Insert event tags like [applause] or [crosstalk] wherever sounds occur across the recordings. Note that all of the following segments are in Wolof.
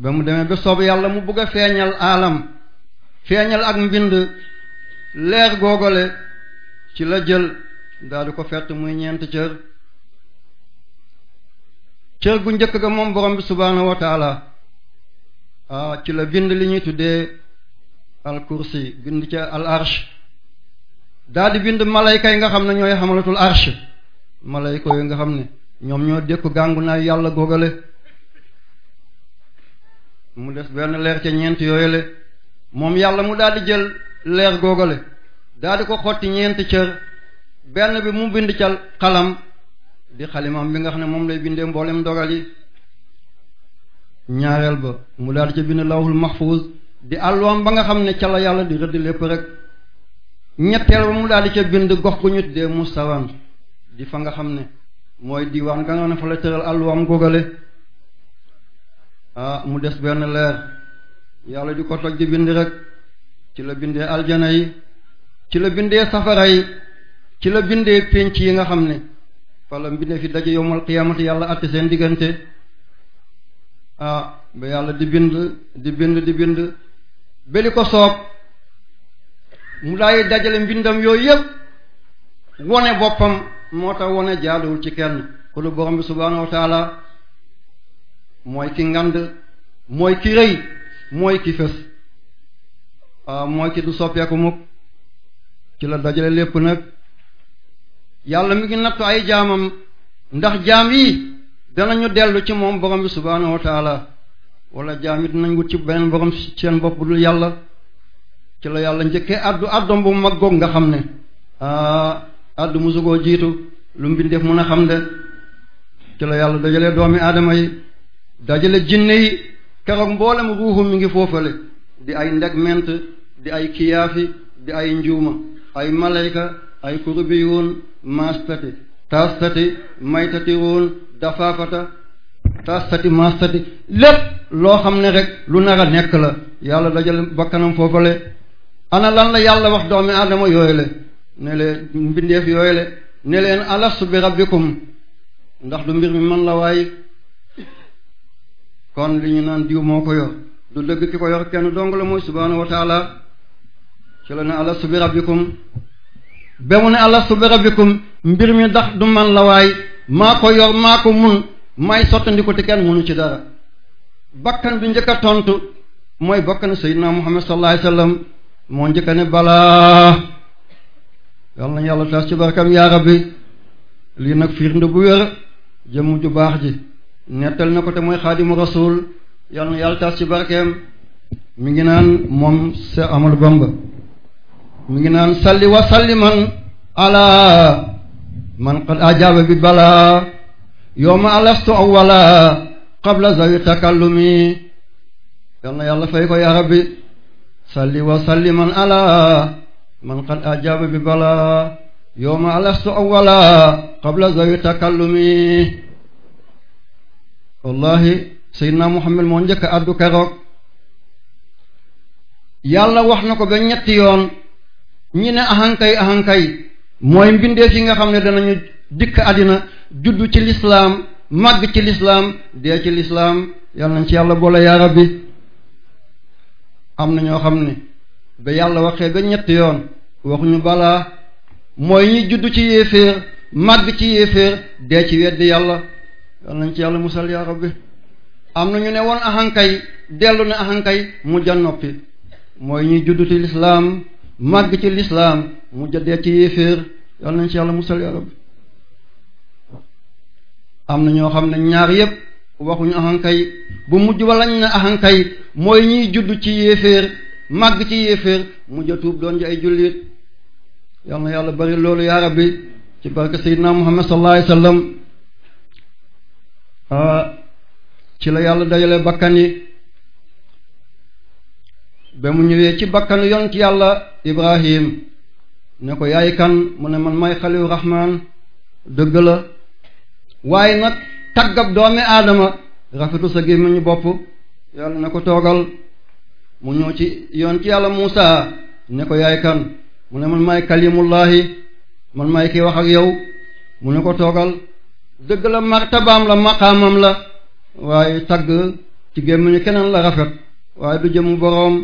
ba mu demee ba soob yàlla mu bugg a feeñal aalam feeñal ak mbind leer googale ci la jël daal ko fett muy ñeent cër cër gu njëkk ga moom borom bi subhaanahu ah, ci la bind li ñuy tuddee al kursi bind ca al arsh daal bind malayka yi nga xam ne ñooy xamalatul arsh malayka yi nga xam ne ñoom ñoo dékku gàngu naay yàlla googale mu des benn leer ca ñeent yooyale moom yàlla mu daal di jël leer googale daal di ko xotti ñeenti cër benn bi mu bind ca xalam di xalimam bi nga xam ne moom lay bindee mboolem dogal yi ñaareel ba mu daal di ca bind lawhul mahfuz di àlluwam ba nga xam ne ca la yàlla di rëdd lépp rek ñetteel ba mu daal di ca bind gox gu ñu tuddee mustawan di fa nga xam ne mooy diwaan nga nga ne fa la tëral àlluwam googale ah mu des benn leer yàlla di ko toj di bind rek ci la bindee aljana yi ci la bindee safara yi ci la bindee pénc yi nga xam ni fala mbinde fi daje yowmal qiyaamati yàlla àtte seen diggante ah ba yàlla di bind di bind di bind beli ko soob mu daay dajale mbindam yooyu yëpp wone boppam moo tax wone jaaduwul ci kenn kulu borom bi subhaanahu mooy ki ngande mooy ki rëy mooy ki fës ah, mooy ki du soppeeku mukk ci la dajale lépp nag yàlla mi ngi nattu ay jaamam ndax jaam yi ñu dellu ci moom borom bi subhaanahu wa wala jaam yi dinañ wut ci beneen borom seen bopp dul yàlla ci la yàlla njëkkee addu addom bu mag goog nga xam ne ah, addu musugoo jiitu lu mbindeef mun a xam de ci la yàlla dajalee doomi aadama yi dajale jinne yi keroog mboolem ruuxu mi ngi foofale di ay ndegment di ay kiyaafi di ay njuuma ay malayka ay kurubiyuun maastati taastati maytatiruun dafaafata taastati maastati lépp loo xam ne rek lu nar a nekk la yàlla dajale bakkanam foofale ana lan la yàlla wax doomi aadama yooyu le ne leen mbindeef yooyu le ne leen alastu bi rabbikum ndax du mbir mi man la waaye kon li ñu naan diw moo ko yor du dëgg ki ko yor kenn dong la mooy subhaanahu wa taala ci la ne alastu bi rabbikum ne alastu bi mbir mi ndax du man la waay maa ko yor maa ko mun may sottandiku te kenn munu ci dara bakkan bi njëkk tontu mooy bakkan sayyidina muhammad sallallahu alayhi wasallam moo njëkk ne balaa yal na yàlla taas ci barkam yaa rabbi lii nag firnde bu wér jëmm ju baax ji nettal na ko te mooy xaadimu rasul yàlla na yàlla taas ci barkeem mi ngi naan moom se Amadou Bamba mi ngi naan salli wa salliman ala man qad bi balaa yowma alastu awwala qabla zawi yàlla na yàlla fay ko ya salli wa salliman man qad ajaaba bi balaa yowma alastu awwala qabla zawi takallumi wallahi naa muhammad moo njëkk addu keroog yàlla wax na ko ba ñetti yoon ñi ne ahankay ahankay mooy mbindeef yi nga xam ne danañu dikk àddina juddu ci lislaam màgg ci lislaam dee ci lislaam yàlla nañ ci yàlla boole yaa rabbi am na ñoo xam ne ba yàlla waxee ba ñetti yoon waxuñu balaa mooy ñi juddu ci yéeféer màgg ci yéeféer dee ci weddi yàlla yal nañ ci yàlla musal yaa rabbi am na ñu ne woon ahankay dellu ne ahankay mujj a noppi mooy ñuy juddu ci lislaam màgg ci lislaam mujj a ci yéeféer yal nañ ci yàlla musal yaa rabbi am na ñoo xam ne ñaar yépp waxuñu ahankay bu mujj walla lañ ne ahankay mooy ñuy juddu ci yéeféer màgg ci yéeféer mujj a tuub doon ji ay jullit yal na yàlla bari loolu yaa rabbi ci barke seydinaa muhammad sallallahu Ah, ci la yàlla dajale bakkan yi ba mu ñëwee ci bakkanu yonent yàlla ibrahim ne ko yaay kan mu ne man may xalilu rahmaan dëgg la waaye nag taggab doomi aadama rafetu sa gémmiñu bopp yàlla ne ko toogal mu ñëw ci yonent yàlla muusa ne ko yaay kan mu ne man may kalimullahi man may ki wax ak yow mu ne ko toogal dëgg la martabaam la maqaamam la waaye tagg ci gémmiñu keneen la rafet waaye du jëmu boroom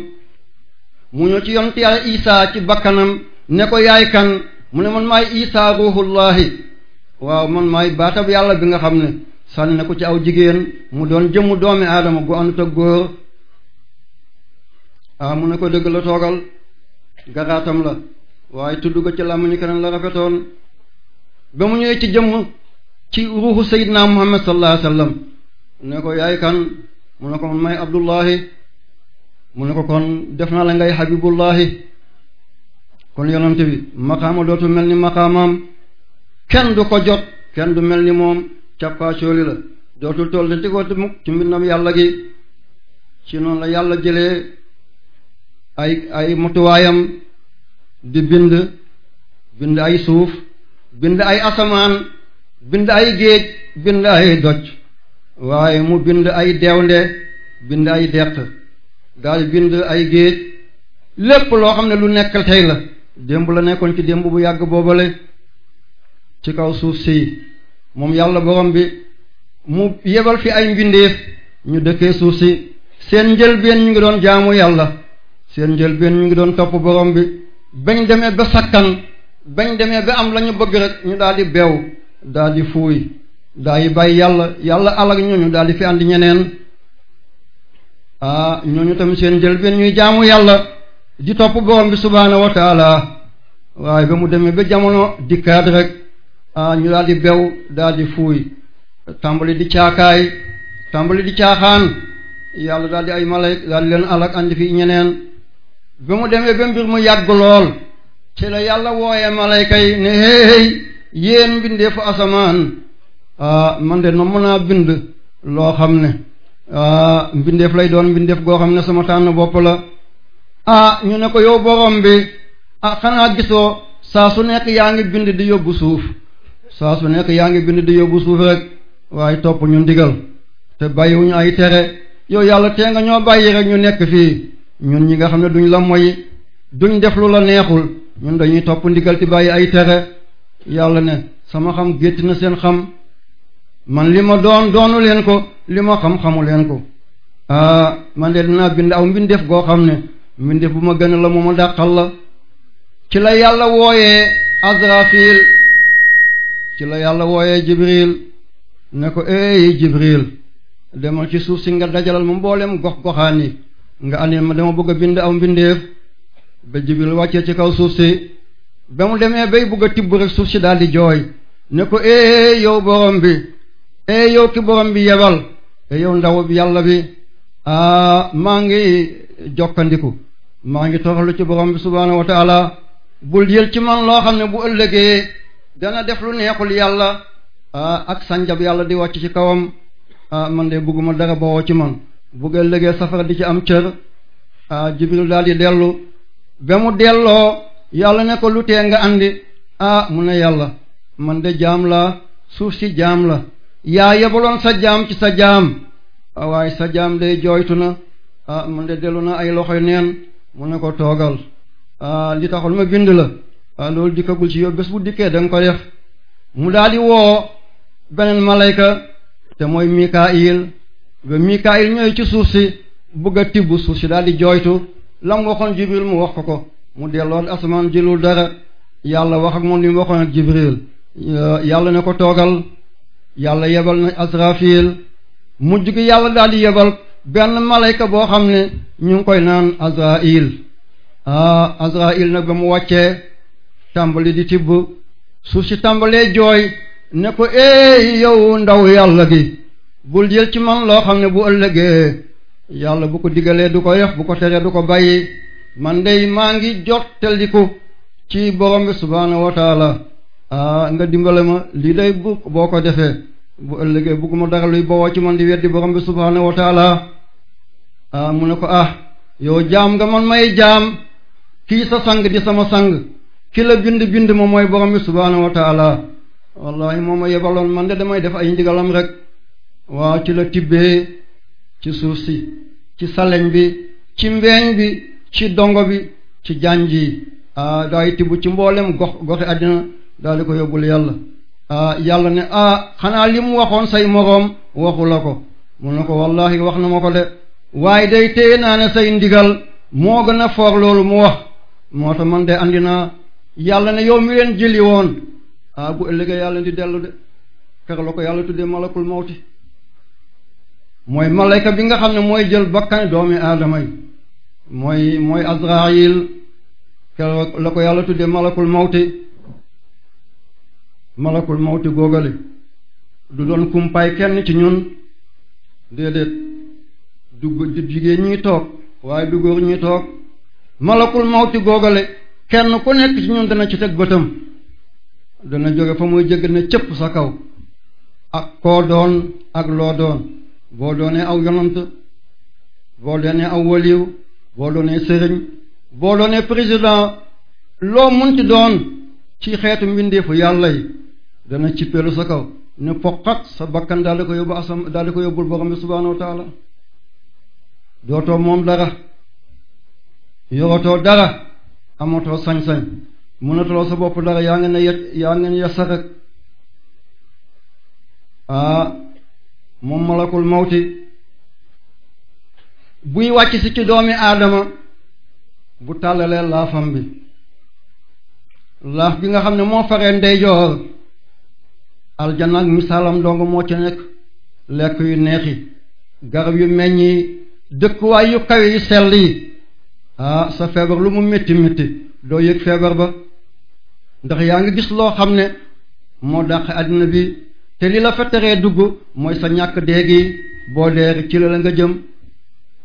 mu ñëw ci yonent yàlla isaa ci bakkanam ne ko yaay kan mu ne man maay isaa ruuxullaahi waaw man may baatab yàlla bi nga xam ne sànni na ko ci aw jigéen mu doon jëmmu doomi aadama gu àndut ak góor ah mu ne ko dëgg la toogal garaatam la waaye tudd ko ci làmmiñu keneen la rafetoon ba mu ñëwee ci jëmm ci ruuxu sayidna muhammad sallallahu alayhi ne ko yaay kan mu ne ko may abdullahi mu ne ko kon def naa la ngay habibullahi kon yonante bi maqaama dootu mel ni maqaamaam kenn du ko jot kenn du mel ni moom cappaacooli la dootul toll te tikoo mukk ci mbindam yàlla gi ci noonu la yàlla jëlee ay ay mutuwaayam di bind bind ay suuf bind ay asamaan bind ay géej bind ay doj waaye mu bind ay deewle bind ay deq daal bind ay géej lépp loo xam ne lu nekkal tey la démb la nekkoon ci démb bu yàgg boobale ci kaw suuf si moom yàlla borom bi mu yebal fi ay mbindeef ñu dëkkee suuf si seen njëlbeen ñu ngi doon jaamu yàlla seen njëlbeen ñu ngi doon topp borom bi bañ demee ba sakkan bañ demee ba am lañu ñu bëgg ñu daal di beew daal di fuuy daa yi bàyyi yàlla yàlla alak ñu daal di fi andi ñeneen ah ñu tamit seen njëlbeen ñuy jaamu yàlla di topp borom bi subhaanahu wa waaye ba mu demee ba jamono dikkaat rek ñu daal di bew daal di fuuy tàmbali di caakaay tàmbali di caaxaan yàlla daal di ay malayk daal leen alak andi fi ñeneen ba mu demee ba mbir mu yàgg lool ci la yàlla wooyee malayka yi ne hey hey yéen mbindeefu asamaan ah, man de nomm naa bind loo xam ne ah, mbindeef lay doon mbindeef goo xam ne sama tànn bopp la ah ñu ne ko yow borom bi ah xanaa gisoo saa su nekk yaa ngi bind di yóbbu suuf saa su nekk yaa ngi bind di yóbbu suuf rek waaye topp ñu ndigal te bàyyiwuñu ay tere yow yàlla tee nga ñoo bàyyi rek ñu nekk fii ñun ñi nga xam ne duñ la moy duñ def la neexul ñun dañuy topp ndigal ci bàyyi ay tere yàlla ne sama xam gétt na seen xam man li ma doon doonu leen ko li ma xam xamu leen ko aa ah, man de dinaa bind aw mbindeef goo xam ne mbindeef bu ma gën la mu ma dàqal la ci la yàlla wooye Azrafil ci la yàlla wooye Jibril ne ko eey Jibril demal ci suuf si nga dajalal ma mboolem gox goxaan yi nga andil ma dama bëgg a bind aw mbindeef ba Jibril wàccee ci kaw suuf si ba mu demee bay bugg a tibb rek suuf si daal di jooy ne ko ee eh, yow borom bi ee eh, yow ki borom bi yebal e yow ndaw yàlla bi ah maa ngi jokkandiku maa ngi toroxlu ci borom bi subhaanahu wa taala bul jël ci man loo xam ne bu ëllëgee dana def lu neexul yàlla ah, ak sanjab yàlla di wàcc ci kawam ah, man de bugguma dara bowoo ci man bugg ëllëgee safara di ci am cër ah, jibril daal dellu ba mu delloo yàlla ne ko lu tee nga andi ah mu ne yàlla man de jaam la suuf si jaam la yaa yebaloon sa jaam ci sa jaam ah, waaye sa jaam day jooytu na ah man de dellu na ay loxoy neen mu ne ko toogal ah li taxul ma bind la ah, loolu dikkagul ci yow bés bu dikkee da nga ko def mu daldi woo beneen malayka te mooy Mikaayil ba Mikaayil ñëw ci suuf si bëgg a tibb suuf si daal di jooytu lam waxoon Jibril mu wax ko ko mu delloo ak asamaan jëlul dara yàlla wax ak moom li mu waxoon ak jibril yàlla ne ko toogal yàlla yebal na asrafil mujj gi yàlla daal di yebal benn malayka boo xam ne ñu ngi koy naan azrail ah azrail nag ba mu wàccee tàmbali di tibb suuf si tàmbalee jooy ne ko eey yow ndaw yàlla gi bul jël ci man loo xam ne bu ëllëgee yàlla bu ko diggalee du ko def bu ko teree du ko bàyyi man de maa ngi jottaliku ci borom bi subhaanahu wa taala ah nga dimbale ma lii day bu boo ko defee bu ëllëgee bugguma dara luy bowoo ci man di weddi borom bi subhaanahu wa taala ah mu ne ko ah yow jaam nga man may jaam kii sa sang di sama sang kii la bind bind ma mooy borom bi subhaanahu wa taala wallahi moom a yebaloon man de damay def ay ndigalam rek waaw ci la tibbee ci suuf si ci saleñ bi ci mbeeñ bi ci dongo bi ci jànj ji ah, daay tibb ci mboolem gox goxi àddina daal di ko yóbbul yàlla ah, yàlla ne ah, xanaa li waxoon say moroom waxu la ko mun na ko wallahi wax na ma ko de waaye day téye naa ne say ndigal moo gën a foog loolu mu wax moo tax man de andi naa yàlla ne yow mi leen jëli woon ah bu ëllëgee yàlla di dellu de kër ko yàlla tuddee malakul mawti mooy malayka bi nga xam ne mooy jël bakkani doomi aadama yi mooy mooy Azraayil keroog la ko yàlla tudde malakul mawti malakul mawti googale du doon kumpaay kenn ci ñun déedéet du jigéen ñi toog waaye du góor ñi toog malakul mawti googale kenn ku nekk ci ñun dana ci teg bëtam dana jóge fa muy jëgg na cëpp sa kaw ak koo doon ak loo doon boo doonee aw yonant boo doonee aw waliw boo doonee sëriñ boo doonee président loo mun ci doon ci xeetu mbindeefu yàlla yi dana cippeelu sa kaw ne poqat sa bakkan daal di ko yóbbu asam daal di ko yóbbul borom bi subhaanahu dootoo moom dara yorotoo dara amatoo sañ-sañ mënatuloo sa bopp dara yaa ngeen ne yaa ngeen yasa sa ah moom malakul mawti buy wàcc si ci doomi aadama bu tàllalee laafam bi laaf bi nga xam ne moo faree ndeyjoor aljana ak misaalam dong moo ci nekk lekk yu neex yi garab yu meññi dëkkuwaay yu kawe yu sell yi ah sa feebar lu mu métti métti doo yëg feebar ba ndax yaa ngi gis loo xam ne moo dàq àddina bi te li la fa teree dugg mooy sa ñàkk dee gi boo dee ci la la nga jëm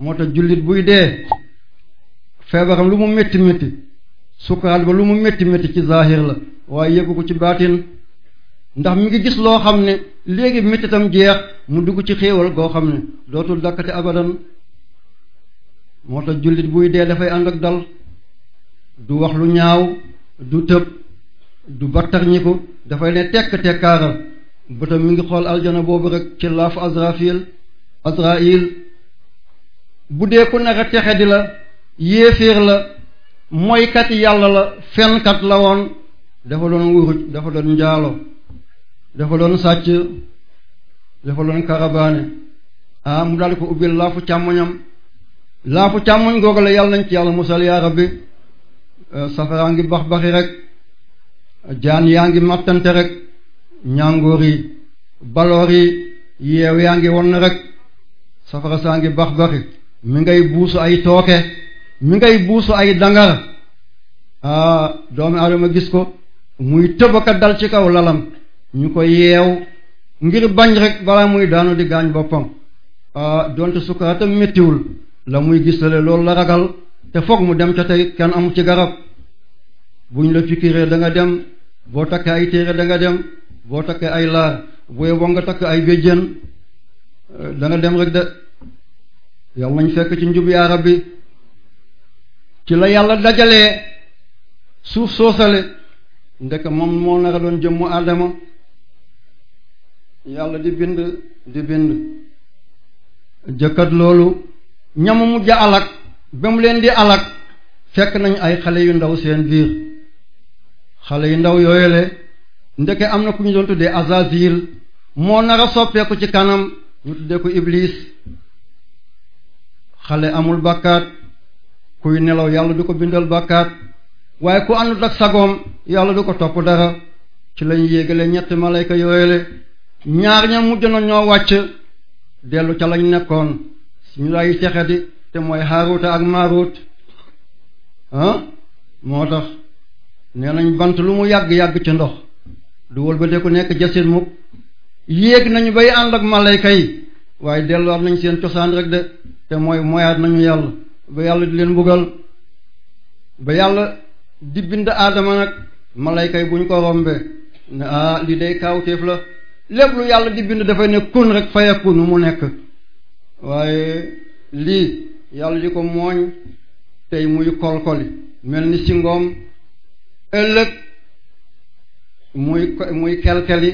moo tax jullit buy dee feebaram lu mu metti métti sukkaat ba lu mu metti métti ci zaahir la waaye yëgu ko ci baatin ndax mi ngi gis loo xam ne léegi mettitam jeex mu dugg ci xéewal goo xam ne dootul dakkati abadan moo tax jullit buy dee dafay ànd ak dal du wax lu ñaaw du tëb du battar ñi ko dafay ne tekk tekkaaral bëtam mi ngi xool aljana boobu rek ci laafu azrafil azrail bu dee ku naka texe di la yéeféer la moykat yàlla la fenkat la woon dafa doon wuruj dafa doon njaalo dafa doon sàcc dafa doon karabaane ah mu daal ko ubbil laafu càmmoñam laafu càmmoñ googu la yàlla nañ ci yàlla musal yaa rabbi eh, safaraa ngi bax baxi rek jaan yaa ngi màttante rek ñàngoor yi baloor yi yeew yaa ngi won rek safara saa ngi bax baxi mi ngay buusu ay tooke mi ngay buusu ay dangar ah doomi aadama gis ko muy tëbaka dal ci kaw lalam ñu ko yeew ngir bañ rek balaa muy daanu di gaañ boppam ah donte sukkaatam méttiwul la muy gisale loolu la ragal te foog mu dem ca tey kenn amu ci garab buñ la fikiree da nga dem boo takkee ay téere da nga dem boo takkee ay laar booy bo nga takk ay béjjén eh, danga dem rek de yow mañ fekk ci njub yaa rabbi ci la yàlla dajalee suuf soosale ndek moom moo nara doon jëmmu Adama yàlla di bind di bind jëkkat loolu ñamu mujj alak ba mu leen di alak fekk nañ ay xale yu ndaw seen biir xale yu ndaw yooyale ndeke am na ku ñu doon tuddee Azazil moo nar a soppeeku ci kanam ñu tuddee ko Iblis xale amul bàkkaat kuy nelaw yàlla du ko bindal bàkkaat waaye ku àndut ak sagoom yàlla du ko topp dara ci lañ yéegale ñett malayka yooyale ñaar ña mujj na ñoo wàcc dellu ca lañ nekkoon ñu lay texe di te mooy xaaruuta ak maaruut ah moo tax nee nañ bant lu mu yàgg-yàgg ci ndox du wëlbateeku nekk jasin mukk yéeg nañu bay ànd ak malayka yi waaye delluwaat nañ seen cosaan rek de te mooy moyaat nañu yàlla ba yàlla di leen buggal ba yàlla di bind aadama nag malayka yi bu ñu ko rombee ne ah, li day kaawteef la lépp lu yàlla di bind dafay ne kun rek fayakun mu nekk waaye lii yàlla di ko mooñ tey muy kolkoli mel ni si ngoom ëllëg muy muy kelkeli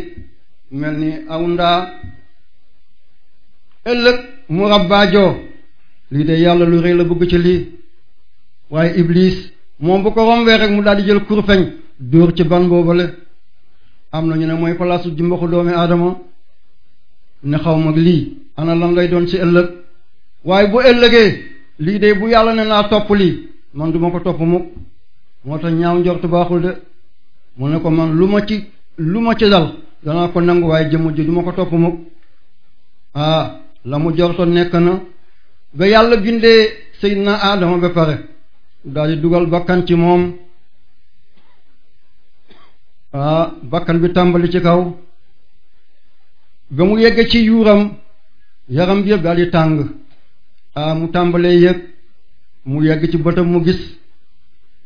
mel ni aw ndaa ëllëg mu rabbaajoo lii de yàlla lu rëy la bëgg ci lii waaye iblis moom bu ko rombee rek mu daal di jël kurpeñ dóor ci ban boobale am na ñu ne mooy palaasu jumbaxu doomi aadama ne xaw ma lii ana lan lay doon ci ëllëg waaye bu ëllëgee lii de bu yàlla ne naa topp lii man duma ko topp mukk moo tax ñaaw njort baaxul de mu ne ko man lu ma ci lu ma ci dal danaa ko nangu waaye jëmm ji duma ko topp mukk ah la mu jortoon nekk na ba yàlla bindee Seydina Adama ba pare daal di dugal bakkan ci moom ah, bakkan bi tàmbali ci kaw ba mu yegg ci yuuram yaram bi yëpp daal tàng ah mu tàmbalee yëg mu yegg ci bëtam mu gis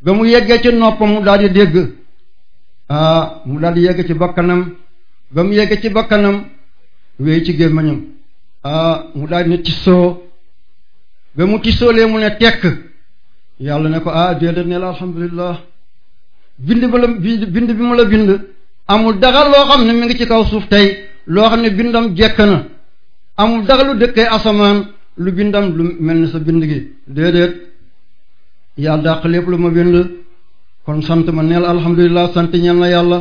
ba mu yeggee ci noppam mu daal dégg ah, mu daal di ci bakkanam ba mu yegg ci bakkanam wéy ci gémmañam ah, mu daal di ci soo ba mu tisoolee mu ne tekk yàlla ne ko ah déedéet ne la alhamdulilah bind ba la bind bi mu la bind amul dara loo xam ne mi ngi ci kaw suuf tey loo xam ne bindam jekk na amul dara lu dëkkee asamaan lu bindam lu mel ni sa bind gi déedéet yàlla dàq lépp lu ma bind kon sant ma neel alhamdulilah sant ñeel na yàlla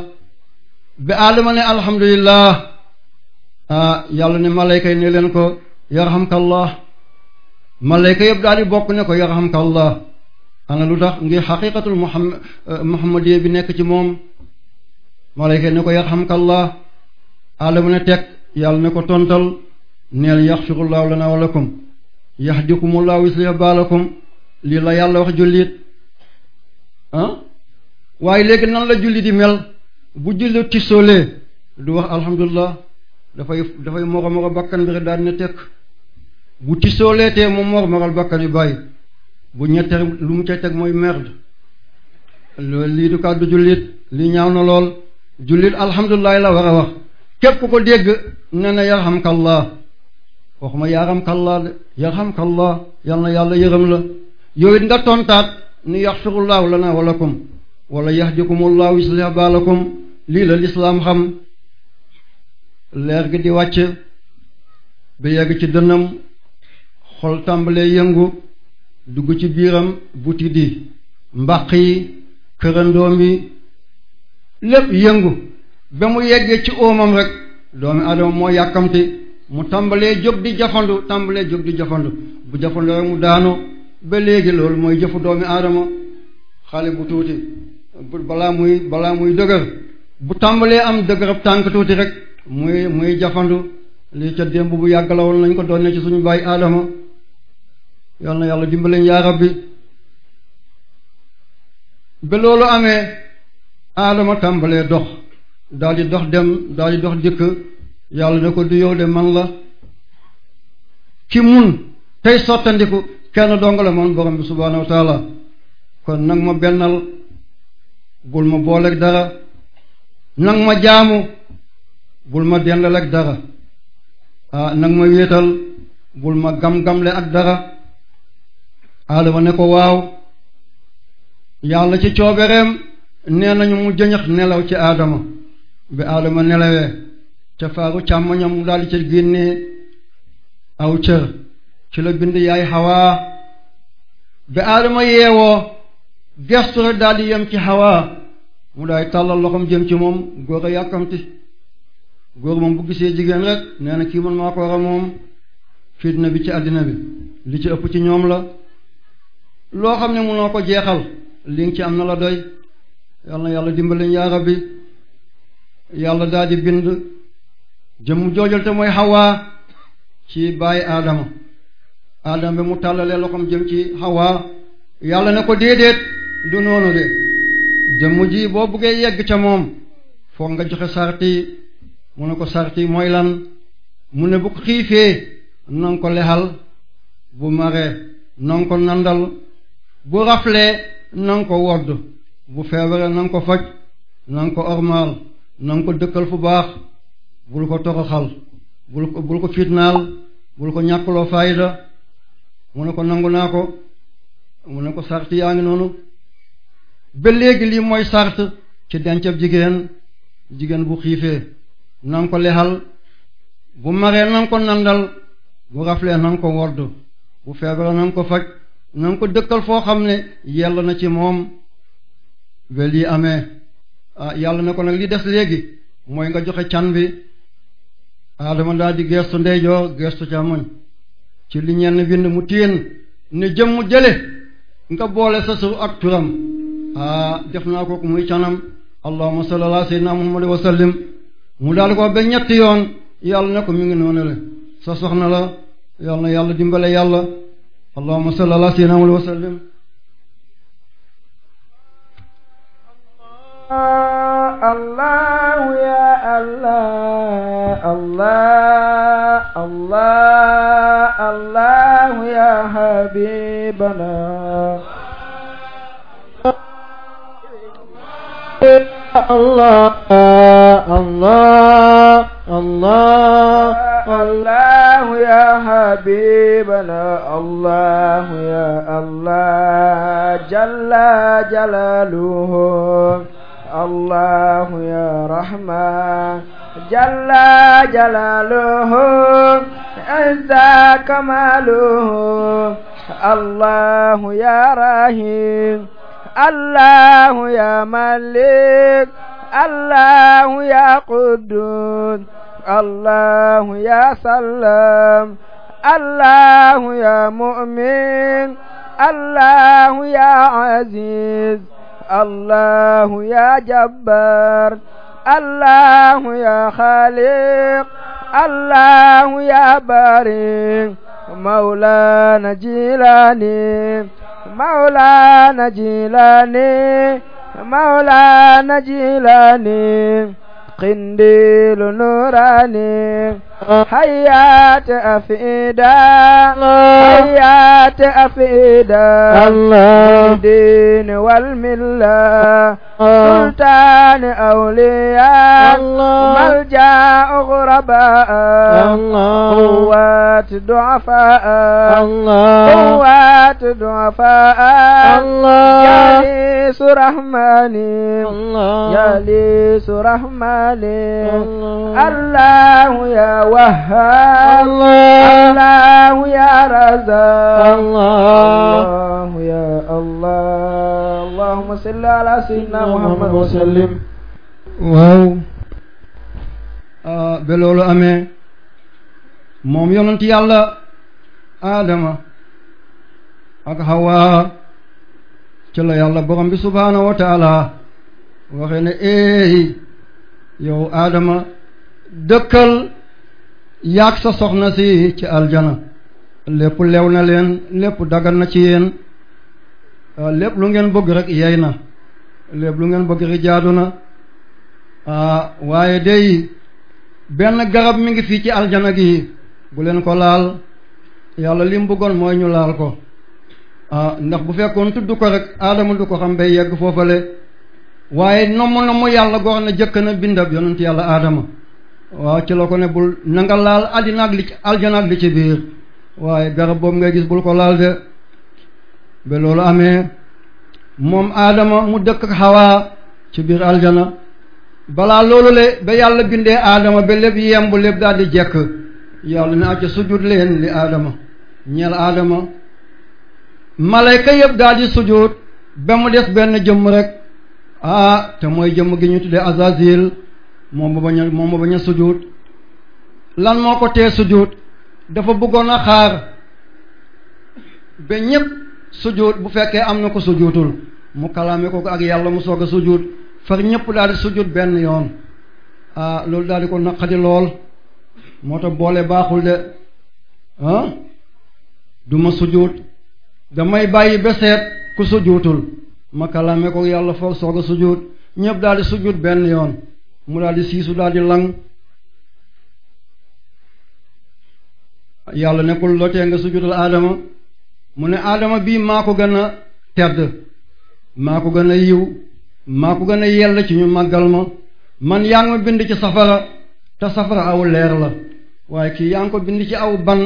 ba aadama ne alhamdulilah ah yàlla ne malayka yi ne leen ko yarhamkallah malayka yëpp daal di bokk ne ko yarhamkallah ana lu tax ngir xaqiqatul muhammad eh, muhammadiya bi nekk ci moom malayka ne ko yarhamkallah aadama ne teg yàlla ne ko tontal neel yaxfirullaahu lana wa lakum yahdikumullaahu yuslih baalakum lii la yàlla wax jullit ah? waaye léegi nan la julli di mel bu julli tisoolee du wax alhamdulilah dafay dafay moro moro bakkan bi rek ne tekk bu tisoo leetee mu mormoral bakkani bàyyi bu ñette lu mu ca teg mooy merde loolu lii du kàddu jullit li ñaaw na lool jullit alhamdulilah la war a wax képp ku ko dégg ne na yarhamkallah waxuma yarhamkallah de yal na yàlla yërëm la yow it nga tontaat ni yaxfirullaahu lana walakum wala yahdikumullahu yuslih baalakum lii la lislaam xam leer gi di wàcc ba yegg ci dënnam xol tàmbalee yëngu dugg ci biiram buti di mbaq yi kërandoom yi lépp yëngu ba mu yeggee ci óomam rek doomi adama moo yàkkamte mu tàmbalee jóg di jafandu tàmbalee jóg di jafandu bu jafandu rek mu daanu ba léegi loolu mooy jëfu aadama xale bu tuuti balaa muy balaa muy dëgër bu tàmbalee am dëgërab tànk tuuti rek muy muy jafandu lii ca démb bu yàgg la lañ ko doon ne ci suñu bàyyi aadama yal na yàlla dimbaleñ yaa rabbi ba loolu amee aadama tàmbalee dox daal di dox dem daal di dox dikk yàlla ne ko du yow de man la ki mun tey sottandiku kenn dongale man borom bi subhaanahu wa kon nag ma bennal bul ma booleeg dara nag ma jaamu bul ma dendaleeg dara ah nag ma wéetal bul ma gam-gamle ak dara Adama ne ko waaw yàlla ci coobereem nee nañu mu jëñax nelaw ci Adama bi Adama nelawee ca faaru càmmoñam mu daal di ca génne aw cër ci la bind yaay Hawa bi Adama yeewoo gestu rek daal yem ci Hawa mu daay tàllal loxoom jëm ci moom góor a yàkkamti góor moom bu gisee jigéen rek nee na kii maa ko war moom fitna bi ci àddina bi li ci ëpp ci ñoom la loo xam ne mënoo ko jeexal li nga ci am na la doy yàlla na yàlla dimbali yaa rabbi yàlla daal bind jëmm joojal te mooy Hawa ci bàyyi Adama Adama bi mu tàllalee loxoom jëm ci Hawa yàlla ne ko déedéet du noonu de jëmm ji boo buggee yegg ca moom foog nga joxe sarti mu ne ko sarti mooy lan mu ne bu xiifee na nga ko lexal bu maree na ko nandal bu raflee na ko wodd bu feebaree na ko faj na ko ormaal na ko dëkkal fu baax bul ko toroxal bul ko bul ko fitnaal bul ko ñàkkloo fayda mu ne ko nangu naa ko mu ko sart yaa ngi noonu ba léegi lii mooy sart ci dencab jigéen jigéen bu xiifee na ko lexal bu maree na ko nandal bu raflee na ko wodd bu feebaree na nga ko faj na ko dëkkal foo xam ne yàlla na ci moom ba lii amee ah yàlla na ko nag li des léegi mooy nga joxe can bi aadama daal di geestu ndeyjoor geestu càmmoñ ci li ñenn bind mu téen ne jëmm jële nga boole sa sur ak turam ah def naa ko muy canam allahumma salli ala sayyidina muhammad wa mu daal ko ba ñetti yoon yàlla na ko mi ngi noonu la sa soxna la yàlla na yàlla dimbale yàlla allahumma salli ala sayyidina Muhammad wa sallim allah ya allah allah allah allah ya habibana الله الله الله الله يا حبيبنا الله يا الله جل جلاله الله يا رحمن جل جلاله عز كماله الله يا رحيم الله يا ملك الله يا قدوس الله يا سلام الله يا مؤمن الله يا عزيز الله يا جبار الله يا خالق الله يا بارئ مولانا جيلاني مولانا جيلاني مولانا جيلاني قنديل نوراني حيات أفئدة حيات أفئدة الله الدين والملة سلطان أولياء ملجأ غرباء قوات ضعفاء قوات ضعفاء يليس رحماني يليس رحماني الله يا وهاب الله, الله يا رزاق الله, الله يا الله اللهم صل على amee moom yonent yàlla aadama ak hawa ci la borom bi subhaanahu wa taala eey yow aadama dëkkal yaag sa soxna si ci aljana lépp lew na leen lépp dagan na ci yéen ah, lépp lu ngeen bëgg rek yey na lépp lu ngeen bëgg rek jaadu na ah, waaye day benn garab mu ngi fii ci aljana gi bu leen ko laal yàlla li mu bëggoon mooy ñu laal ko ah, ndax bu fekkoon tudd ko rek aadama du ko xam bay yegg foofale waaye nomm nomm yàlla goo xam ne jëkk na bindab yonent yàlla aadama waaw ci la ko ne bul na nga laal àddina ak li ci biir waaye garab boobu ngay gis bul ko laal de ba loolu amee moom aadama mu dëkk xawaa ci biir aljana balaa loolu le ba yàlla bindee aadama ba lépp yemb lépp daal di jekk yàlla ne acca sujud leen li aadama ñeel aadama malayka yëpp daal di sujud ba mu des benn jëmm rek ah te mooy jëmm gi ñu tuddee azazil moom mu bañ a moom mu bañ a sujjuut lan moo ko tee sujjuut dafa bëggoon a xaar ba ñépp sujjuut bu fekkee am na ko sujjuutul mu kalaame ko ak yàlla mu soog a sujjuut far ñépp daal di sujjuut benn yoon ah loolu daal di ko naqadi lool moo tax boole baaxul de ah du ma sujjuut damay bàyyi ba seet ku sujjuutul ma kalaame ko yàlla foofu sooga a sujjuut ñépp dal di sujjuut benn yoon mu daal di siisu daal di lang yàlla nekkul lotee nga sujudal aadama mu ne aadama bii maa ko gën a tedd maa ko gën a yiw maa ko gën a yell ci ñu màggal ma man yaa ngi bind ci safara te safara aw leer la waaye kii yaa ngi ko bind ci aw ban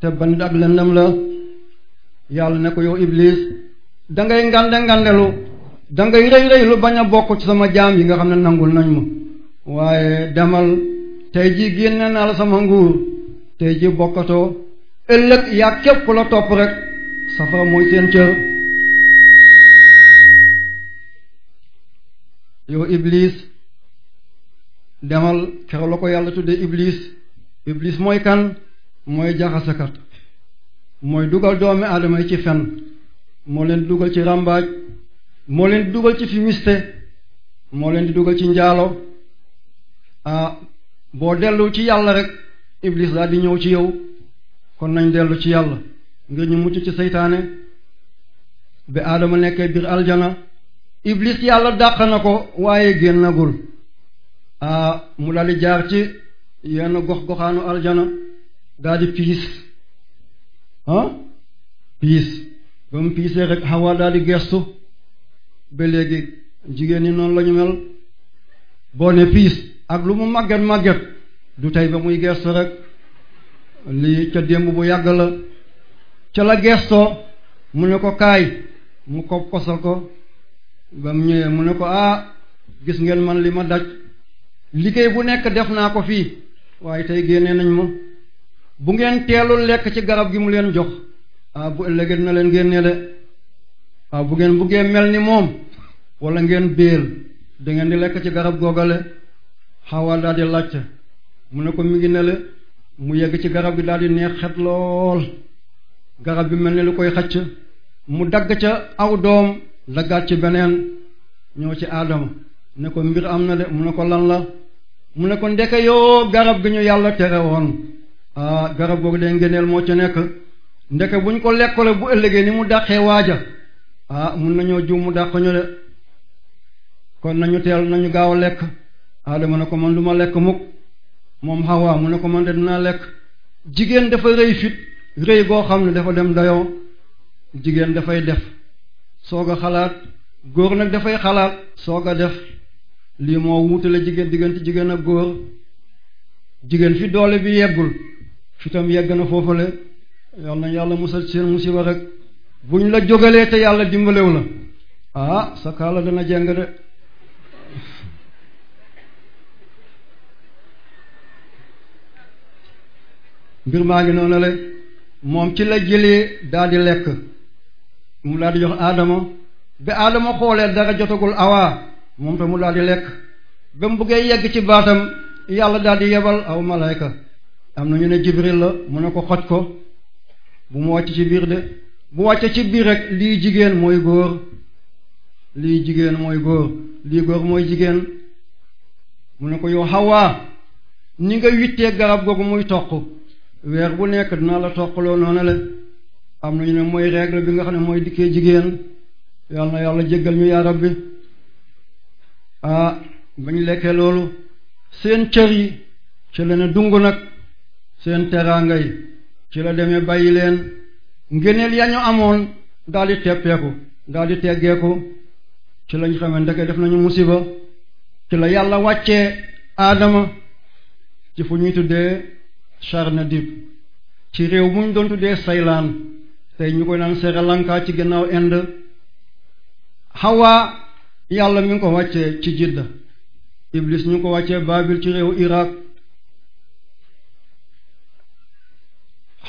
te ban ak lëndëm la yàlla ne ko yow iblis dangay ngande ngandelu dangay rëy rëy lu bañ a bokk ci sama jaam yi nga xam ne nangul nañ ma waaye demal tey ji génn naa la sama nguur tey ji bokkatoo ëllëg yaa képp ku la topp rek safara mooy seen cër yow iblis demal keroog la ko yàlla tuddee iblis iblis mooy kan mooy jaxasekat mooy dugal doomi aadama yi ci fen moo leen dugal ci ràmbaaj moo leen dugal ci fimiste moo leen di dugal ci njaalo Ah, boo dellu ci yàlla rek iblis daal di ñëw ci yow kon nañ dellu ci yàlla ngir ñu mucc ci seytaane ba aadama nekkee biir aljana iblis yàlla dàq na ko waaye génnagul a ah, mu daal di jaar ci yenn gox goxaanu aljana daal di piis ah piis ba mu piisee rek xawa daal di gestu ba léegi jigéen ñi noonu lañu ñu mel boo ne piis ak lu mu màgget màgget du tey ba muy gestu rek lii ca démb bu yàgg la ca la gestoo mu ne ko kaay mu ko kosal ko ba mu ñëwee mu ne ko ah gis ngeen man li ma daj liggéey bu nekk def naa ko fii waaye tey génne nañ ma bu ngeen teelu lekk ci garab gi mu leen jox ah bu ëllëgee na leen génnee de ah bu ngeen buggee mel ni moom walla ngeen béel dangeen di lekk ci garab googale xawaa daal di laajte mu ne ko mi ngi ne la mu yég ci garab gi daal di neex xet lool garab bi mel ne lu koy xacc mu dagg ca aw doom daggaat ci beneen ñëw ci aadama ne ko mbir am na de mu ne ko lan la mu ne ko ndeke yoo garab gi ñu yàlla tere woon ah garab googu day ngëneel moo ci nekk ndeke buñ ko lekkole bu ëllëgee ni mu dàqee waaja ah mun nañoo juum mu dàq ñu de kon nañu teel nañu gaaw a lekk aadama ne ko man lu ma lekk mukk moom xawaa mu ne ko man de dinaa lekk jigéen dafa rëy fit rëy goo xam ne dafa dem dayoo jigéen dafay def soog a xalaat góor nag dafay xalaat soog a def lii moo wutale jigéen diggante jigéen ak góor jigéen fi doole bi yeggul fitam yegg na foofale yal na yàlla musal seen musiba rek buñ la jógalee te yàlla dimbalew la ah sa kaala dana jeng de mbir maa ngi noonu la moom ci la jëlee daal di lekk mu daal di jox aadama be aadama xoolee dara jotagul awaa moom tam mu daal di lekk ba mu buggee yegg ci baatam yàlla daal di yebal aw malayka am na ñu ne jibril la mu ne ko xoj ko bu mu wàcc ci biir de bu wàccee ci biir rek lii jigéen mooy góor lii jigéen mooy góor mooy jigéen mu ne ko yow xawaa ni nga wittee garab googu muy toq weer bu nekk dina la toqaloo noonu la am nañu ne mooy règle bi nga xam ne mooy dikkee jigéen yal na yàlla jéggal ñu yaa rabbi ah ba ñu lekkee loolu seen cër yi ci la ne dung nag seen teraanga yi ci la demee bàyyi leen ngéneel ya ñu amoon daal di teppeeku daal di teggeeku ci lañ xamee ndeke def nañu musiba ci la yàlla wàcce aadama ci fu ñuy tuddee Charnadib ci réew muñ doon tuddee Saylaan tey ñu ko naan Sri ci gannaaw Inde Hawa yàlla mi ngi ko wàccee ci Jidda Iblis ñu ngi ko wàccee Babil ci réew Irak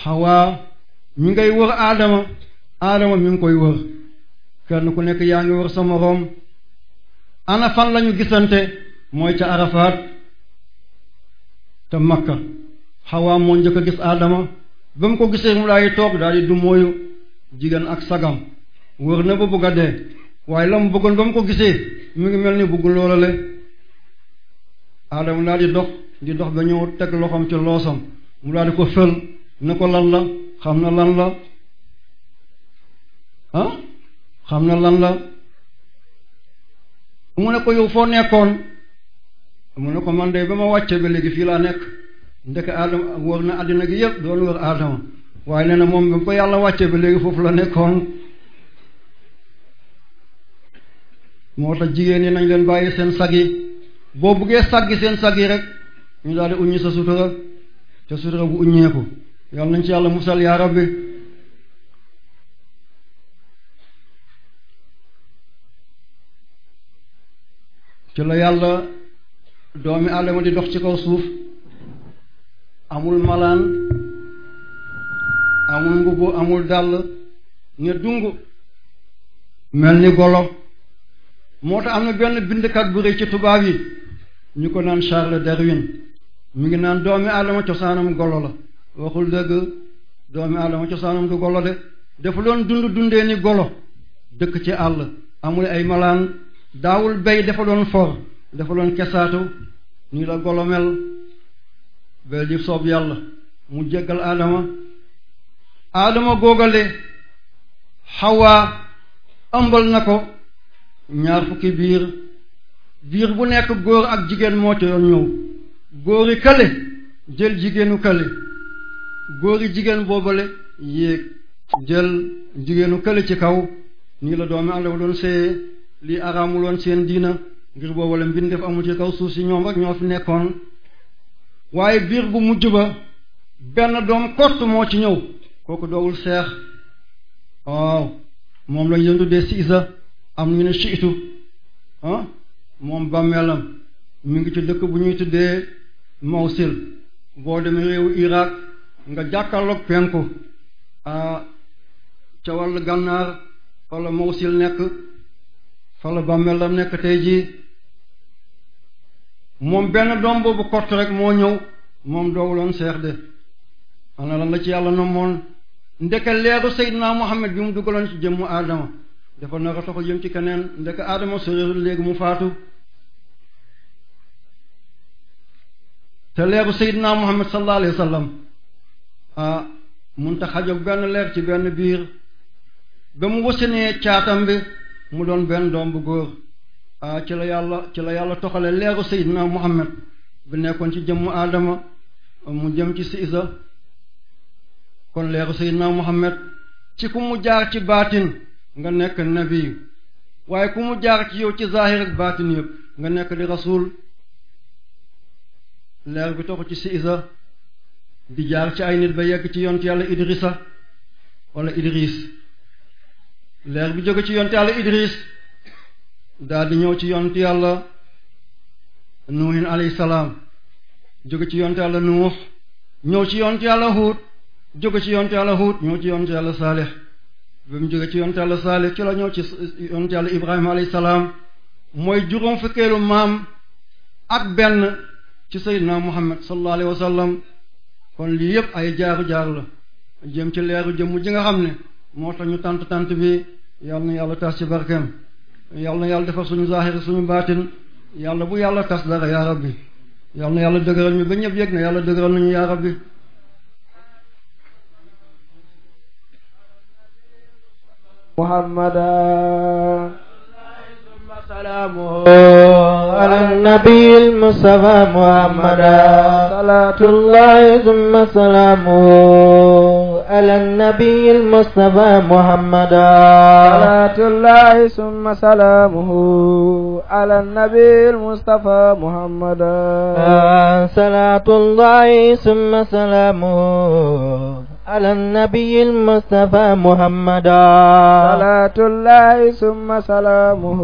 Hawa mi ngay wër aadama Adama mi ngi koy wër kenn ku nekk yaa ngi wër sa moroom ana fan lañu gisante mooy ca Arafat te Makka xawaa moo njëkk a gis aadama ba mu ko gisee mu daay toog daal di du mooyu jigéen ak sagam wër na ba bëgg a dee waaye la mu bëggoon ba mu ko gisee mu ngi mel ni bëgg loolale aadama daal di dox di dox ba ñëw teg loxoom ci loosam mu daa di ko fël ne ko lan la xam na lan la ah na lan la mu ne ko yow foo nekkoon mu ne ko man de ba ma wàcce ba léegi fii laa nekk ndeke aadama wër na àddina gi yëpp doon wër aadama waaye nee na moom bi ko yàlla wàccee ba léegi foofu la nekkoon moo tax jigéen ñi nañ leen bàyyi seen sag yi boo buggee saggi seen sag yi rek ñu daal di sa sutura te sutura bu uññeeku yàlla nañ ci yàlla musal yaa rabbi ci la yàlla doomi aadama di dox ci kaw suuf amul malaan amul mbubb amul dàll ne dungu mel ni golo moo tax am na benn bindkat bu rëy ci tubaab yi ñu ko naan Charles Darwin mu ngi naan doomi aadama cosaanam golo la waxul dëgg doomi aadama cosaanam du golo de dafa doon dund dundee ni golo dëkk ci àll amul ay malaan daawul bay dafa doon for dafa doon kesaatu nii la golo mel ba li soob yàlla mu jéggal aadama aadama googale xawaa ëmbal na ko ñaar fukki biir biir bu nekk góor ak jigéen moo ci yoon ñëw góori kale jël jigéenu kale góori jigéen boobale yéeg jël jigéenu kale ci kaw nii la doomi Aadama doon séyee lii araamuloon seen diina ngir boobale mbindeef amul ci kaw suuf si ñoom ak ñoo fi nekkoon waaye biir bu mujj ba benn doom kott moo ci ñëw kooku doowul seex waaw moom lañu leen tuddee siisa am ñu ne siitu ah, moom bàmmeelam mu ngi ci dëkk bu ñuy tuddee Mawsil boo demee réewu Irak nga jàkkaarloog penku ah ca wàllu gànnaar fa la Mawsil nekk fa la bàmmeelam nekk tey jii moom benn doom boobu kott rek moo ñëw moom doowuloon seex de ana lan ci yàlla nommoon ndeke leeru Seydina Muhammad bi mu dugaloon ci jëmmu Adama dafa nar a toxal ci keneen ndeke Adama soreerul léegi mu faatu te leeru Seydina Muhammad sallallahu alayhi wa sallam ah mun ta xajoog benn leer ci benn biir ba mu wasinee caatam bi mu doon benn doom bu góor Ah, ci la yàlla ci la yàlla toxale leeru Seydina Muhammad bi nekkoon ci jëmmu aadama mu jëm ci Siisa kon leeru Seydina Muhammad ci ku mu jaar ci baatin nga nekk nabi waaye ku mu jaar ci yow ci zahir ak baatin yëpp nga nekk di rasul leer bi toxu ci Siisa di jaar ci ay nit ba yegg ci yont yàlla Idrissa wala Idris leer bi jóge ci yont yàlla Idris daal di ñëw ci yonent yàlla nuuhin alayhi salaam jóge ci yonent yàlla nuux ñëw ci yonent yàlla huut jóge ci yonent yàlla huut ñëw ci yonent yàlla saalix bi mu jóge ci yonent yàlla saalix ci la ñëw ci yonent yàlla ibrahima alayhi salaam mooy juróom fukkeelu maam ak benn ci seydina muhammad sallallahu alayhi wa kon lii yëpp ay jaaru-jaaru la jëm ci leeru jëmm ji nga xam ne moo tax ñu tànt tant bi yàlla na yàlla taas ci barkeem yal na yàlla defal suñu zaahir suñu baatin yàlla bu yàlla tas dara yaa rabbi yal na yàlla dëgëral ñu ba ñëpp yëg na yàlla dëgëral nañu yaa rabbi محمدا صلاة الله ثم سلامه على النبي المصطفى محمدا صلاة الله ثم سلامه على النبي المصطفى محمدا صلاة الله ثم سلامه على النبي المصطفى محمدا صلاة الله ثم سلامه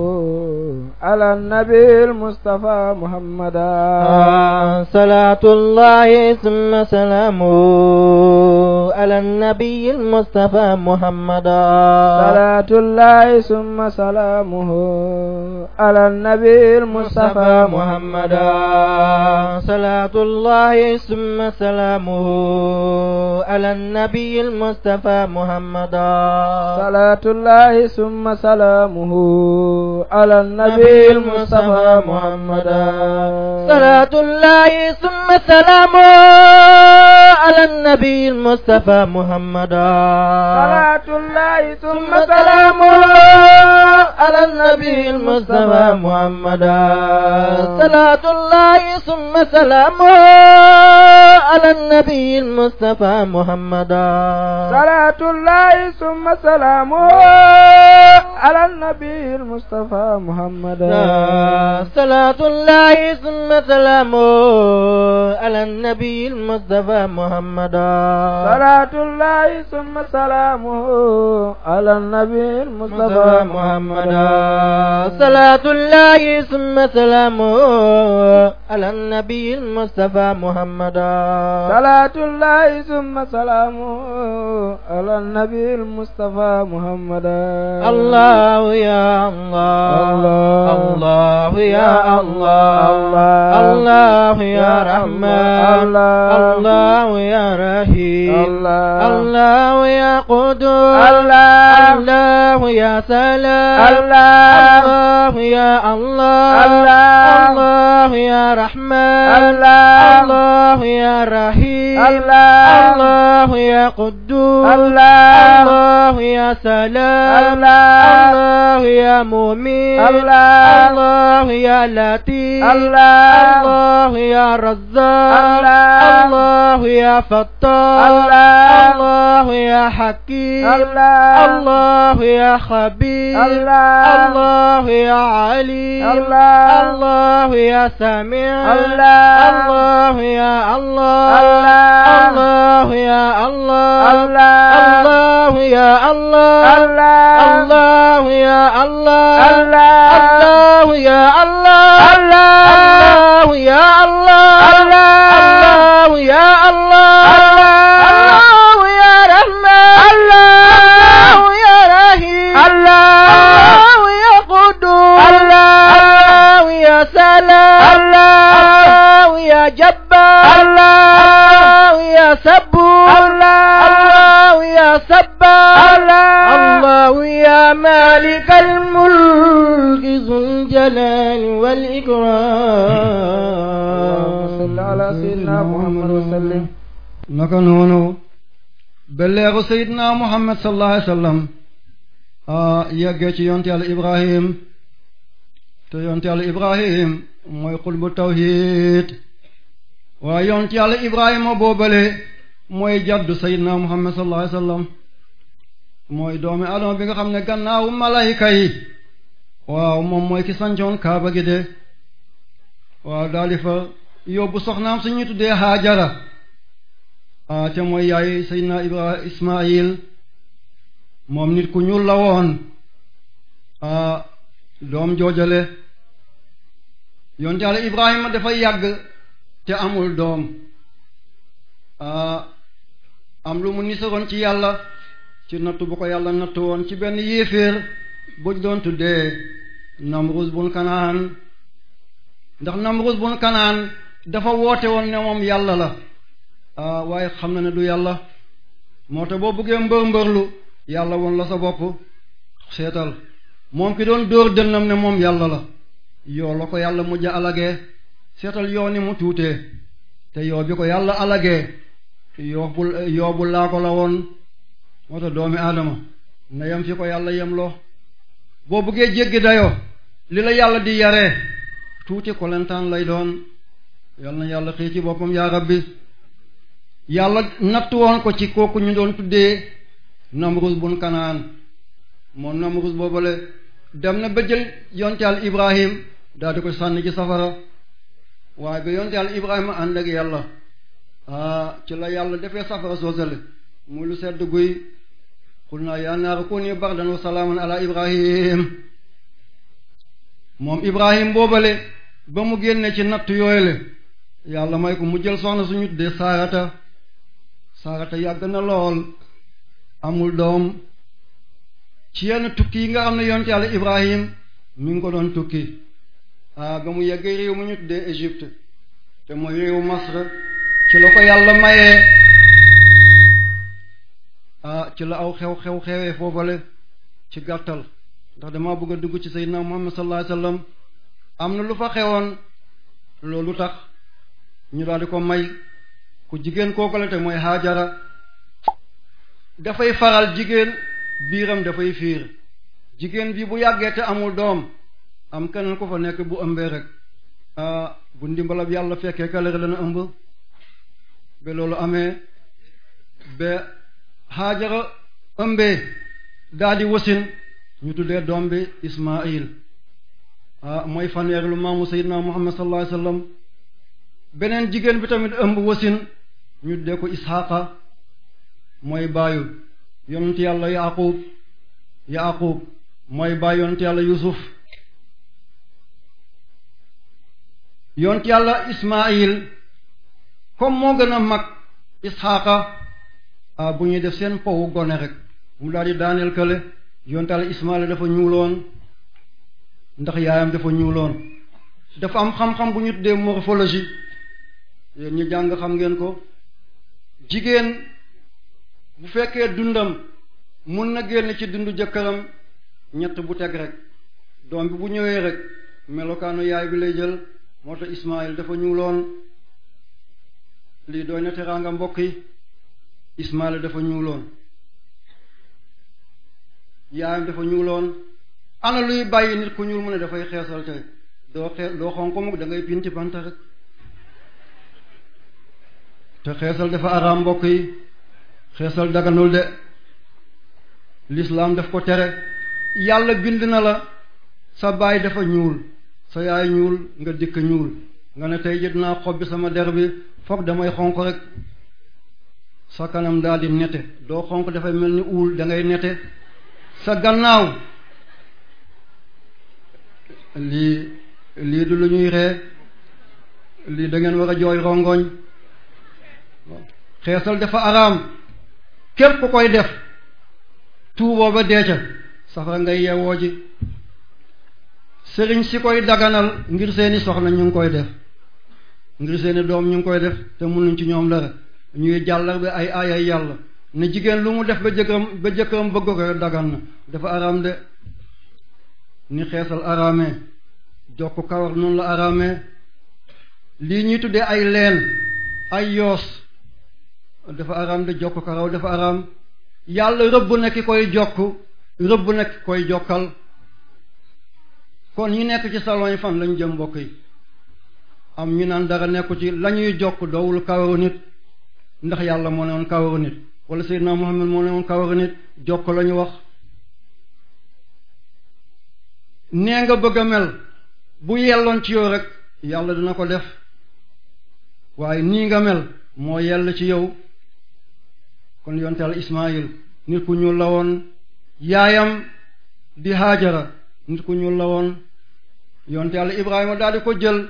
على النبي المصطفى محمدا صلاة الله ثم سلامه على النبي المصطفى محمدا صلاة الله ثم سلامه على النبي المصطفى محمدا صلاة الله ثم سلامه على النبي النبي المصطفى محمدا صلاة الله ثم سلامه على النبي المصطفى محمدا صلاة الله ثم سلامه على النبي المصطفى محمدا صلاة الله ثم سلامه على النبي المصطفى محمدا صلاة الله ثم سلامه على النبي المصطفى محمدا أبدا صلاة الله ثم سلامه على النبي المصطفى محمد صلاة الله ثم سلامه على النبي المصطفى محمد صلاة الله ثم سلامه على النبي المصطفى محمد صلاة الله ثم سلامه على النبي المصطفى محمد صلاة الله ثم سلامه وسلموا على النبي المصطفى محمد الله يا الله الله يا الله الله يا رحمن الله يا رحيم الله يا قدوس الله يا سلام الله يا الله الله يا رحمن الله يا رحيم الله الله يا قدوس الله الله يا سلام الله الله يا مؤمن الله الله يا لطيف الله الله يا رزاق الله يا فتاح الله الله يا حكيم الله الله يا خبير الله الله يا عليم الله الله يا سميع الله الله يا الله الله يا الله الله يا الله الله يا الله الله يا الله الله يا الله الله يا الله الله يا رحمن الله يا رحيم الله يا قدوس الله يا سلام الله يا جبار الله يا سبور الله الله يا سبار الله الله يا مالك الملك ذو الجلال والإكرام صل على سيدنا محمد وسلم naka noonu ba leeru Seydina Muhammad sallallahu alayhi wa sallam a yeggee ci yonte yàlla Ibrahim te yonte yàlla Ibrahim mooy xutbu tawhid waaye yonent yàlla Ibrahima boobale mooy jaddu sayyidina Muhammad sallallahu alayhi wasallam mooy doomi Adama bi nga xam ne gannaawu malayka yi waaw moom mooy ki sancoon kaaba gi de waaw daal yóbbu soxnaam su ñuy tuddee Haajara ah te mooy yaay sayyidina Ibrahima Ismaayil moom nit ku ñuul la woon ah doom joojale yonent yàlla Ibrahima dafa yàgg. te amul doom am lu mu nisaroon ci yàlla ci nattu bu ko yàlla nattu woon ci benn yéeféer buñ doon tuddee namrus bun kanaan ndax namrus bun kanaan dafa woote woon ne moom yàlla la waaye xam na ne du yàlla moo tax boo bëggee mbër mbërlu yàlla woon la sa bopp seetal moom ki doon dóor dënnam ne moom yàlla la yoo la ko yàlla mujj alage seetal yoo ni mu tuutee te yoo bi ko yàlla alagee yoobu yoobu laa ko la woon moo doomi aadama na fi ko yàlla yem loo boo bëggee jéggi dayo li la yàlla di yaree tuuti kolentaan lay doon yoon na yàlla xëy ci boppam yaa rabbi yàlla natt woon ko ci kooku ñu doon tuddee namrus bun kanaan moom namrus boobale dem na ba jël yonte al ibrahim daal ko sànni ci safara waaye ba yonte yàlla Ibrahima ànd ak yàlla ci la yàlla defee safara soosale muy lu sedd guy xul naa yaa naaru kuuni bardan wa salaaman ala Ibrahim moom Ibrahim boobale ba mu génne ci natt yooyale yàlla may ko mu jël soxna suñu de saarata saarata yàgg na lool amul doom ci yenn tukki yi nga xam ne yonte yàlla Ibrahim mu ngi ko doon tukki Ah, ba mu yeggee réew mu ñu tuddee Égypte te mooy réewu Masra ci la ko yàlla mayee ah, ci la aw xew xew xewee foofale ci gàttal ndax dama bëgg a dugg ci Seydina Muhammad sallallahu alayhi am na lu fa xewoon loolu tax ñu daal di ko may ku jigéen kooku te mooy Haajara dafay faral jigéen biiram dafay fiir jigéen bi bu yàggee te amul doom am keneen ko fa nekk bu ëmbee rek bu ndimbalab yàlla fekkee kalere dana ëmb ba loolu amee ba xaajara ëmbee daal di wasin ñu tuddee doom bi Ismaayil ah mooy fanweer lu maamu Seydina Muhammad sallallahu wasallam beneen jigéen bi tamit ëmb wasin ñu tuddee ko Isxaaqa mooy baayu yonent yàlla Yaaqub Yaaqub mooy baay yonent yàlla Yuusuf yonent yàlla Ismaayil comme moo gën a mag Isxaaqa ah bu ñu def seen powu gone rek mu daal di daaneel kële yonent yàlla Ismaayil dafa ñuuloon ndax yaayam dafa ñuuloon dafa am xam-xam bu ñu tuddee morphologie yéen ñu jàng xam ngeen ko jigéen bu fekkee dundam mun na génn ci dundu jëkkëram ñett bu teg rek doom bi bu ñëwee rek melokaanu yaay bi lay jël moo tax Ismaël dafa ñuuloon lii doy na teraanga mbokk yi Ismaël dafa ñuuloon yaayam dafa ñuuloon ana luy bàyyi nit ku ñuul mu ne dafay xeesal tey doo xee doo xonq mukk da ngay banta rek te xeesal dafa araam mbokk yi xeesal daganul de l'islam daf ko tere yàlla bind na la sa baay dafa ñuul sa yaay ñuul nga dikk ñuul nga ne tey ji dinaa xobbi sama der bi foog damay xonq rek sa kanam daal di nete doo xonq dafay mel ni uul da ngay nete sa gannaaw lii lii du lu ñuy ree lii dangeen war a jooy rongoñ xeesal dafa araam képp koy def tuuboo ba deeca safara ngay yeewoo ji sëriñ si koy daganal ngir seeni soxna ñu ngi koy def ngir seeni doom ñu ngi koy def te mënuñ ci ñoom dara ñuy jàllar bi ay aayay yàlla ne jigéen lu mu def ba jëkkëram ba jëkkëram bëgg ko dagan na dafa araam de ni xeesal araamee jokk kawar noonu la araamee lii ñuy tuddee ay leen ay yoos dafa araam de jokk karaw dafa araam yàlla rëbb na ki koy jokk rëbb na ki koy jokkal kon ñu nekk ci salon fan lañu jëm mbokk yi am ñu naan dara nekku ci lañuy jokk doowul kawaru nit ndax yàlla moo ne woon kawaru nit wala Seydina Muhammad moo ne woon kawaru nit jokk lañu wax nee nga bëgg a mel bu yelloon ci yow rek yàlla dina ko def waaye nii nga mel moo yell ci yow kon yonte al Ismaayil nit ku ñuul la woon yaayam di Haajara nit ku ñuul la woon yoon yàlla Ibrahima daal di ko jël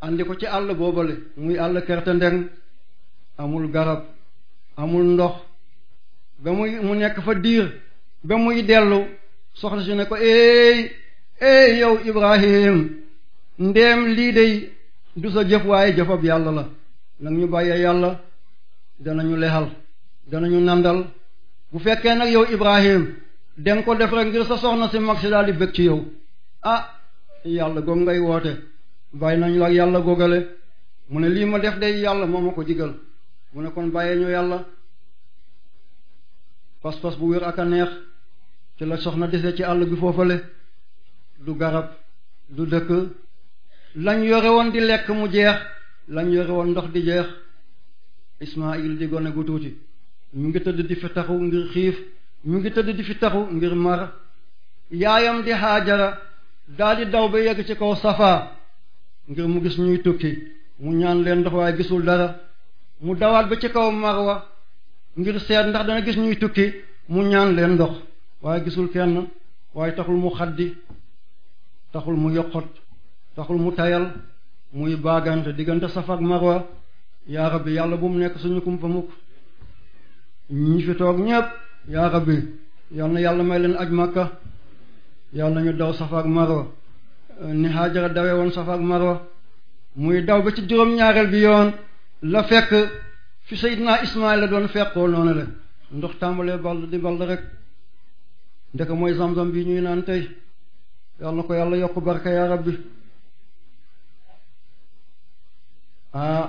andi ko ci àll boobale muy àll kerte ndeng amul garab amul ndox ba muy mu nekk fa diir ba muy dellu soxla si ne ko eey eey yow Ibrahim ndeem lii dey du sa jëf waaye jëfab yàlla la nag ñu bàyyee yàlla danañu lexal danañu nandal bu fekkee nag yow Ibrahim danga ko def rek ngir sa soxna si mag si daal di bëgg ci yow ah yàlla goog ngay woote bàyyi nañu la yàlla googale mu ne lii ma def day yàlla moo ma ko digal mu ne kon bàyyee ñu yàlla pas-pas bu wér ak a neex ci la soxna dese ci àll bi foofale du garab du dëkk lañu yore woon di lekk mu jeex lañu yore woon ndox di jeex Ismaayil di gone gu tuuti mu ngi tëdd di fi taxu ngir xiif ñu ngi tëdd di fi taxu ngir mar yaayam di xaajara daldi daw ba yegg ci kaw safaa ngir mu gis ñuy tukki mu ñaan leen ndox waaye gisul dara mu dawaat ba ci kaw wa ngir seet ndax dana gis ñuy tukki mu ñaan leen ndox waaye gisul kenn waaye taxul mu xaddi taxul mu yokkot taxul mu tayal muy baagante diggante safa ak marwa yaa rabbi yàlla bu mu nekk suñu kumpa mukk ñi fi toog ñépp yaa rabbi yal na yàlla may leen aj màkka yal na ñu daw safaak marwa eh, ni xaajara dawee woon safaak marwa muy daw ba ci juróom-ñaareel bi yoon la fekk fi Seydina Ismaïl la doon fekkoo noonu la ndox tàmbalee ball di ball rek ndeke mooy zamzam bi ñuy naan tey yal ko yàlla yokk barka yaa rabbi ah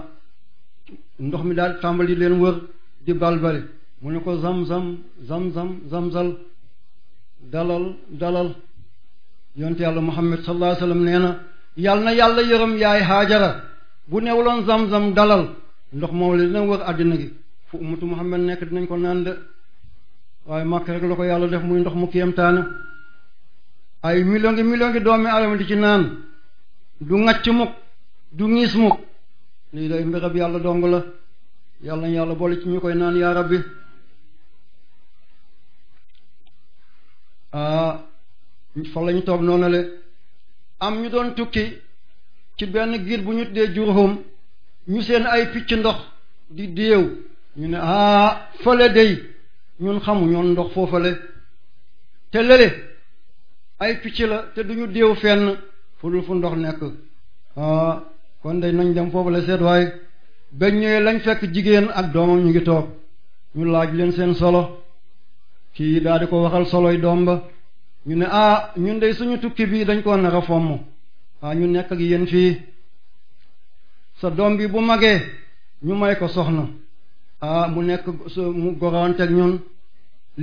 ndox mi daal tàmbali leen wër di balbali mu ne ko zam-zam zam-zam zamzal dalal dalal yonte yàlla muhammad sallallahu alayhi wasallam nee na yàlla na yàlla yërëm yaay haajara bu neewuloon zam-zam dalal ndox moom la dina wër àddina gi fu ummatu muhammad nekk dinañ ko naan de waaye màkk rek la ko yàlla def muy ndox mu kéemtaane ay million ngi million ngi doomi aadama di ci naan du ŋacc mukk du ŋiis mukk lii day mbirab yàlla dong la yàlla na yàlla boole ci ñu koy naan yaa rabbi Ah, fa lañu toog noonu le am ñu doon tukki ci benn giir bu ñu dee Jurhum ñu seen ay picc ndox di déew ñu ne ah fële dey ñun xamu ñoon ndox foofale te lële ay picc la te duñu déew fenn fu dul fu ndox nekk ah kon day nañ dem foofale seet waaye bañ ñëwee lañ fekk jigéen ak doomam ñu ngi toog ñu laaj leen seen solo kii daal di ko waxal soloy doom ba ñu ne ah ñun de suñu tukki bii dañ koo nar a fomm ah ñu nekk ak yéen fii sa doom bi bu magee ñu may ko soxna ah mu nekk mu goranteeg ñun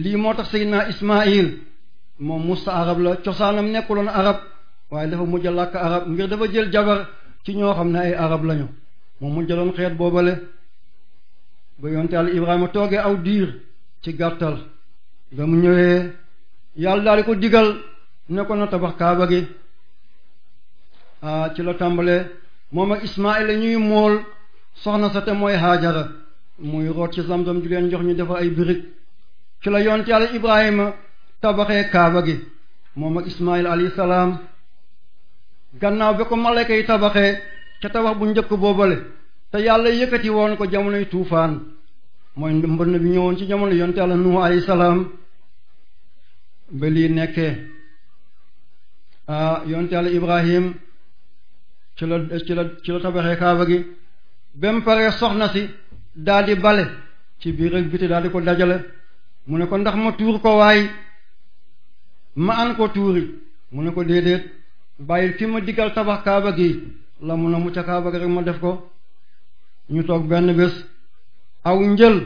lii moo tax Seydina Ismaïl moom musta arab la cosaanam nekkuloon arab waaye dafa mujj a làkk arab ngir dafa jël jabar ci ñoo xam ne ay arab lañu moom mu jëloon xeet boobale ba yonte al Ibrahima toogee aw diir ci gàttal ba mu ñëwee yàlla daal ko digal nekkoon na tabax kaaba gi ah, ci la tàmbale moom ak Ismaayil la ñuy mool soxna sa te mooy Haajara muy root ci zamzam ju leen jox ñu defar ay birig ci la yonent yàlla Ibrahima tabaxee kaaba gi moom ak Ismaayil alayhi salaam gannaaw ba ko malayka yi tabaxee ca tabax bu njëkk boobale te yàlla yëkkati woon ko jamonoy tuufaan mooy mbënn bi ñëwoon ci jamono yonte Yàlla Nuhu alayhi salaam ba lii nekkee ah yonte Yàlla Ibrahim ci la ci la ci la tabaxee kaaba gi ba mu paree soxna si daa bale ci biir ak biti daa di ko dajale mu ne ko ndax ma tuur ko waay ma an ko tuuri mu ne ko déedéet bàyyil ki ma diggal tabax kaaba gi la mun a mucc kaaba gi rek ma def ko ñu toog benn bés aw njël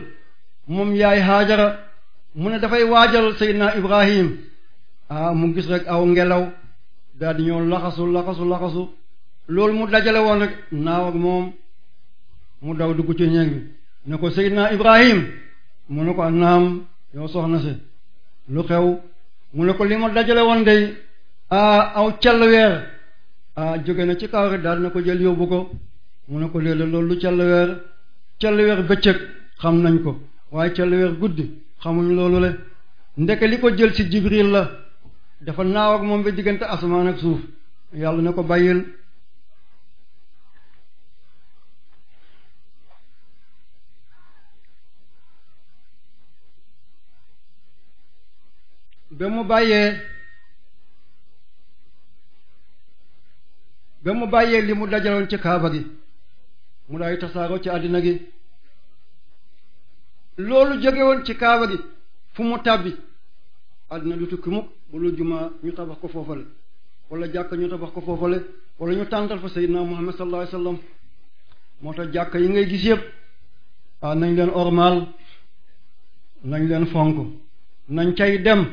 moom yaay Haajara mu ne dafay waajal Seydina Ibrahim mu gis rek aw ngelaw daal di laxasu laxasu laxasu loolu mu dajale woon rek naaw ak moom mu daw dugg ci ñeeg bi ne ko Seydina Ibrahim mu ne ko naam yow soxna si lu xew mu ne ko li ma dajale woon day ah aw call weer jóge na ci kaw rek daal na ko jël yóbbu ko mu ne ko léeg-léeg loolu lu call weer. ca lu weer bëccëg xam nañ ko waaye ca guddi xamuñ loolu le ndeke li ko jël ci jibril la dafa naaw moom bi diggante asamaan ak suuf yàlla ne ko bàyyil ba mu bàyyee li mu dajaloon ci kaaba gi mu daay tasaaroo ci àddina gi loolu jóge ci kaaba gi fu mu tàbbi àddina du tukki mukk wala jumaa ñu tabax ko foofale wala jàkk ñu tabax ko foofale wala ñu tàntal fa sayyidina Muhammad sallallahu alayhi wasallam moo tax jàkk yi ngay gis yëpp ah nañ leen ormal nañ leen fonk nañ cay dem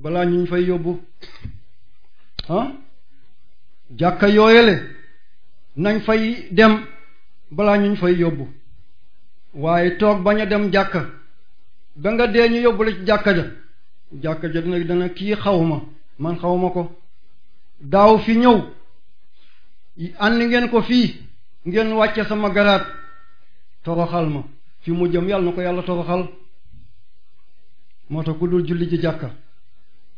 balaa ñu fay yóbbu ah jàkka yooyale nañ fay dem balaa ñu fay yóbbu waaye toog bañ a dem jàkka ba nga dee ñu yóbbu la ci jàkka ja jàkka ja dina dana kii ma man xaw ma ko daaw fi ñëw ànd ngeen ko fii ngeen wàcce sama garaat toroxal ma fi mu jëm yàlla na ko yàlla toroxal moo tax ku dul julli ci jàkka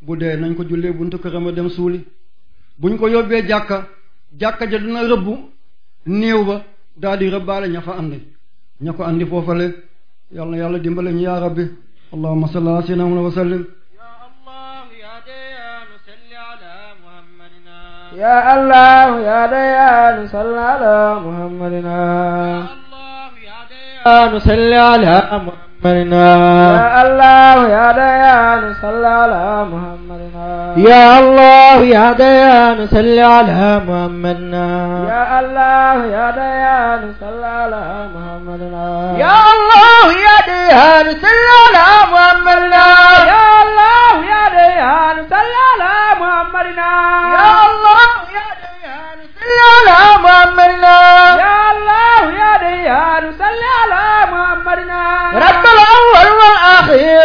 bu dee nañ ko jullee buntu këram a dem suuli buñ ko yóbbee jàkka jàkka ja dina rëbbu néew ba daal di rëbbaale ña fa andi ña ko andi foofale yàlla na dimbale ñu yaa rabbi allahumma salli ala sayyidina muhammad wa ya allah ya dayan salli ala muhammadina نصلي على محمد يا الله يا ديان نصلي على محمد يا الله يا ديان صل على محمد يا الله يا ديان صل على محمد يا الله يا ديان صل على محمد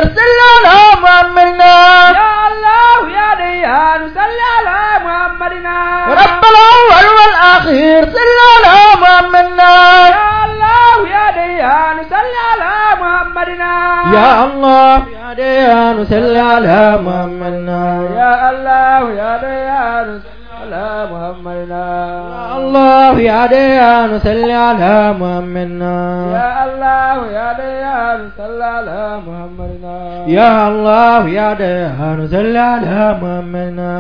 صل على محمدنا يا الله يا ديان صل على محمدنا رب الأول والآخر صل على محمدنا يا الله يا ديان صل على محمدنا يا الله يا ديان صل على محمدنا يا الله يا ديان صل على محمد يا الله يا ديان صل على محمد يا الله يا ديان صل على محمد يا الله يا ديان صل على محمد يا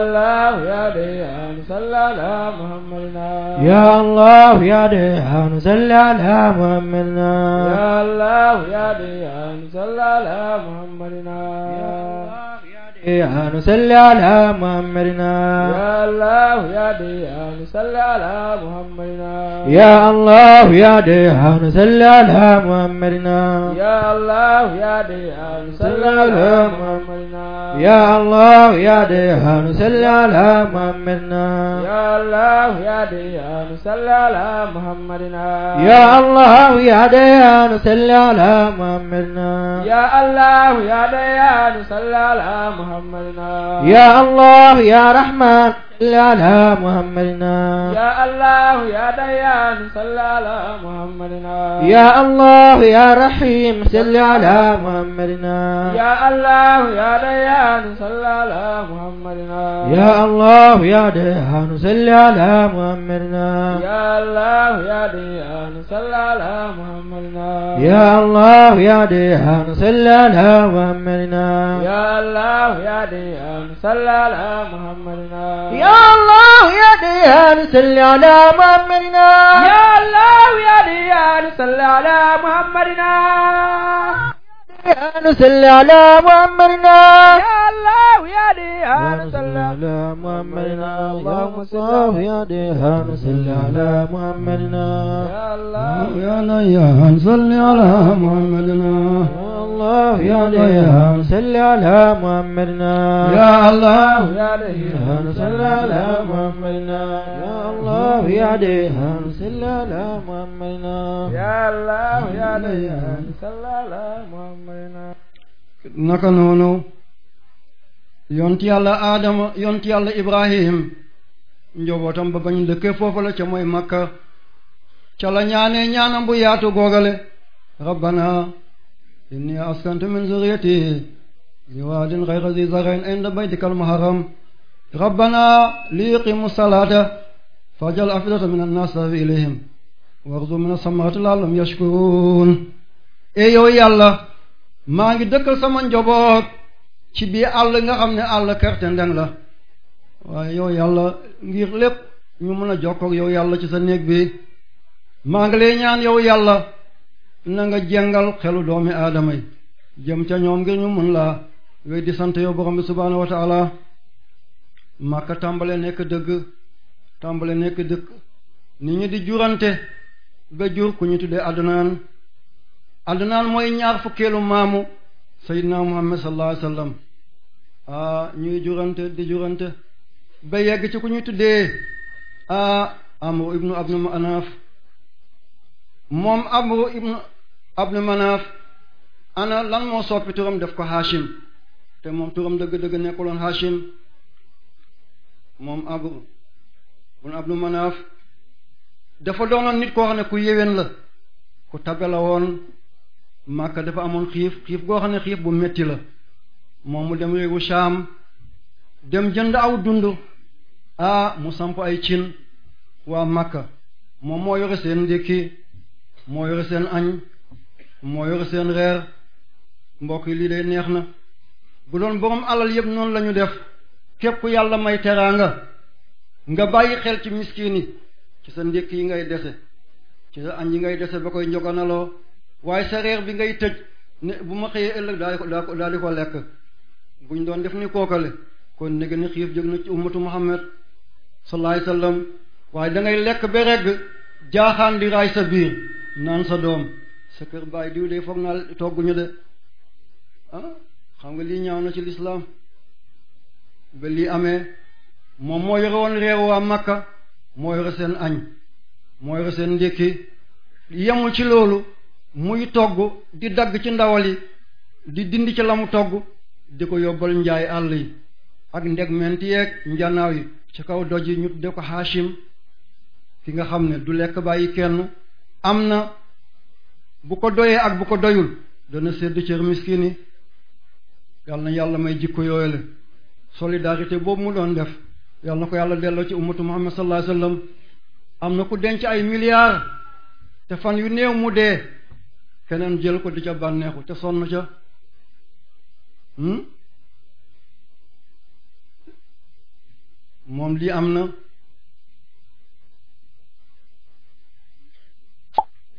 الله يا ديان صل على محمد يا الله يا ديان صل على محمد يا الله يا ديان صل على محمد يا الله نصلي على محمدنا يا الله يا ديها نصلي على محمدنا يا الله يا ديها نصلي على محمدنا يا الله يا ديها نصلي على محمدنا يا الله يا ديها نصلي على محمدنا يا الله يا ديها نصلي على محمدنا يا الله يا ديها نصلي على محمدنا يا الله يا ديها نصلي على محمدنا تحملنا يا الله يا رحمن صل على محمدنا يا الله يا ديان صل على محمدنا يا الله يا رحيم صل على محمدنا يا الله يا ديان صل على محمدنا يا الله يا ديان صل على محمدنا يا الله يا ديان صل على محمدنا يا الله يا ديان صل على محمدنا يا الله يا ديان صل على محمدنا يا الله يا ديان صل على محمدنا يا الله يا ديان صل على محمدنا نصلي على محمدنا يا الله يا ديها نصلي على محمدنا اللهم صل يا ديها نصلي على محمدنا يا الله يا ليها نصلي على محمدنا يا الله يا ليها نصلي على محمدنا يا الله يا ليها نصلي على محمدنا يا الله يا ليها نصلي على محمدنا يا الله يا ليها نصلي على محمدنا naka noonu yont yàlla aadama yont yàlla ibrahim njobootam ba bañ dëkkee foofu la ca mooy makka ca ñaanee ñaanam bu yaatu googale rabbana inni askantu min zuriyati bi waadin ghayra zi zar'in inda baytikal muharram rabbana liqimu salata fajal afidata min annas tafi ilayhim warzu min asamarati la'allahum yashkurun e yow yàlla maa ngi dëkkal sama njaboot ci biir àll nga am ne àll kerte ndeng la waaye yow yàlla ngir lépp ñu mën a jokkook yow yàlla ci sa néeg bi maa ngi lay ñaan yow yàlla na nga jengal xelu doomi aadama yi jëm ca ñoom ngir ñu mën laa wéy di sant yow borom bi subhaanahu wa màkka tàmbale nekk dëgg tàmbale nekk dëkk nit ñi di jurante ba jur ku ñu tuddee adnaan àddunaan mooy ñaar fukkeelu maamu sayyidina muhammad sallallahu alayhi wasallam ah ñuy jurante di jurante ba yegg ci ku ñu tuddee ah amru ibnu abnu manaaf moom amru ibnu abnu manaaf ana lan moo soppi turam def ko haashim te moom turam dëgg-dëgg nekkuloon haashim moom amru ibnu abnu manaaf dafa doonoon nit koo xam ne ku yéwén la ku tabe la woon Makka dafa amoon xiif xiif goo xam ne xiif bu metti la moom mu dem réewu Shaam dem jënd aw dund ah mu samp ay cin waa Makka moom moo yore seen ndékki moo yore seen añ moo yore seen reer mbokk yi lii day neex na bu doon borom alal yëpp noonu la def képp yàlla may teraanga nga bàyyi xel ci miskin yi ci sa ndékki yi ngay dese ci sa añ yi ngay dese ba koy njoganaloo waaye sa reer bi ngay tëj ne bu ma xëyee ëllëg daal ko daal ko daal di ko lekk buñ doon def ni kookale kon nege ni xiif jóg na ci ummatu muhammad waaye dangay lekk ba regg jaaxaan di raay sa biir naan sa doom sa kër baay diw de foog naa togguñu de ah, xam nga lii ñaaw na ci lislaam ba lii amee moom moo yore woon réew waa Makka moo yore seen añ moo yore seen ndékki yemul ci loolu muy togg di dagg ci ndawal yi di dindi ci la mu togg di ko yóbbal njaay àll yi ak ndeg menti yeeg njanaaw yi ci kaw doj yi ñu de ko Hashim ki nga xam ne du lekk bàyyi kenn am na bu ko doyee ak bu ko doyul dana sedd cër miskin yi yàlla na yàlla may jikko yooyu la solidarité boobu mu doon def yàlla na ko yàlla delloo ci ummatu muhammad sallallahu alayhi am na ku denc ay milliards te fan yu néew mu dee keneen jël ko di ca bànneexu ca sonn ca hmm? moom lii am na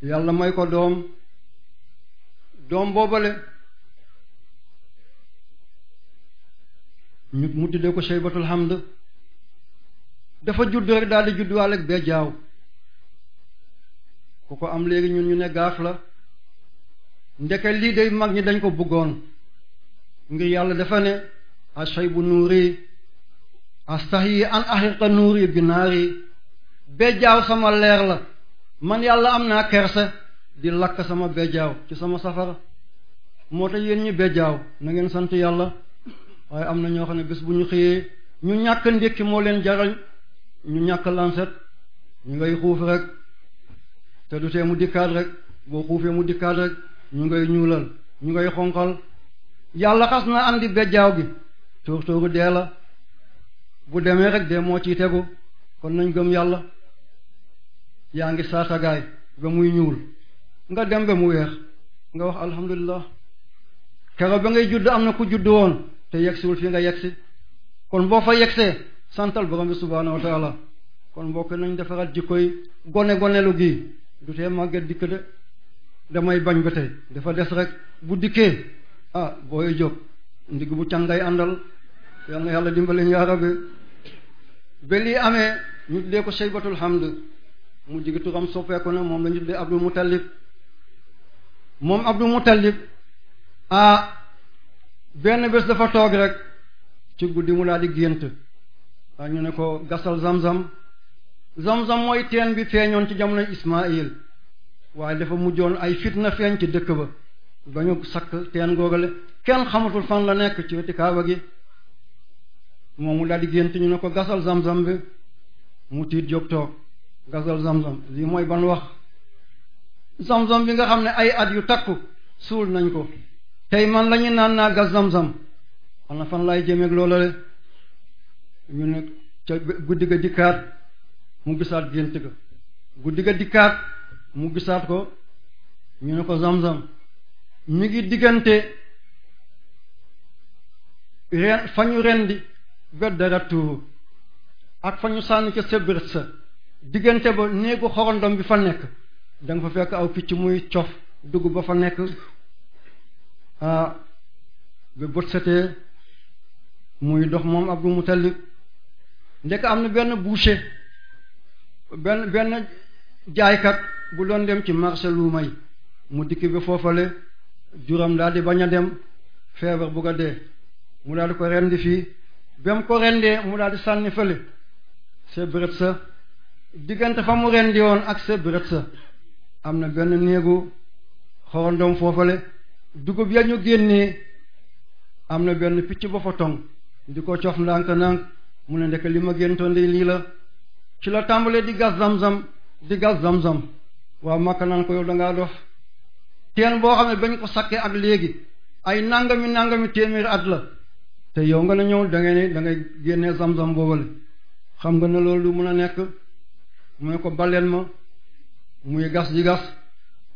yàlla may ko doom doom boobale ñu mu tuddee ko Shaybatul Hamd dafa judd rek daal di judduwaale ak bee ku ko am léegi ñun ñu ne gaax la ndeke lii day mag ñi dañ ko bëggoon ngir yàlla dafa ne bu ashaybu nuuri astahi an axiqa nuuri bi yi bejjaaw sama leer la man yàlla am naa kerse di lakk sama bejjaaw ci sama safara moo tax yéen ñi bejjaaw na ngeen sant yàlla waaye am na ñoo xam ne bés bu ñu xëyee ñu ñàkk ndékki moo leen jaral ñu ñàkk lanset ñu ngay xuuf rek te du tee mu dikkaat rek boo xuufee mu dikkaat rek ñu ngay ñuulal ñu ngay xonqal yàlla xas na andi jaaw gi tóor tóoru dee la bu demee rek dee moo ciy tegu kon nañ gëm yàlla yaa ngi saasagaay ba muy ñuul nga dem ba mu weex nga wax alhamdulilah kero ba ngay judd am na ku judd woon te yegsiwul fi nga yegsi kon boo fa yegsee santal borom bi subhaanahu wa kon mbokk nañu defaraat ji yi gone gonelu gii du tee màgget dikk de damay bañ ba tey dafa des rek bu dikkee ah booy jóg ndig bu càngay àndal yal na yàlla dimbali yaa rabbi ba lii amee ñu tuddee ko Shaybatul Hamd mu jigi turam soppeeku na moom la ñu tuddee Abdul Muttalib moom Abdul Muttalib ah benn bés dafa toog rek ci guddi mu daal di gént ah ñu ne ko gasal zam-zam zam-zam mooy teen bi feeñoon ci jamonoy Ismaayil waaye dafa mujjoon ay fitna feeñ ci dëkk ba ba ñu sakk teen googale kenn xamatul fan la nekk ci wetu kaaba gi moomu daal di gént ñu ne ko gasal zam-zam mu tiit jóg toog lii mooy ban wax zam-zam bi nga xam ne ay at yu takku suul nañ ko tey man la naan naa gas zam-zam xanaa fan laay jëmeeg loolale ñu ne ca guddi ga dikkaat mu gisaat gént ga guddi ga dikkaat mu gisaat ko ñu ne ko zamzam mi ngi diggante ren fa ñu rendi ba dara tuuru ak fa ñu sànni ca sébret sa diggante ba néegu xorondom bi fa nekk danga nga fa fekk aw picc muy cof dugg ba fa nekk ah ba bët setee muy dox moom Abdul Mutallib ndek am na benn boucher benn benn jaaykat bu doon dem ci marché lu may mu dikk bi foofale juróom daal di bañ a dem feebar bu ko dee mu daal di ko rendi fii ba mu ko rendee mu daal di sànni fale sa bërët sa diggante fa mu rendi woon ak sa sa am na benn néegu xorondom foofale dugub ya ñu génnee am na benn picc ba fa di ko cof ndànk-ndànk mu ne ndekk li ma géntoon di lii la ci la tàmbalee di gas zam-zam di gas zam-zam waa Makka naan ko yow da ngaa dof teen boo xam ne bañ ko sakkee ak léegi ay nangami nangami téeméeri at la te yow nga ne ñëw da ngay ne da ngay génnee zam-zam xam nga ne loolu du mën a nekk mooy ko baleen ma muy gas di gas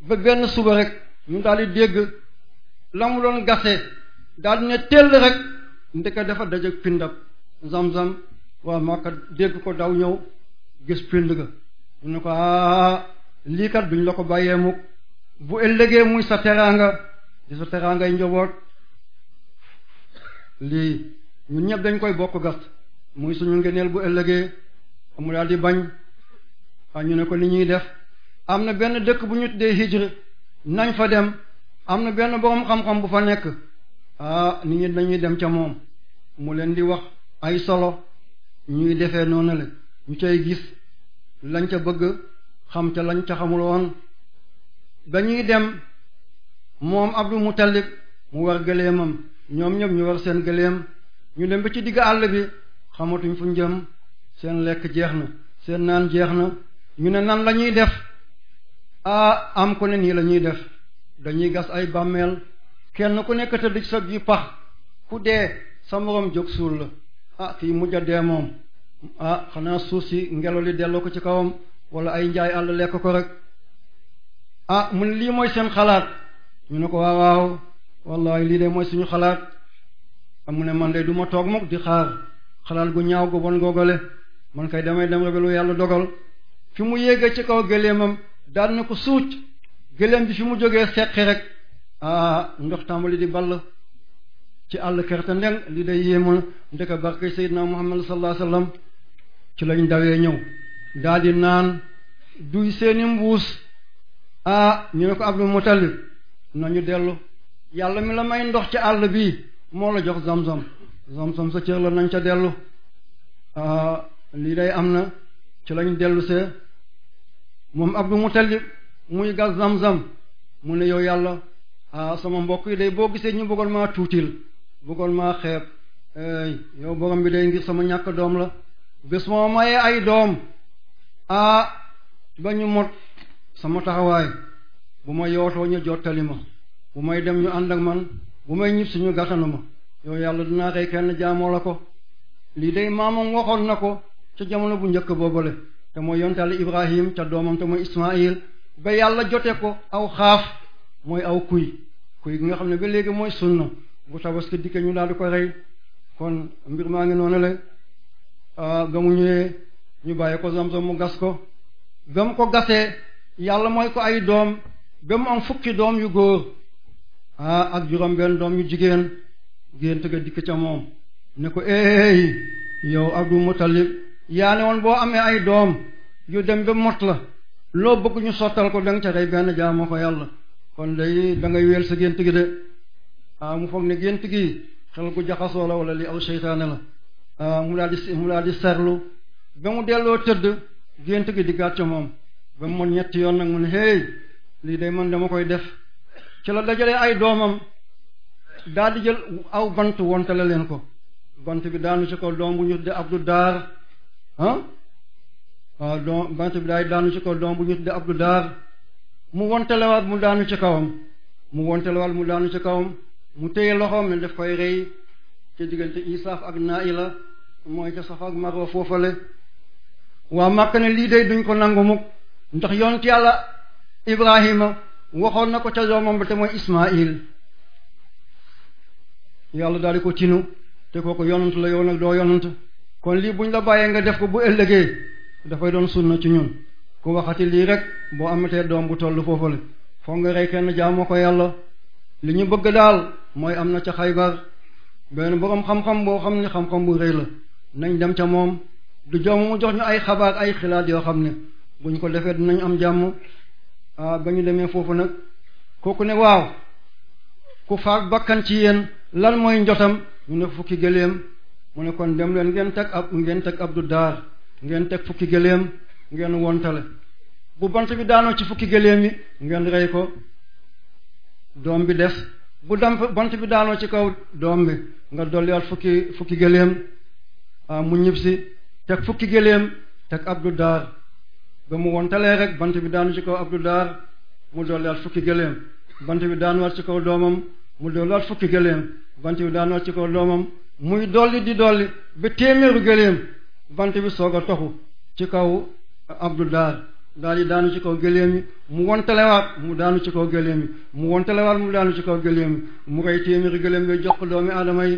ba benn suba rek mu daal di dégg la mu doon gasee daal di ne tell rek ndeke dafa dajeg pindab zam waa Makka dégg ko daw ñëw gis pind ga ñu ne ko ah lii kat duñ la ko bàyyee mukk bu ëllëgee muy sa teraanga di sa teraangay njaboot lii ñun ñëpp dañ koy bokk gast muy suñu ngëneel bu ëllëgee mu daal di bañ a ñu ne ko li ñuy def am na benn dëkk bu ñu tuddee hijr nañ fa dem am na benn borom xam-xam bu fa nekk ah nit ñi dañuy dem ca moom mu leen di wax ay solo ñuy defee noonu la ñu cay gis lañ ca bëgg xam ca lañ ca xamul woon dem moom Abdul Muttalib mu war gëleemam ñoom ñëpp ñu war seen gëléem ñu dem ba ci digg àll bi xamatuñ fu njëm seen lekk jeex na seen naan jeex na ñu ne nan la ñuy def ah am ko ne nii la ñuy def dañuy gas ay bàmmeel kenn ku nekk tëdd ci sa biir pax ku dee sa moroom jóg suul la ah kii mujj dee moom ah xanaa suuf si ngelaw li delloo ko ci kawam wala ay njaay àll lekk ko rek ah mu ne lii mooy seen xalaat ñu ne ko waaw waaw lii de mooy suñu xalaat amu ah, ne man de du ma toog mukk di xaar xalaat gu ñaaw gu bon googale man kay damay dem rek lu yàlla dogal fi mu yéegee ci kaw gëléemam daan na ko suuc gëléem bi fi mu jógee seqi rek ah ndox tàmbali di ball ci àll kerte ndeng li day yéema ndeka barke Seydina Muhammad sallallahu alayhi wasallam ci lañ dawee ñëw daldi naan duy seeni mbuus ah ñu ne ko Abdul Muttalib nañu dellu yàlla mi la may ndox ca àll bi moo la jox zamzam zamzam sa cër la nañ ca dellu lii day am na ci lañ dellu see moom Abdul Muttalib muy gas zamzam mu ne yow yàlla sama mbokk yi day boo gisee ñu bëggoon maa tuutil bëggoon maa xeeb yow borom bi day ngir sama ñàkk doom la bés moo mayee ay doom ah ba ñu mot sama taxawaay bu ma yootoo ñu jottali ma bu may dem ñu ànd ak man bu may ñib suñu gàttanu ma yow yàlla dinaa rey kenn jaamoo la ko lii day maamam waxoon na ko ca jamono bu njëkk boobale te mooy yontale Ibrahim ca doomam te mooy Ismaayil ba yàlla jote ko aw xaaf mooy aw kuy kuy gi nga xam ne ba léegi mooy sunna bu tabaski dikkee ñu daal di ko rey kon mbir maa ngi noonu la ah, ba mu ñëwee ñu bàyyi ko zamzam mu gas ko ba mu ko gasee yàlla mooy ko ay doom ba mu am fukki doom yu góor ah, ak juróom-benn doom yu jigéen gént ga dikk ca moom ne ko eey yow Abdu Mutalib yaa ne woon boo amee ay doom yu dem ba mot la loo bëgg ñu sottal ko danga ca rey benn jaamoo ko yàlla kon day da ngay wéel sa gént gi de ah, mu foog ne gént gi xel gu jaxasoo la wala li aw seytaane la ah, mu daal di mu di serlu ba mu delloo tëdd gént gi dikkaat ca moom ba mu mën ñetti yoon nag mu ne hey lii day man dama koy def ci la dajalee ay doomam daal jël aw bant wontale leen ko bant bi daanu ci ko doom bu ñu tuddee Abdou Dar ah waaw doom bant bi daay daanu ci ko doom bu ñu tuddee Abdou Dar mu wontelewaat mu daanu ci kawam mu wontelewaat mu daanu ci kawam mu téye loxoom ne daf koy rey ci diggante Isaaf ak Naila mooy ca Safa ak Marwa foofale waa Makka ne lii day duñ ko nangu mukk ndax yonent yàlla Ibrahima waxoon na ko ca doomam ba te mooy Ismaïl yàlla daal di ko tinu te ko yonent la yow nag doo yonent kon lii buñ la bàyyee nga def ko bu ëllëgee dafay doon sunna ci ñun ku waxati lii rek boo amatee doom bu toll foofale foog nga rey kenn jaamoo ko yàlla li ñu bëgg daal mooy am na ca xaybar benn boroom xam-xam boo xam ni xam-xam bu rëy la nañ dem ca moom du jom mu jox ñu ay xabaar ay xilaat yoo xam ne bu ñu ko defee dinañ am jàmm ah ba ñu demee foofu nag kooku ne waaw ku faak bakkan ci yéen lan mooy njotam ñu ne fukki gëléem mu ne kon dem leen ngeen teg ab ngeen teg abdu daar ngeen teg fukki gëléem ngeen wontale bu bant bi daanoo ci fukki gëléem yi ngeen rey ko doom bi des bu damp bant bi daanoo ci kaw doom bi nga dolliwaat fukki fukki gëléem ah mu ñibbisi teg fukki géléem teg abdu daar ba mu wontalee rek bant bi daanu ci ab abdu daar mu dolliwaat fukki géléem bant bi daanuwaat ci kaw doomam mu dolliwaat fukki géléem bant bi daanuwaat ci kaw doomam muy dolli di dolli ba téeméeru géléem bant bi soog a toxu ci kaw abdu daar daal di daanu ci kaw géléem yi mu wontalewaat mu daanu ci kow géléem yi mu wontalewaat mu daanu ci kaw géléem yi mu rey téeméeri géléem yooyu jox ko doomi aadama yi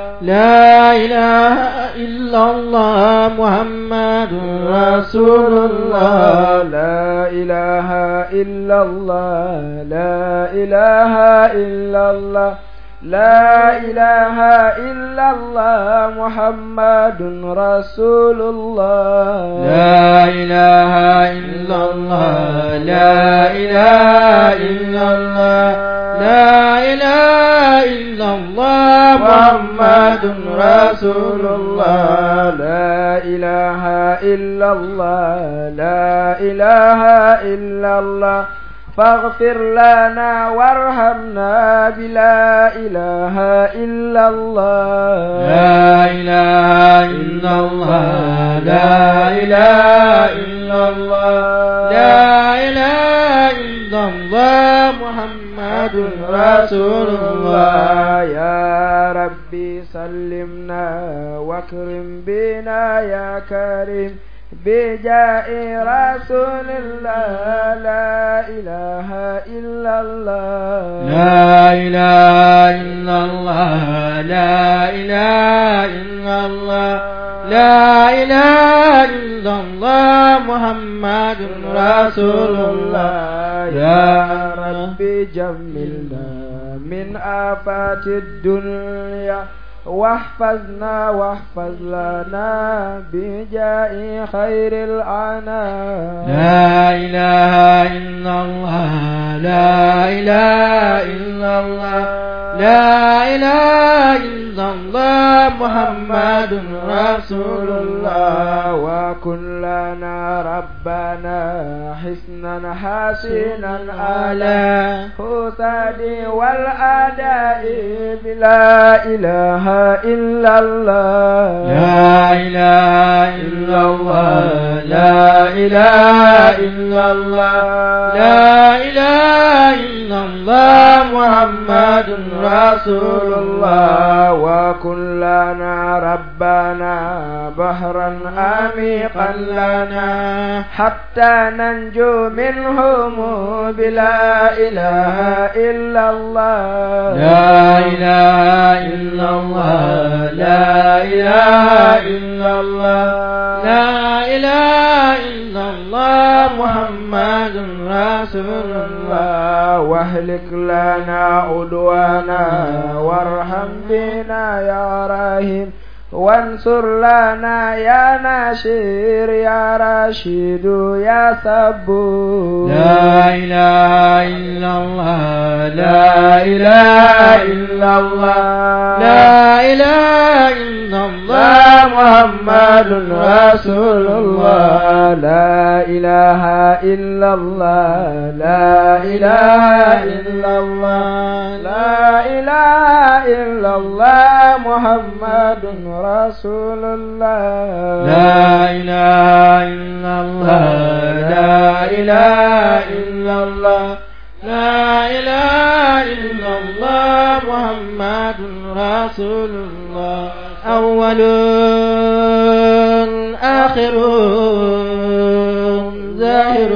لا إله إلا الله محمد رسول الله لا إله إلا الله لا إله إلا الله لا إله إلا الله محمد رسول الله لا إله إلا الله لا إله إلا الله لا إله إلا الله محمد رسول الله لا إله إلا الله لا إله إلا الله فاغفر لنا وارحمنا بلا إله إلا الله لا إله إلا الله لا إله إلا الله لا إله إلا الله محمد رسول الله يا ربي سلمنا واكرم بنا يا كريم بجاء رسول الله لا إله إلا الله لا إله إلا الله لا إله إلا الله لا إله إلا الله محمد رسول الله يا رب جملنا من آفات الدنيا واحفظنا واحفظ لنا بجاء خير الأنام لا إله إلا الله لا إله إلا الله لا إله إلا الله محمد رسول الله وكلنا ربنا حسنا حسنا على حسد والأداء بلا إله إلا الله لا إله إلا الله لا إله إلا الله لا إله إلا الله محمد رسول الله وكلنا ربنا بحرا عميقا لنا حتى ننجو منهم بلا إله إلا الله لا إله إلا الله الله لا إله إلا الله لا إله إلا الله محمد رسول الله واهلك لنا عدوانا وارحم بنا يا رحيم وانصر لنا يا ناشر يا رشيد يا صبور لا إله إلا الله لا إله إلا الله لا إله إلا الله محمد رسول الله لا إله إلا الله لا إله إلا الله لا إله إلا الله محمد رسول رسول الله لا إله إلا الله لا إله إلا الله لا إله إلا الله محمد رسول الله أول آخر ظاهر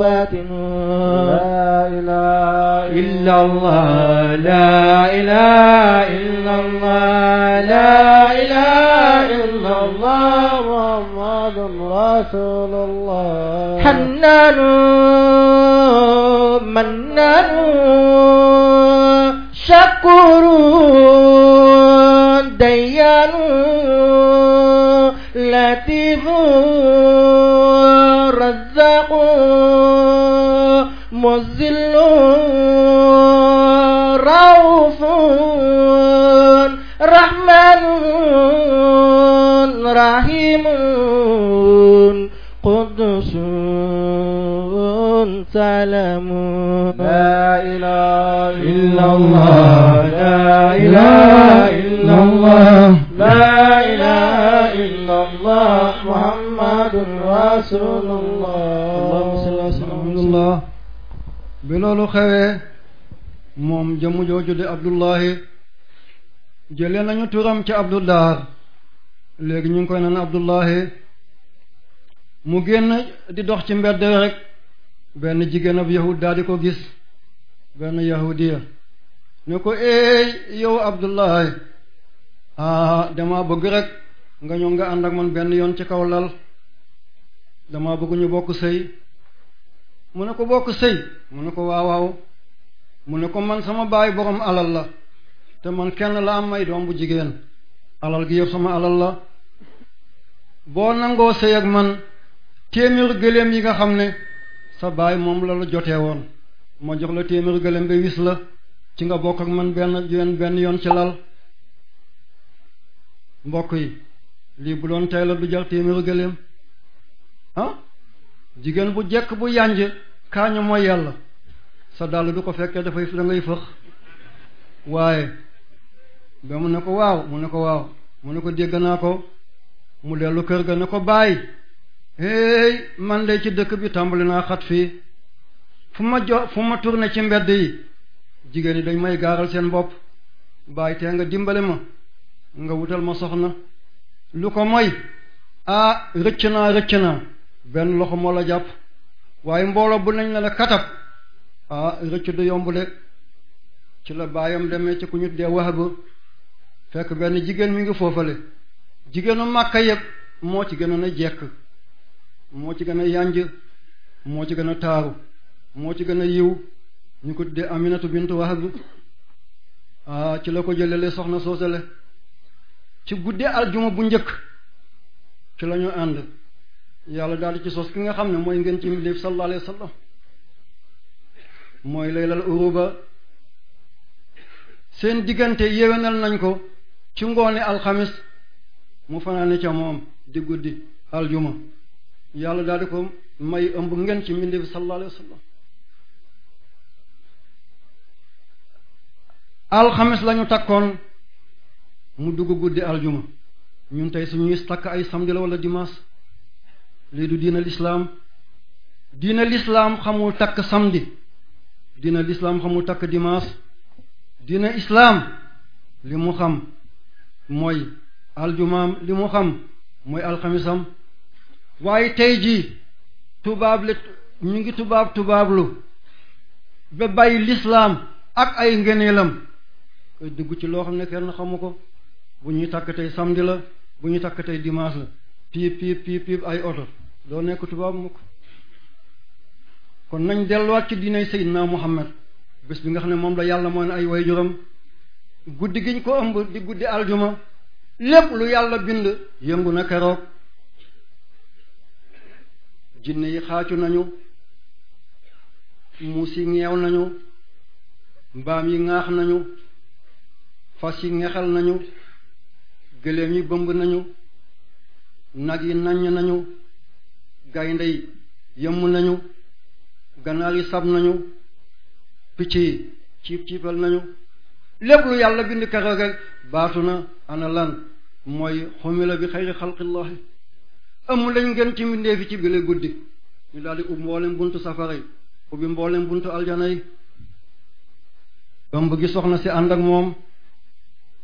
باطن إلا الله لا إله إلا الله لا إله إلا الله محمد رسول الله حنان منان شكور ديان لطيف رزاق مذل تعلمون لا إله إلا الله لا إله إلا الله لا إله إلا xewee moom jëmu jooju di Abdullahi jëlee nañu turam ci Abdullah léegi ñu ngi koy naan Abdullahi mu génn di dox ci mbedd rek benn jigéen ab yahud daal di ko gis benn yahudiya ne ko eey yow Abdullahi ah dama bëgg rek nga ñëw nga ànd ak man benn yoon ci kaw lal dama bëgg ñu bokk sëy mu ne ko bokk sëy mu ne ko waawaaw mu ne ko man sama baay borom alal la te man kenn la am may doom bu jigéen alal gi yëpp sama alal la boo nangoo sëy ak man téeméer gëléem yi nga xam ne sa baay moom la la jotee woon ma jox la téeméeri gëlëm ba wis la ci nga bokk ak man benn yoon benn yoon ci lal mbokk yi lii bu doon tey la du jar téeméeri gëlëm ah? jigéen bu jekk bu yànj kaañu mooy yàlla sa dàll du ko fekkee dafay da ngay fëx waaye ba mu ne ko waaw mu ne ko waaw mu ne ko dégg naa ko mu dellu kër ga ne ko bàyyi hey man de ci dëkk bi tàmbali naa xat fii fu ma jo fu ma tourné ci mbedd yi jigéen yi dañ may gaaral seen bopp bàyyi tee nga dimbali ma nga wutal ma soxna lu ko moy ah rëcc naa rëcc naa benn loxo moo la jàpp waaye mbooloo bu nañ ne la katab ah rëcc du yomb ci la baayam demee ci ku ñu dee wax ba fekk benn jigéen mi ngi foofale jigéenu màkka yëpp moo ci gënoon a jekk moo ci gën a yanj moo ci gën a taaru moo ci gën a yiw ñu ko tuddee Aminatu bint Wahab ah ci la ko jëlele soxna soosale ci guddee aljuma bu njëkk ci lañu ànd yàlla daal ci sos ki nga xam ne mooy ngeen ci mbindéef sallallahu alayhi mooy laylal uruba seen diggante yéwénal nañ ko ci ngoone alxamis mu fanaane ca moom di guddi aljuma yàlla daal di ko may ëmb ngeen ci mbindi bi sallallahu alayhi lañu takkoon mu dugg guddi aljuma ñun tey suñuy takk ay samedi la walla dimaas lii du diina lislaam diina lislaam xamul takk samedi diina lislaam xamul takk dimanche diina islaam li mu xam mooy aljumaam li mu xam mooy alxamisam waaye tey jii tubaab la ñu ngi tubaab tubaablu ba bàyyi lislaam ak ay ngeneelam koy dugg ci loo xam ne kenn xamu ko bu ñuy takk tey samedi la bu ñuy takk tey dimanche la piip piip piip ay oto doo nekk tubaab mukk kon nañ delluwaat ci diinay Seydina Muhammad bés bi nga xam ne moom la yàlla moo ne ay waajuram guddi giñ ko ëmb di guddi aljuma lépp lu yàlla bind yëngu na keroog jinne yi xaacu nañu muus yi ñeew nañu mbaam yi ŋaax nañu fas yi ñexal nañu gëléem yi bëmb nañu nag yi naññ nañu gaynde yi yëmb nañu ganaar yi sab nañu picc yi ciib ciibal nañu lépp lu yàlla bind keroog rek baatu na ana lan mooy xumila bi xayri xalqillahi ëmm lañ gën ci mbindeef yi ci bile guddi ñu daal di ubbi mboolem buntu safara yi ubbi mboolem buntu aljana yi doom gi soxna si ànd ak moom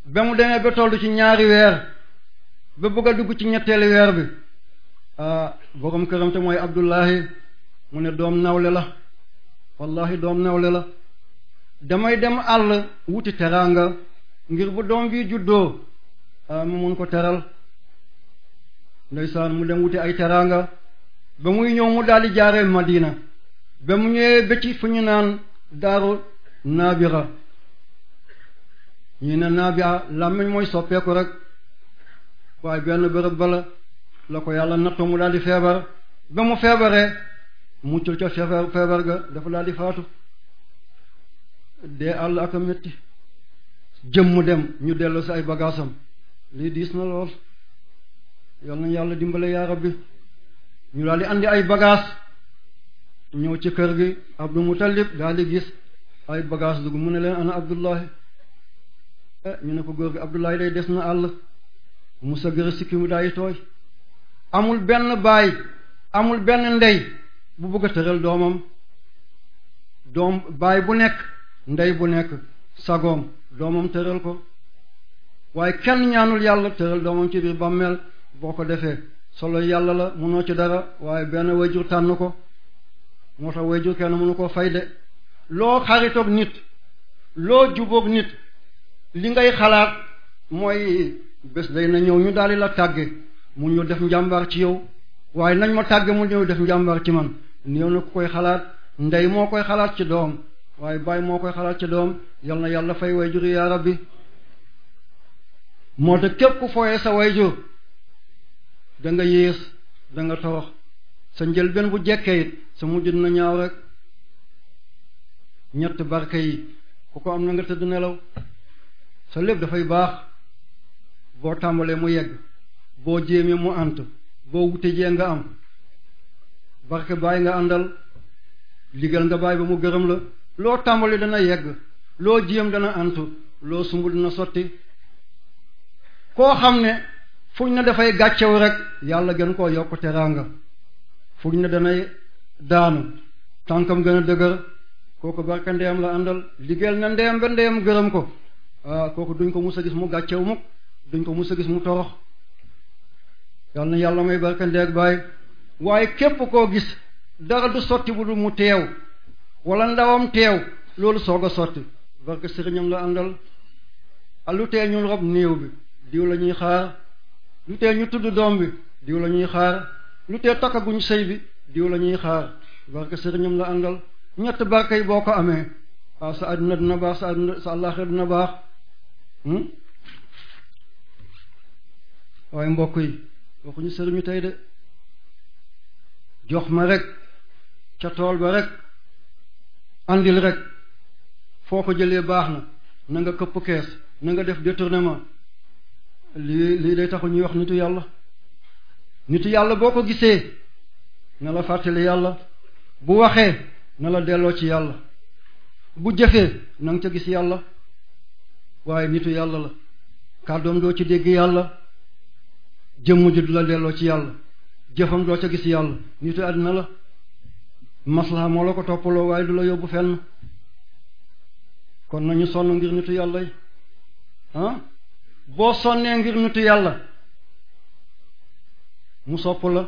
ba mu demee ba toll ci ñaari weer ba bëgg a dugg ci ñetteeli weer bi ah borom këram te mooy Abdullahi mu ne doom nawle la wallahi doom nawle la damay dem àll wuti teraanga ngir bu doom bi juddoo ah mu mun ko teral ndeysaan mu dem wute ay teraanga ba muy ñëw mu daal di jaaree Madina ba mu ñëwee bëcc fu ñu naan daaru naabira ñu ne naabira làmmiñ mooy soppeeku rek waaye benn bërëb bala la ko yàlla nattoo mu daal di feebar ba mu feebaree muccul ca feebar ga dafa daal di faatu dee àll ak a métti jëmm dem ñu delloo si ay bagaasam lii diis na lool yal nañu yàlla dimbale yaa bi ñu daal di àndi ay bagage ñëw ci kër gi Abdou Moutalib daal di gis ay bagage dugg mu ne leen ana Abdullahi eh, ñu ne ko góor gi Abdullahi day des na àll mu sëgëra sikki mu daay tooy amul benn baay amul benn ndey bu bëgg a tëral doomam doom baay bu nekk ndey bu nekk sagoom doomam tëral ko waaye kenn ñaanul yàlla tëral doomam ci biir bàmmeel boo ko defee solo yàlla la mënoo ci dara waaye benn wayjur tànn ko moo tax wayjur kenn mënu koo fay de loo xaritoog nit loo jubook nit li ngay xalaat mooy bés day na ñëw ñu daali la tàggee mu ñëw def njàmbaar ci yow waaye nañ ma tàgge mu ñëw def njàmbaar ci man néew na ku koy xalaat ndey moo koy xalaat ci doom waaye baay moo koy xalaat ci doom yal na yàlla fay wayjur yaa bi moo tax képp ku fooyee sa wayjur danga nga yées da nga sa njëlbeen bu jekkee it sa mujj dina ñaaw rek ñett barke yi ku ko am na nga tëdd nelaw sa lépp dafay baax boo tàmbalee mu yegg boo jéemee mu ant boo wute jee nga am barke bàyyi nga àndal liggéeyal nga bàyyi ba mu gërëm la loo tàmbali dana yegg loo jéem dana antu loo sumb dina sotti koo xam ne fuñ ne dafay gàccew rek yàlla gën koo yokk teraanga fuñ na danay daanu tànkam gën a dëgër kooku barka ndeyam la àndal liggéeyal na ndeyam ba ndeyam gërëm ko ah kooku duñ ko mus a gis mu gàccew mukk duñ ko mus a gis mu torox yàlla na yàlla may barka ndey ak waaye képp koo gis dara du sotti bu du mu teew walla ndawam teew loolu soog a sotti barka sëriñam la àndal alutee ñun rob néew bi diw la xaar lu tee ñu tudd doom bi diw la ñuy xaar lu tee takkaguñ sëy bi diw la ñuy xaar barke sëriñam la àndal ñett barke yi boo ko amee waaw sa àdduna dina baax sa àdduna sa àllaaxira dina baax hmm? waaye mbokk yi waxuñu sëriñu tey de jox ma rek ca tool ba rek andil rek foo ko jëlee baax na na nga këpp kees na nga def détournement lii lii day taxu ñuy wax nitu yàlla nitu yàlla boo ko gisee na la fàttali yàlla bu waxee na la delloo ci yàlla bu jëfee na ca gis yàlla waaye nitu yàlla la kàddoom doo ci dégg yàlla jëmm ju du delloo ci yàlla jëfam doo ca gis yàlla nitu àddina la maslaha moo la ko toppaloo waaye du la yóbbu fenn kon nañu sonn ngir nitu yàlla yi boo sonnee ngir nitu yàlla mu sopp la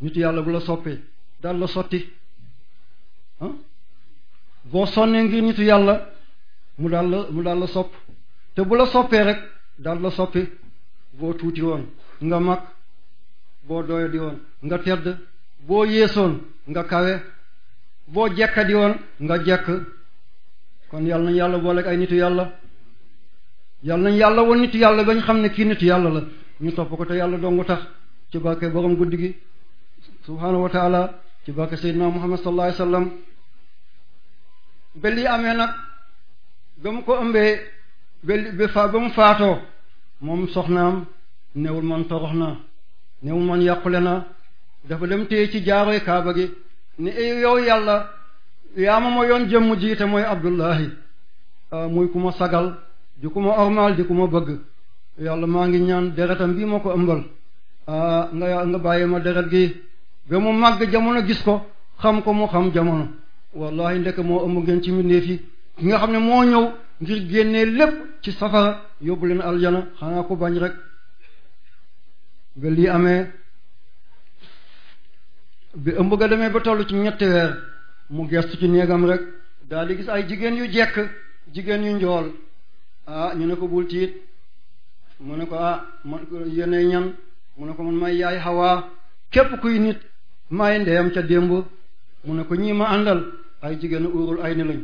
nitu yàlla bu la soppee daal la sotti ah boo sonnee ngir nitu yàlla mu daal la mu daal la sopp te bu la soppee rek daal la soppi boo tuuti woon nga mag boo doyadi woon nga tedd boo yéesoon nga kawe boo jekkadi woon nga jekk kon yàlla na yàlla boole ak ay nitu yàlla yàlla nañ yàlla woon nit yàlla ba ñu xam ne kii nit yàlla la ñu topp ko te yàlla dongu tax ci barke borom guddi gi subhaanahu wa ci barke seydina muhammad sallallahu alayhi wa sallam amee nag ba mu ko ëmbee ba ba fa ba mu faatoo moom soxnaam newul man torox na newul man yàqule na dafa dem téye ci jaaroy kaaba gi ne yow yàlla yaa ma ma yoon jëmm jiite mooy abdullahi ah, muy ku ma sagal di ku ma ormaal di ku ma bëgg yàlla maa ngi ñaan deretam bii ma ko ëmbal a ah, nga nga bàyyi ma deret gi ba mu màgg jamono gis ko xam ko mu xam jamono wallahi ndek moo ëmb ngeen ci mbindeef yi ki nga xam ne moo ñëw ngir génnee lépp ci safara yóbbu leen aljana xanaa ko bañ rek ba lii amee bi ëmb ga demee ba toll ci ñetti weer mu gestu ci néegam rek daal di gis ay jigéen yu jekk jigéen yu njool ah ñu ne ko bul tiit mu ne ko ah man yéenay ñan mu ne ko man may yaay Hawa képp kuy nit may ndeyam ca démb mu ne ko ñii ma àndal ay jigéen uurul ay ni lañ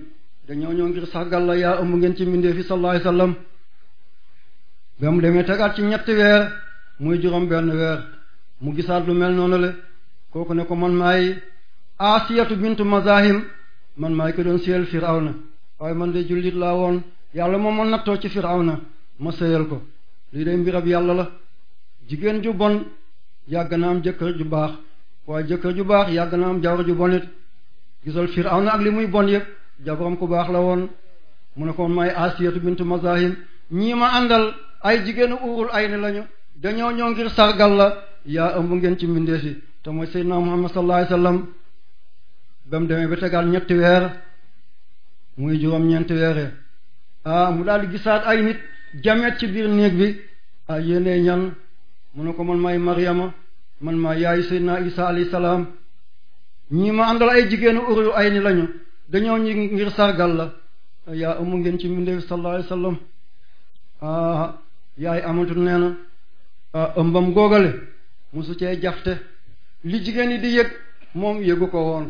dañoo ñoo ngir sàggal la yaa ëmb ngeen ci mbindee fi sallallahu alayhi wasallam ba mu demee tegaat ci ñetti weer muy juróom benn weer mu gisaat lu mel noonu le kooku ne ko man maay asiyatu bintu mazahim man maay ko doon seel firawna waaye man de jullit laa woon yàlla moom ma nattoo ci firawna ma sëyal ko lii day mbirab yàlla la jigéen ju bon yàgg na am jëkkër ju baax waaye jëkkër ju baax yàgg na am jabar ju bonit gisal firawna ak li muy bon yëpp jabaram ku baax la woon mu ne ko may asiyatu bint mazahim ñii ma àndal ay jigéenu uurul ay ni lañu dañoo ñëw ngir sargal la yaa ëmb ngeen ci mbindeef yi te mooy seydina muhammad sallallahu alayhi wasallam ba mu ñetti weer muy juróom-ñeenti weere Ah, mu daal di gisaat ay nit jamet ci biir néeg bi ah yéenee ñan mu ne ko man maay Mariama man maa yaay Seydina Isa alayhi salaam ñii ma àndal ay jigéenu urul ay ni lañu dañoo ñi ngir sargal la ah, yaa amu ngeen ci mbindeef sallallahu alayhi wasallam ah yaay amatul nee na ah ëmbam góogale musu cee jafte li jigéen yi di yëg moom yégu ko woon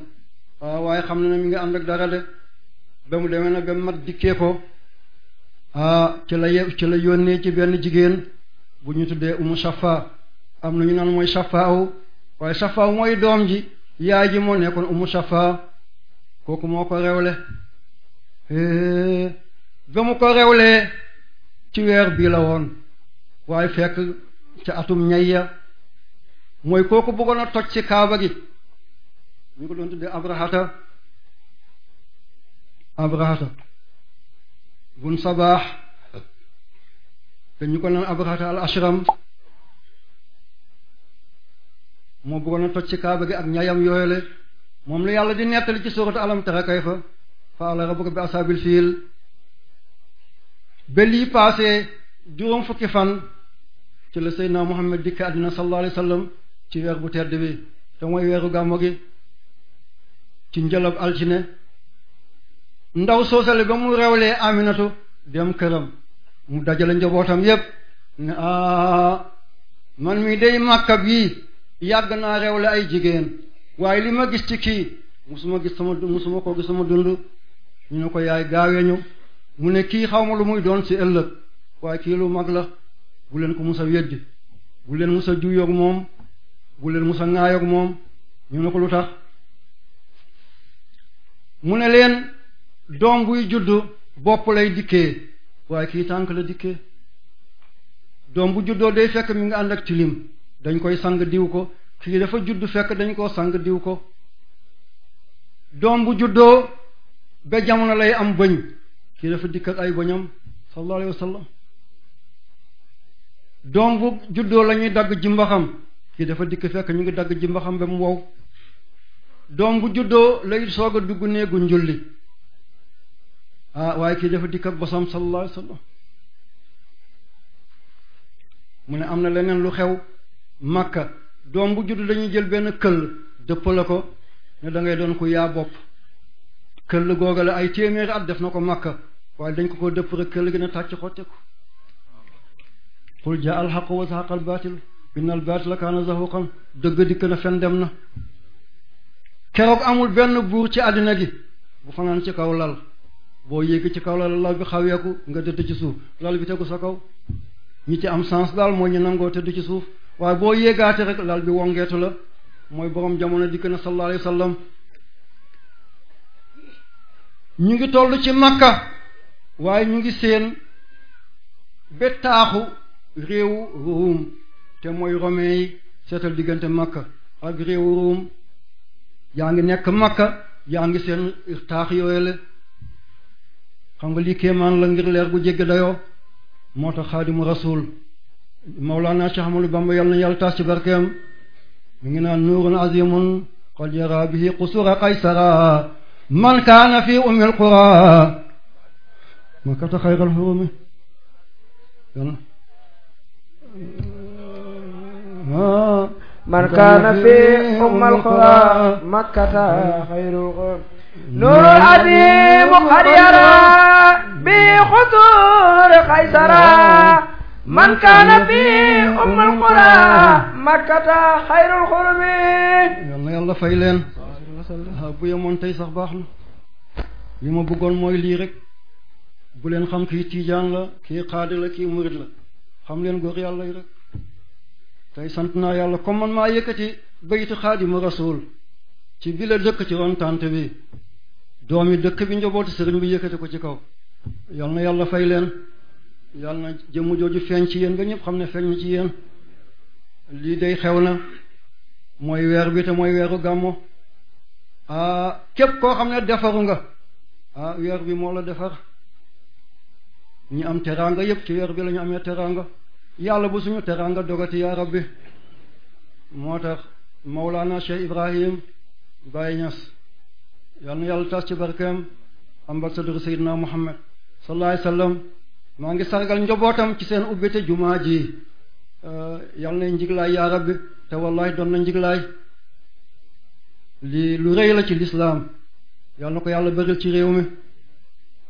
ah, waaye xam na ne mi ngi ànd ak dara de ba mu demee na ba mat dikkee ko Ah, ci la ye ci la yónnee ci benn jigéen bu ñu tuddee umu safa am na ñu naan mooy safaaw waaye safaaw mooy doom ji yaay ji moo nekkoon umu safa kooku moo ko rewle eh, ba mu ko rewlee ci weer bii la woon waaye fekk ca atum ñayya mooy kooku bëggoon a toj ci kaaba gi ñu ko doon tuddee abrahata abrahata bun sabaax te ñu ko naan abrata al ashram moo bëggoon a toj ci kaaba gi ak ñayam yooyale moom la yàlla di nettali ci suuratu alam tara kayfa fa'ala rabbuka bi asaabil fiil ba lii paase juróom fukki fan ci la Seydina Muhammad dikk àddina sallallahu alayhi wasallam ci weer bu tedd bi te mooy weeru gàmmo gi ci njëlab altine ndaw soosale ba mu rewlee aminatu dem këram mu dajale njabootam yépp ne ah man mii day màkka bii yàgg naa rewle ay jigéen waaye li ma gis ci kii musuma gis sama suma ko gis sama dund ñu ne ko yaay gaawee ñu mu ne kii xaw ma lu muy doon ci ëllëg waaye kii lu mag la bu leen ko mus a weddi bu leen mus a juyoog moom bu leen mus a ŋaayoog moom ñu ne ko lu tax mu ne leen doom buy juddu bopp lay dikkee waaye kii tànk la dikkee doom bu juddoo day fekk mi nga ànd ak tilim dañ koy sang diw ko kii dafa judd fekk dañ koo sang diw ko doom bu juddoo ba jamono lay am bëñ kii dafa dikk ak ay bëñam sallallahu alayhi wa doom bu juddoo la ñuy dagg jimbaxam kii dafa dikk fekk ñu ngi dagg jimbaxam ba mu wow doom bu juddoo lay soog a dugg néegu njulli ah waaye kii dafa dikk ak bosam sallallahu alayhi mu ne am na leneen lu xew Makka doom bu judd dañuy jël benn këll dëpp la ko ne da ngay doon ko yaa bopp kël googa ay téeméeri at def na ko Makka waaye dañ ko ko dëpp rek këll gi ne tàcc xotteku qul jaa al haqq wa zahaqa al baatil inna al baatila kaana zahuqan dëgg dikk na fen dem na keroog amul benn buur ci àddina gi bu fanaan ci kaw lal boo yéeg ci kaw lal lal bi xaweeku nga tëdd ci suuf lal bi tegu sa kaw ñi ci am sens daal mooy ñu nangoo tëdd ci suuf waaye boo yéegaate rek lal bi wongeetu la mooy borom jamono dikk na sallallahu alayhi wasallam ñu ngi toll ci makka waaye ñu ngi seen bettaaxu réew ruum te mooy romain yi seetal diggante makka ak réewu ruum yaa ngi nekk makka yaa ngi seen taax yooyu la xam nga lii kéemaan la ngir leer gu jéggi dayoo moo tax xaadimu rasuul Mawlana Cheikh Ahmadou Bamba yal na ngi naan nuurun qad yara bihi qusura qaysara man kaana fi ummil qura makkata xayral xurumi نور عظيم قد يرى بحضور قيصرا من كان في أم القرى مكة خير القرب yàlla yàlla fay leen bu yemoon tey sax baax na li ma bëggoon mooy lii rek bu leen xam kii tiijaan la kii xaadi la kii murid la xam leen góor yàlla yi rek sant naa yàlla comme man maa yëkkati baytu xaadimu rasuul ci bi dëkk ci ron tànt bi doomi dëkk bi njabootu sëriñ bi yëkkati ko ci kaw yal yàlla fay leen yal na jëmm jooju feeñ ci yéen ba ñëpp xam ne feeñ na ci yéen lii day xew na mooy weer bi te mooy weeru gàmmo képp koo xam ne defaru nga weer bi moo la defar ñi am teraanga yëpp ci weer bi la ñu amee teraanga yàlla bu suñu teraanga dogati yaa bi moo tax Mawlana Cheikh Ibrahim Baye Niass yal na yàlla tas ci barkeem ambassadeur Seydina Muhammad sallallahu alayhi wasallam maa ngi sargal njobootam ci seen ubbite jumaa ji euh, yal na njiglaay yaa rabbi te wallahi doon na njiglaay lii lu rëy la ci lislaam yal na ko yàlla bëril ci réew mi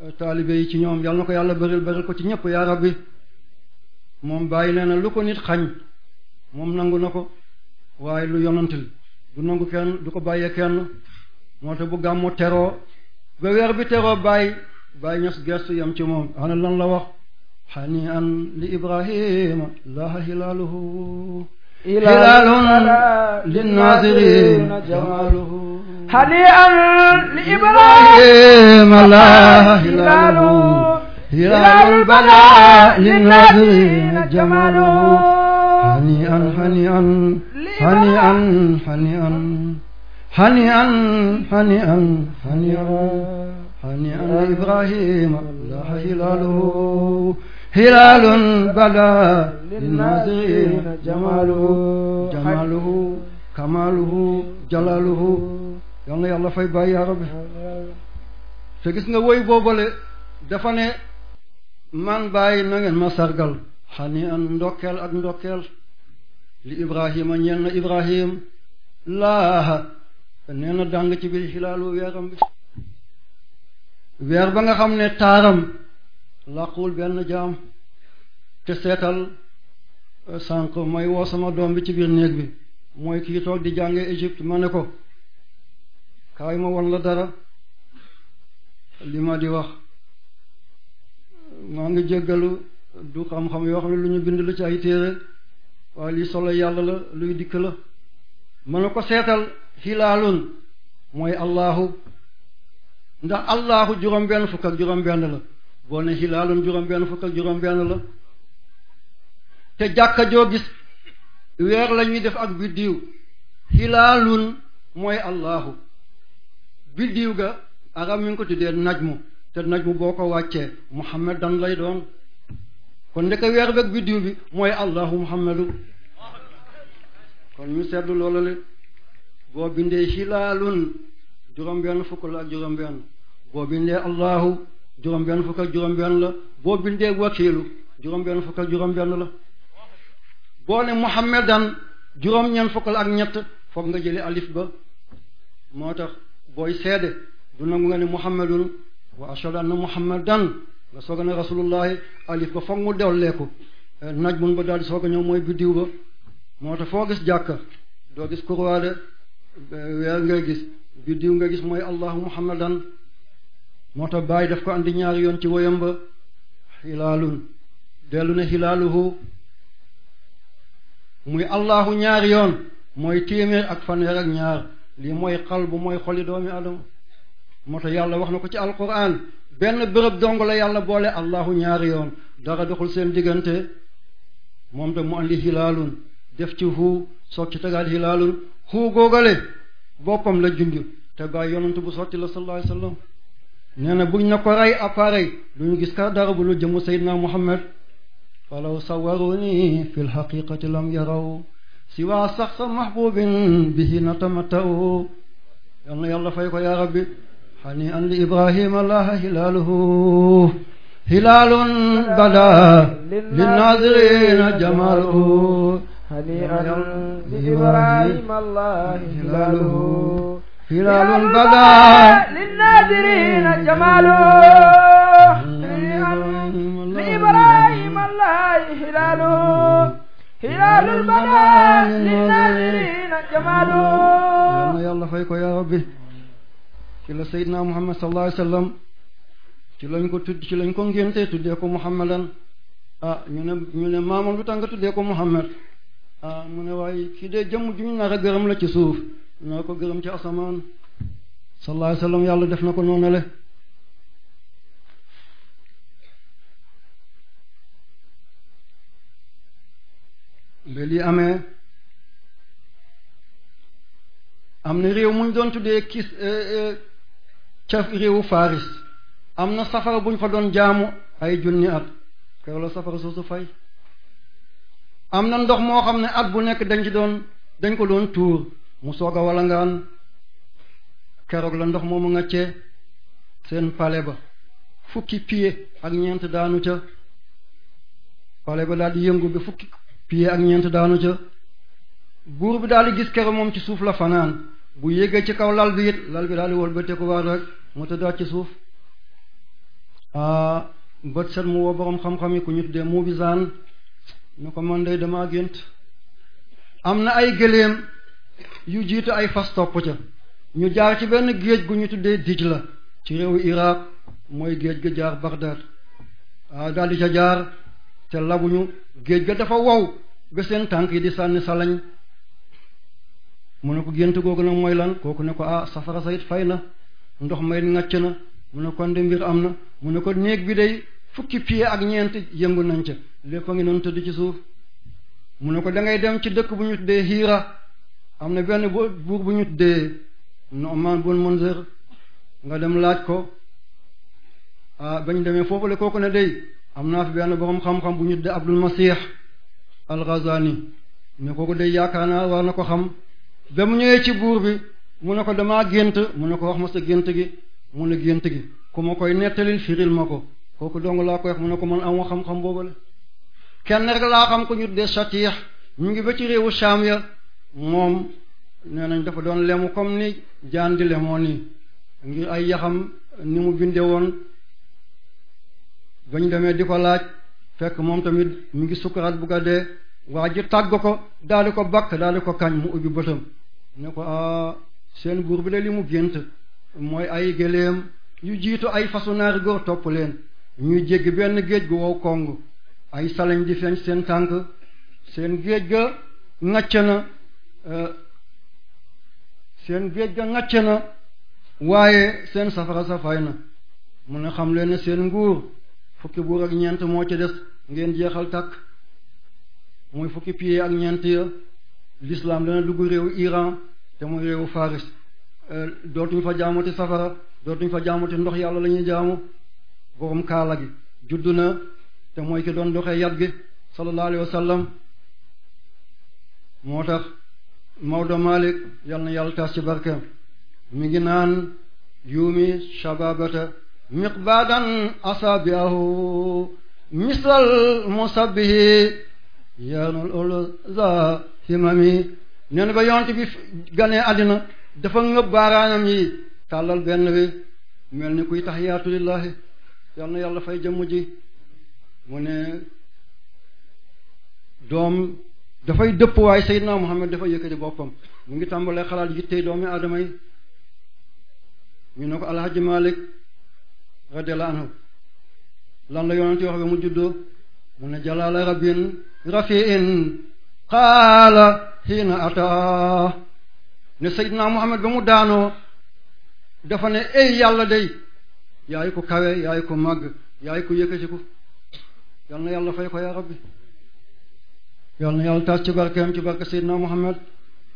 euh, taalibe yi ci ñoom yal na ko yàlla bëril bëril ko ci ñëpp yaa rabbi moom bàyyi nee na lu ko nit xañ moom nangu na ko waaye lu yonantil du nangu kenn du ko bàyyee kenn moo tax bu gàmmu teroo ba weer bi teroo bàyyi bàyyi ños gestu yam ci moom ana lan la wax xani an li ibrahima laha hilaaluhu hilaalun linnaazirina jamaaluhu xani an li ibrahima laha hilaaluhu hilaalul badaa linnaazirina jamaaluhu xani an xani an xani an xani an هنيئا هنيئا هنيئا هنيئا إبراهيم لاح هلاله هلال بدا للناظرين جماله جماله كماله جلاله yal na yàlla fay bàyyi yaa nga woy boobale dafa man bàyyi na ngeen ma sargal xani an ndokkeel li ibrahima ñeel na ibrahim laaha nee na dàng ci biir xilaalu weeram bi weer ba nga xam ne taaram làquwul benn jaam te seetal euh, sanq may woo sama doom bi ci biir néeg bi mooy kii toog di jànge Égypte ma ne ko kaay ma won la dara li ma di wax maa ngi jéggalu du xam-xam yoo xam lu ñu bind lu ci ay téere waaye lii solo yàlla la luy dikk la ma ne ko seetal hilaalun mooy allahu ndax allahu juróom-benn fukk ak juróom-benn la boo ne hilaalun juróom-benn fukk ak juróom-benn la te jàkka joo gis weer lañuy def ak biddiw hilaalun mooy allahu biddiw ga arab mi ngi ko tuddee najmu te najmu boo ko wàccee muhammad dan lay doon kon ndeke weer beeg biddiw bi mooy allahu muhammadu kon ñu seetlu loolu le boo bindee hilaalun juróom-benn fukk la ak juróom-benn boo bindee allahu juróom-benn fukk ak juróom-benn la boo bindee wakiilu juróom-benn fukk ak juróom-benn la boo ne muhammadan juróom-ñeent fukk la ak ñett foog nga jëlee alif ba moo tax booy seede du nangu nga ne muhammadun wa ashhadu anna muhammadan nga soog a ne rasulullahi alif ba foog mu dolleeku eh, naj mun ba daal di soog a ñëw mooy biddiw ba moo tax foo gis jàkka doo gis kurwaade weer nga gis biddiw nga gis mooy allahu muhammadan moo tax bàyyi daf ko andi ñaari yoon ci woyam ba xilaalun dellu ne xilaaluhu muy allahu ñaari yoon mooy téeméer ak fanweer ak ñaar lii mooy xal bu mooy xoli doomi adama moo tax yàlla wax na ko ci alquran benn bërëb dong la yàlla boole allahu ñaari yoon dara doxul seen diggante moom tam mu andi xilaalun def ci hu soog ci tegaat xilaalun xuu googale boppam la junj te gaa yonent bu sotti la sallallahu alayhi wasallam nee na buñ na ko rey appareil du ñu gis ka dara bu lu jëmu Seydina Muhammad falaw sawaruni fi lxaqiqati lam yaraw siwa saxsa mahbubin bihi natamataw yal na yàlla fay ko ya rabbi xani an li ibrahima laha hilaaluhu hilaalun bada linnaazirina jamaaluhu هنيئا لإبراهيم الله هلاله هلال بدا للناظرين جماله هنيئا لإبراهيم الله هلاله هلال البدا للناظرين جماله يا الله فيك يا ربي ci la Seydina Muhammad sallallahu alayhi wa sallam ci lañ ko tudd ci lañ ko ngénte tuddee ko Muhammadan ah ñu ne ñu ne maamoon lu tax nga tuddee ko Muhammad Ah, mu ne waaye kii de jëmm ju ñu nar a gërëm la ci suuf naa ko gërëm ci asamaan sallallahu alayhi yàlla def na ko noonale ba lii amee am na réew muñ doon tuddee kis eh, eh, ca réewu Faris am na safara buñ fa doon jaamu ay junni at la safara soosu fay am na ndox moo xam ne at bu nekk dañ ci doon dañ ko doon tuur mu soog a walangaan keroog la ndox moomu ngàccee seen pale ba fukki piye ak ñeent daanu ca pale ba daal yëngu bi fukki piye ak ñeent daanu ca buur bi daal di gis keroog moom ci suuf la fanaan bu yéegee ci kaw lal bi it lal bi daal di wëlbateeku waat rek mu tëddaat ci suuf ah, bët set mu woo borom xam-xam yi ku ñu tuddee mu bisaan nu ko man day dama gént am na ay gëléem yu jiitu ay fas topp ca ñu jaar ci benn géej gu ñu tuddee la ci réewu iraak mooy géej ga jaar Bagdad ah daal di ca jaar te labuñu géej ga dafa wow ba seen tànk yi di sànni salañ mu ne ko gént googu nag mooy lan kooku ne ko ah safara sayit fay na ndox may ngàcc na mu ne ko ndé am na mu ne ko néeg bi day fukki pieds ak ñeent yëngu nañ ca lépp a ngi noonu tëdd ci suuf mu ne ko da ngay dem ci dëkk bu ñu tuddee Hira am na benn buur bu ñu tuddee Nu'man bun Munzir nga dem laaj ko ah bañ demee foofu la ko ne day am naa fi benn borom xam-xam bu ñu tuddee Abdul Masih al-Ghazani ne ko day yaakaar naa war na ko xam ba mu ñëwee ci buur bi mu ne ko damaa gént mu ne ko wax ma sa gént gi mu ne gént gi ku ma koy nettalil firil ma ko kooku dong laa ko wax mu ne ko man amoo xam-xam boobu la kenn rek laa xam ko ñu dee Satih mu ngi ba ci réewu Saam ya moom nee nañ dafa doon lemu comme ni jaan di lemoo nii ngir ay yaxam ni mu binde woon ba ñu demee di ko laaj fekk moom tamit mu ngi sukkaraat bu dee waa ji tàgg ko daal ko bakk daldi ko kañ mu ubbi bëtam ne ko a ah, seen buur bi de li mu gént mooy ay gëléem yu jiitu ay façon naari góor topp leen ñuy jéggi benn géej gu wow kong ay salañ di feeñ seen tànk seen géej ga ŋàcc na euh, seen géej ga ŋàcc waaye seen safara safaay na mu ne xam leen seen nguur fukki buur ak ñeent moo ci des ngeen jeexal tàkk muy fukki piye ak ñeent ya l'islam dana dugg réewu Iran te muy réew Faris euh, dootuñ fa jaamati safara dootuñ fa jaamati ndox yàlla lañuy ñuy jaamu borom kaala gi juddu na te mooy ki doon doxee yat gi sallallahu alayhi moo tax Maodo Malick yal na yàlla taas ci barkeem mi ngi naan yuumi shababata miqbadan asabiahu misal musabbihi yanul ul za himami nee ba yonte bi ganee àddina dafa ngëb baaraanam yi tàllal benn bi mel ni kuy taxiyaatu lillahi yal na yàlla fay jëmm ji mu ne doom dafay dëpp waaye Seydina Muhammad dafa yëkkati boppam mu ngi tàmbalee xalaat yittey doomi aadama yi ñu ne ko alhaji Malik radiyallahu anhu lan la yonent wax ba mu juddoo mu ne jalaala rabbin rafiin qaala hiina ata ne Seydina Muhammad ba mu daanoo dafa ne ey yàlla day yaay ku kawe yaay ku màgg yaay ku yëkkatiku yal na yàlla fay ko yaa rabbi yal na yàlla taas ci barkeem ci barke Seydina Muhammad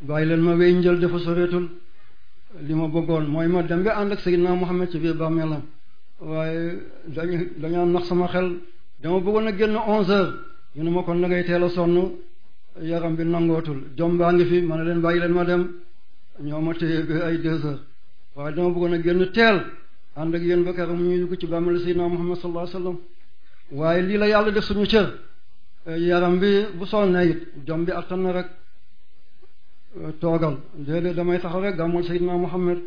bàyyi leen ma wéy njël dafa soreetul li ma bëggoon mooy ma dem ba ànd ak Seydina Muhammad ci biir bàmmeelam waaye dañu dañaa nax sama xel dama bëggoon a génn onze heures ñu ne ma kon da ngay teel a sonn yaram bi nangootul jom baa ngi fi ma ne leen bàyyi leen ma dem ñoo ma téye bi ay deux heures waaye dama bëggoon a génn ànd ak yenn ba keroog mu ñuy dugg ci bàmmeelu Seydina Muhammad sallallahu alayhi waaye lii la yàlla def suñu cër yaram bi bu sonnee it jom bi attan na rek toogal déedéet damay taxaw rek gàmmul Seydina Muhammad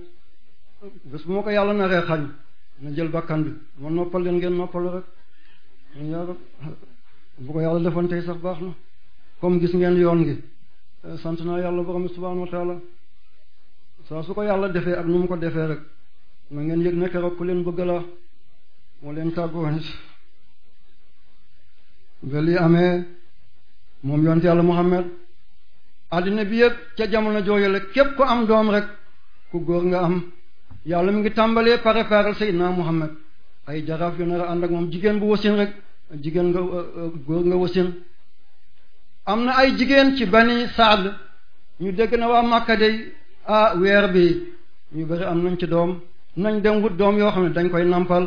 bés bu ma ko yàlla naree xañ na jël bakkan bi ma noppal leen ngeen noppalu rek yàlla bu ko yàlla defoon tey sax baax na comme gis ngeen yoon gi sant naa yàlla borom subhaanahu wa saa su ko yàlla defee ak nu mu ko defee rek na ngeen yëg ne keroog ku leen bëgg la moo leen tàggoon ba lii amee moom yonent yàlla Muhammad àddina bi yëpp ca jamono jooju la képp ku am doom rek ku góor nga am yàlla mu ngi tàmbalee pare parel Seydina Muhammad ay jaraaf yu a ànd ak moom jigéen bu wasin rek jigéen nga euh, euh, góor nga wasin am na ay jigéen ci bani Saad ñu dégg na waa Makka dey ah weer bi ñu bëri am nañ ci doom nañ dem wut doom yoo xam ne dañ koy nampal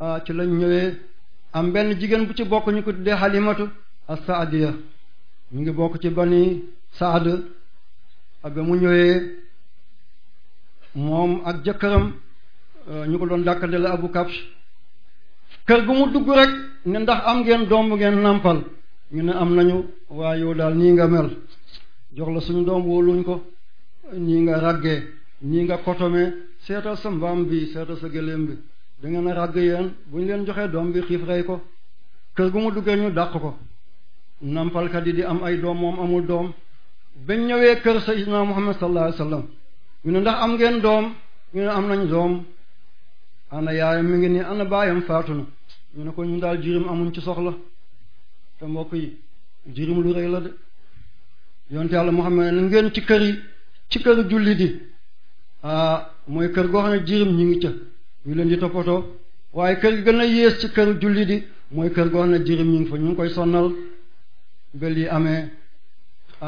ah, ci lañ ñëwee am benn jigéen bu ci bokk ñu ko tuddee xalimatu as-saadiya ñu ngi bokk ci bani saad ah, ba mu ñëwee moom ak jëkkëram ah, ñu ko doon dàkkante la abu kabsh kër gu mu dugg rek ne ndax am ngeen doom bu ngeen nàmpal ñu ne am nañu waaye yow daal nii nga mel jox la suñu doom wóoluñ ko nii nga raggee nii nga kotome seetal sa mbaam bi seetal sa gëléem bi da ràgg yéen bu ñu leen joxee doom bi xiif rey ko kër gu mu duggee ñu dàq ko nampalkat yi di am ay doom moom amul doom bañ ñëwee kër Sayyidina Muhammad sallallahu alayhi wasallam ñu ne ndax am ngeen doom ñu ne am nañ doom ana yaayam mi ngi nii ana baayam faatu na ñu ne ko ñu daal jirim amuñ ci soxla te mbokk yi jirim lu rëy la de yonte yàlla Muhammad ngeen ci kër yi ci kër julli di Ah, mooy kër goo xam ne jirim ñu ngi ca ñu leen di toppatoo waaye kër gi gën a yées ci kër julli di mooy kër goo na ne jirim ñu ngi fa ñu ngi koy sonnal ba lii amee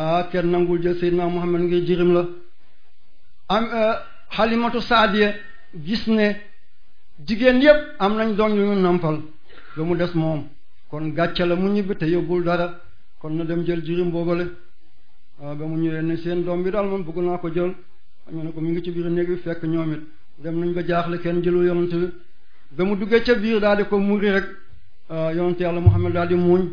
ah kenn nangul jël Seydina Muhammad ngir jirim la am Halimatu eh, Saadiya gis ne jigéen yépp am nañ doon ñu nampal lu mu des moom kon gàcce la mu ñibbi te yóbbul dara kon na dem jël jirim boobale ah, ba mu ñëwee ne seen doom bi daal man bëgg naa ko jël ñu ne ko mu ngi ci biir néeg bi fekk ñoom it dem nañ ba jaaxle kenn jëlul yonent bi ba mu duggee ca biir daal ko muri rek euh, yonent yàlla Muhammad daal di muuñ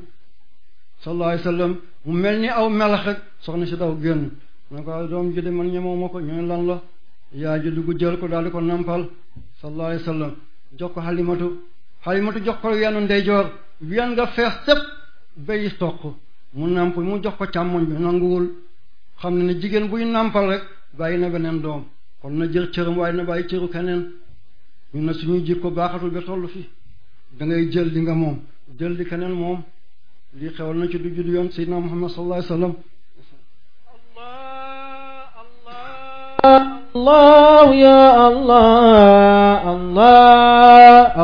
mu mel ni aw melax soxna si daw génn mu ko doom ji de man ñemoo ma ko ñu ne lan la yaa ji dugg jël ko daal ko nampal sallallahu alayhi wasallam jox ko xalimatu xalimatu jox ko yenu ndeyjoor yan nga fees tëpp bay toq mu namp mu jox ko càmmoñ bi nanguwul xam ne ne jigéen buy nampal rek bàyyi na beneen doom kon na jël cëram waaye na bàyyi cëru keneen ñu ne suñuy jikko baaxatul ba toll fi da ngay jël li nga moom jël li keneen moom lii xewal na ci juddu yoon Seydina Muhammad sallallahu Allah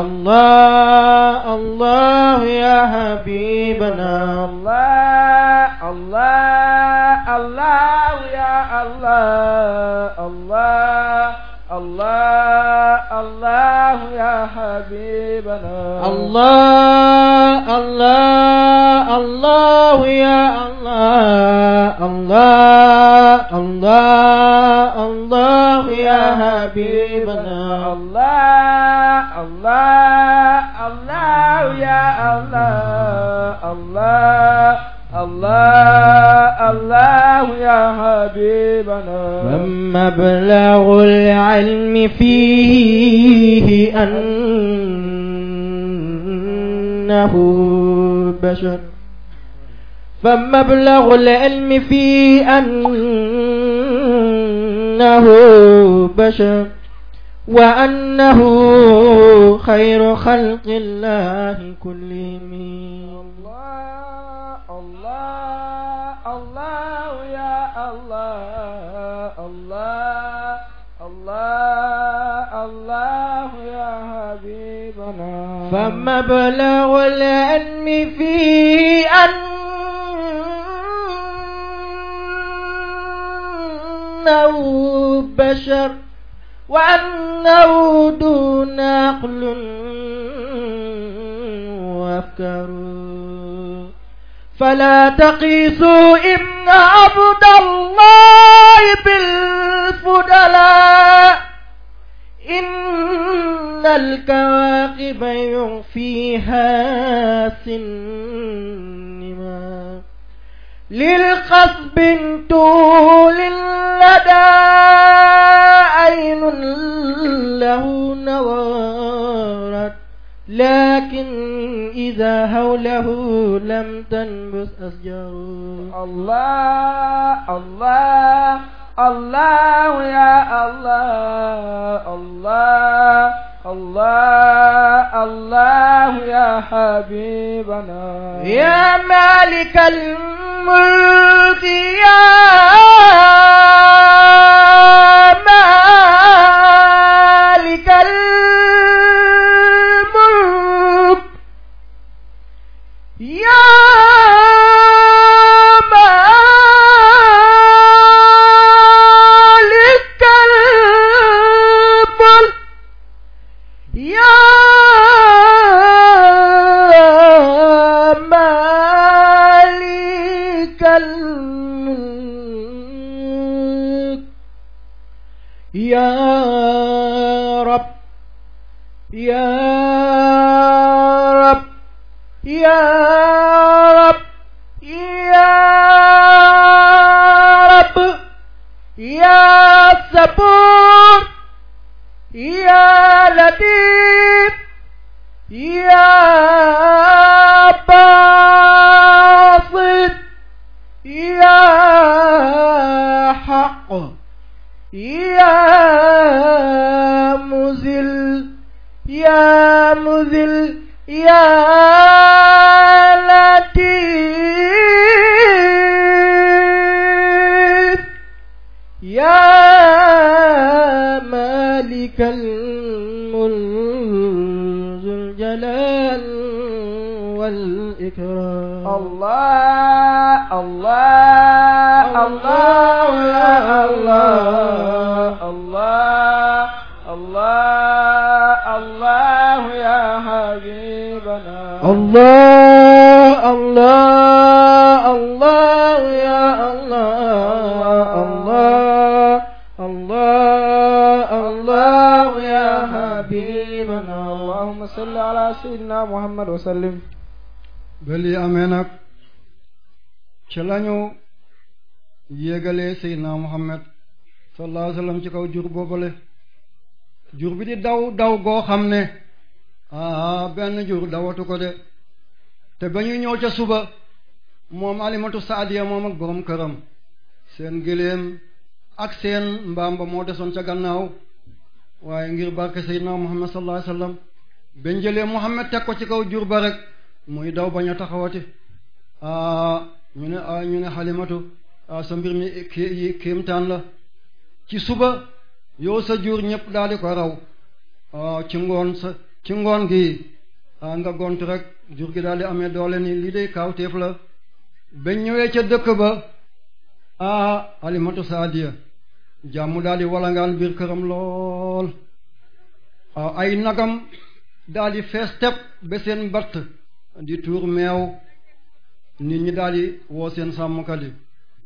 Allah Allah Allah ya habibana الله الله يا حبيبنا الله الله الله يا الله الله الله الله يا حبيبنا الله الله الله يا الله الله الله الله يا حبيبنا ومبلغ العلم فيه أنه بشر فمبلغ العلم فيه أنه بشر وأنه خير خلق الله كلهم الله يا الله الله الله الله يا حبيبنا فمبلغ العلم في أنه بشر وأنه دون عقل وأفكار فلا تقيسوا إن عبد الله بالفدلاء إن الكواكب يعفيها سنما للقصب طول لدى عين له نورت لكن إذا حوله لم تنبس أشجار الله الله الله يا الله الله الله الله يا حبيبنا يا مالك الملك يا والإكرام الله الله الله الله الله الله الله يا حبيبنا الله الله الله يا الله الله الله الله يا حبيبنا اللهم صل على سيدنا محمد وسلم ba lii amee nag ca lañu yéegalee seydina muhammad sallallahu alayhi ci kaw jur boobale jur bi di daw daw goo xam ne benn jur dawatu ko de te ba ñu ñëw ca suba moom alimatu saadiya moom ak borom këram seen géléem ak seen mbaam ba moo desoon ca gannaaw waaye ngir barke seydina muhammad sallallahu alayhi wasallam jëlee muhammad teg ko ci kaw jur ba rek muy daw bañ a taxawati ah, ñu ne ah, ñu ne xalimatu ah, sa mbir mi kii kéemtaan la ci suba yow sa jur ñëpp daal di ko raw ci ngoon sa ci ngoon gi nga gont rek jur gi daal di amee doole ni lii day kaaw téef la ba ñëwee ca dëkk ba a alimatu saadiya jàmm daal di biir këram lool ay nagam daldi di fees tepp ba seen mbatt di tuur meew nit ñi daal di woo seen sàmmkat yi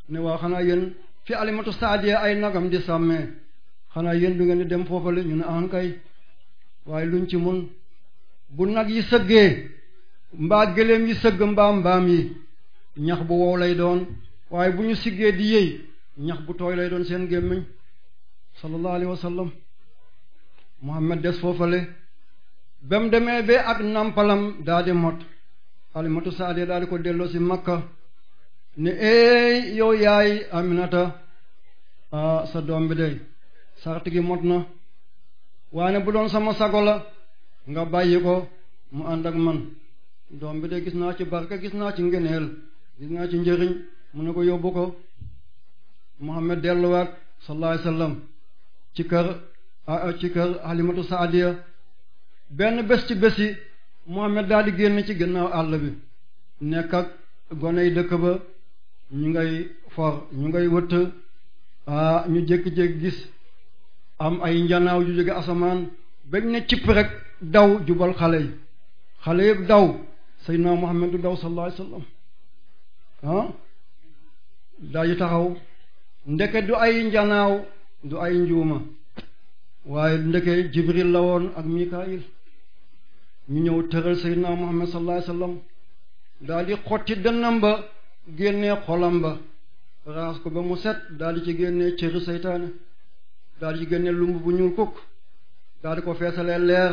ne waa xanaa yéen fi alimatu saadiya ay nagam di sàmmee xanaa yéen du ngeen di dem foofale ñu ne aan kay waaye luñ ci mun bu nag yi sëggee mbaa gëléem yi sëgg mbaa mbaam yi ñax bu wow lay doon waaye bu ñu siggee di yëy ñax bu tooy lay doon seen gémmiñ sallallahu alayhi wa sallam des foofale ba demee ba ak nampalam daa mot Halimatu Saadiya daal di ko delloo si Makka ne eey yow yaay Aminata sa doom bi de sarti gi mot na waaye bu doon sama sago la nga bàyyi ko mu ànd ak man doom bi de gis naa ci barke gis naa ci ngeneel gis naa ci njëriñ mu ne ko yóbbu ko Muhammad delluwaat sallallahu alayhi wasallam ci kër ci Saadiya benn bés ci bési Mohamed daal di génn ci gannaaw àll bi nekk ak goney dëkk ba ñu ngay for ñu ngay wëtt ah ñu jékki-jékki gis am ay njanaaw yu jóge asamaan bañ ne cipp rek daw jubal xale yi xale yëpp daw Seydina Mohamed du daw sallallahu alayhi wa sallam ah taxaw ndeke du ay njanaaw du ay njuuma waaye ndeke Jibril la woon ak Mikaayil ñu ñëw tëral sayyidina Muhammad sallallahu alayhi daal di xotti dënnam ba génnee xolam ba raas ko ba mu set daal di ci génnee cëru seytaane daal di ci génnee lumb bu ñuul kukk daal di ko feesalee leer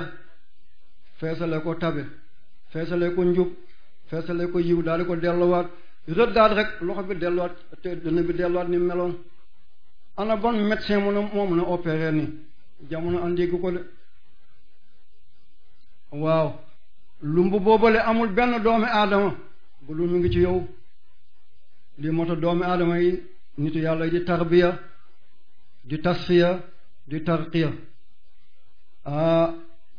feesale ko tabe feesale ko njub feesale ko yiw daal di ko delluwaat rëddaat rek loxo bi delluwaat te dënn bi delluwaat ni meloon ana bon médecin mun a moo mun a ni jamono andi gu ko de waaw lumb boobale amul benn doomi aadama bu lu mu ngi ci yow li moto doomi aadama yi nitu yàlla di tarbiya di tasfiya di tarqiya ah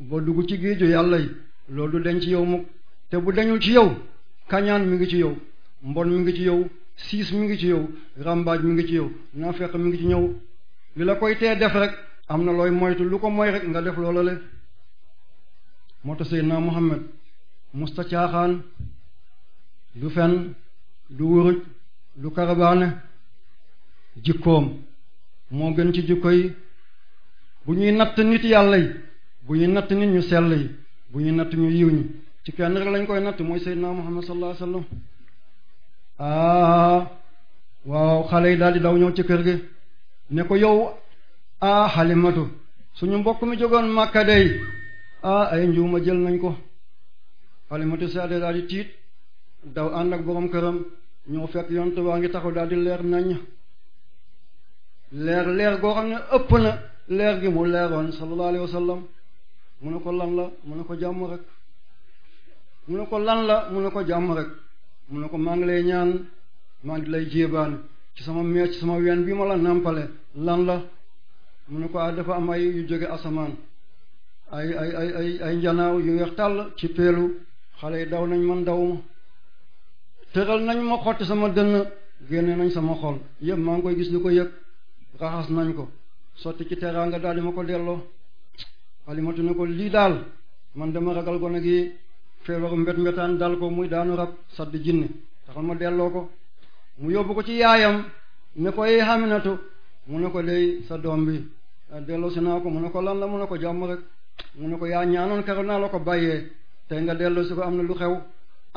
ba dugg ci géeju yàlla yi loolu du dañ ci yow mukk te bu dañul ci yow kañaan mi ngi ci yow mbon mi ngi ci yow siis mu ngi ci yow rambaaj mi ngi ci yow naafeq mi ngi ci ñëw li la koy tee def rek am na looy moytu lu ko moy rek nga def loola moo tax Seydina Muhammad musta caaxaan du fen du wuruj du karabaane jikkoom moo gën ci jikko yi bu ñuy natt nit yàlla yi bu ñuy natt nit ñu sell yi bu ñuy natt ñu yiw ñi ci kenn rek lañ koy natt mooy Seydina Muhammad sallallahu alayhi wasallam aa ah, waaw xale yi daal di daw ñëw ci kër gi ne ko yow aa ah, Halimatu suñu mbokk mi jógoon Makka dey ah ay njuuma jël nañ ko alimatu saade daal di tiit daw ànd ak boroom këram ñoo fekk yonent waa ngi taxaw daal di leer nañ leer leer goo xam ne ëpp na leer gi mu leeroon sallallahu alayhi wa sallam mu ne ko lan la mu ne ko jàmm rek mu ne ko lan la mu ne ko jàmm mu ne ko maa ngi lay ñaan maa ngi lay jéebaan ci sama mees ci sama ween bi ma la nampale lan la mu ne ko ah dafa am ay yu jóge asamaan ay ay ay ay ay yu weex tàll ci peelu xale yi daw nañ man dawuma tëral nañ ma xotti sama dënn génne nañ sama xol yëpp maa ngi koy gis lu ko yëg raxas nañ ko sotti ci teraanga daal di ma ko delloo alimatu ne ko lii daal man dama ragal gone gi feebaru mbet mbetaan dal ko muy daanu rab sadd jinne taxal ma delloo ko mu yóbbu ko ci yaayam ne ko yi xaminatu mu ne ko dey sa doom bi ah, delloo si naa ko mu ne ko lan la mu ne ko jàmm rek mu ne ko yaa ñaanoon keroog naa la ko bàyyee tey nga dellu si ko am na lu xew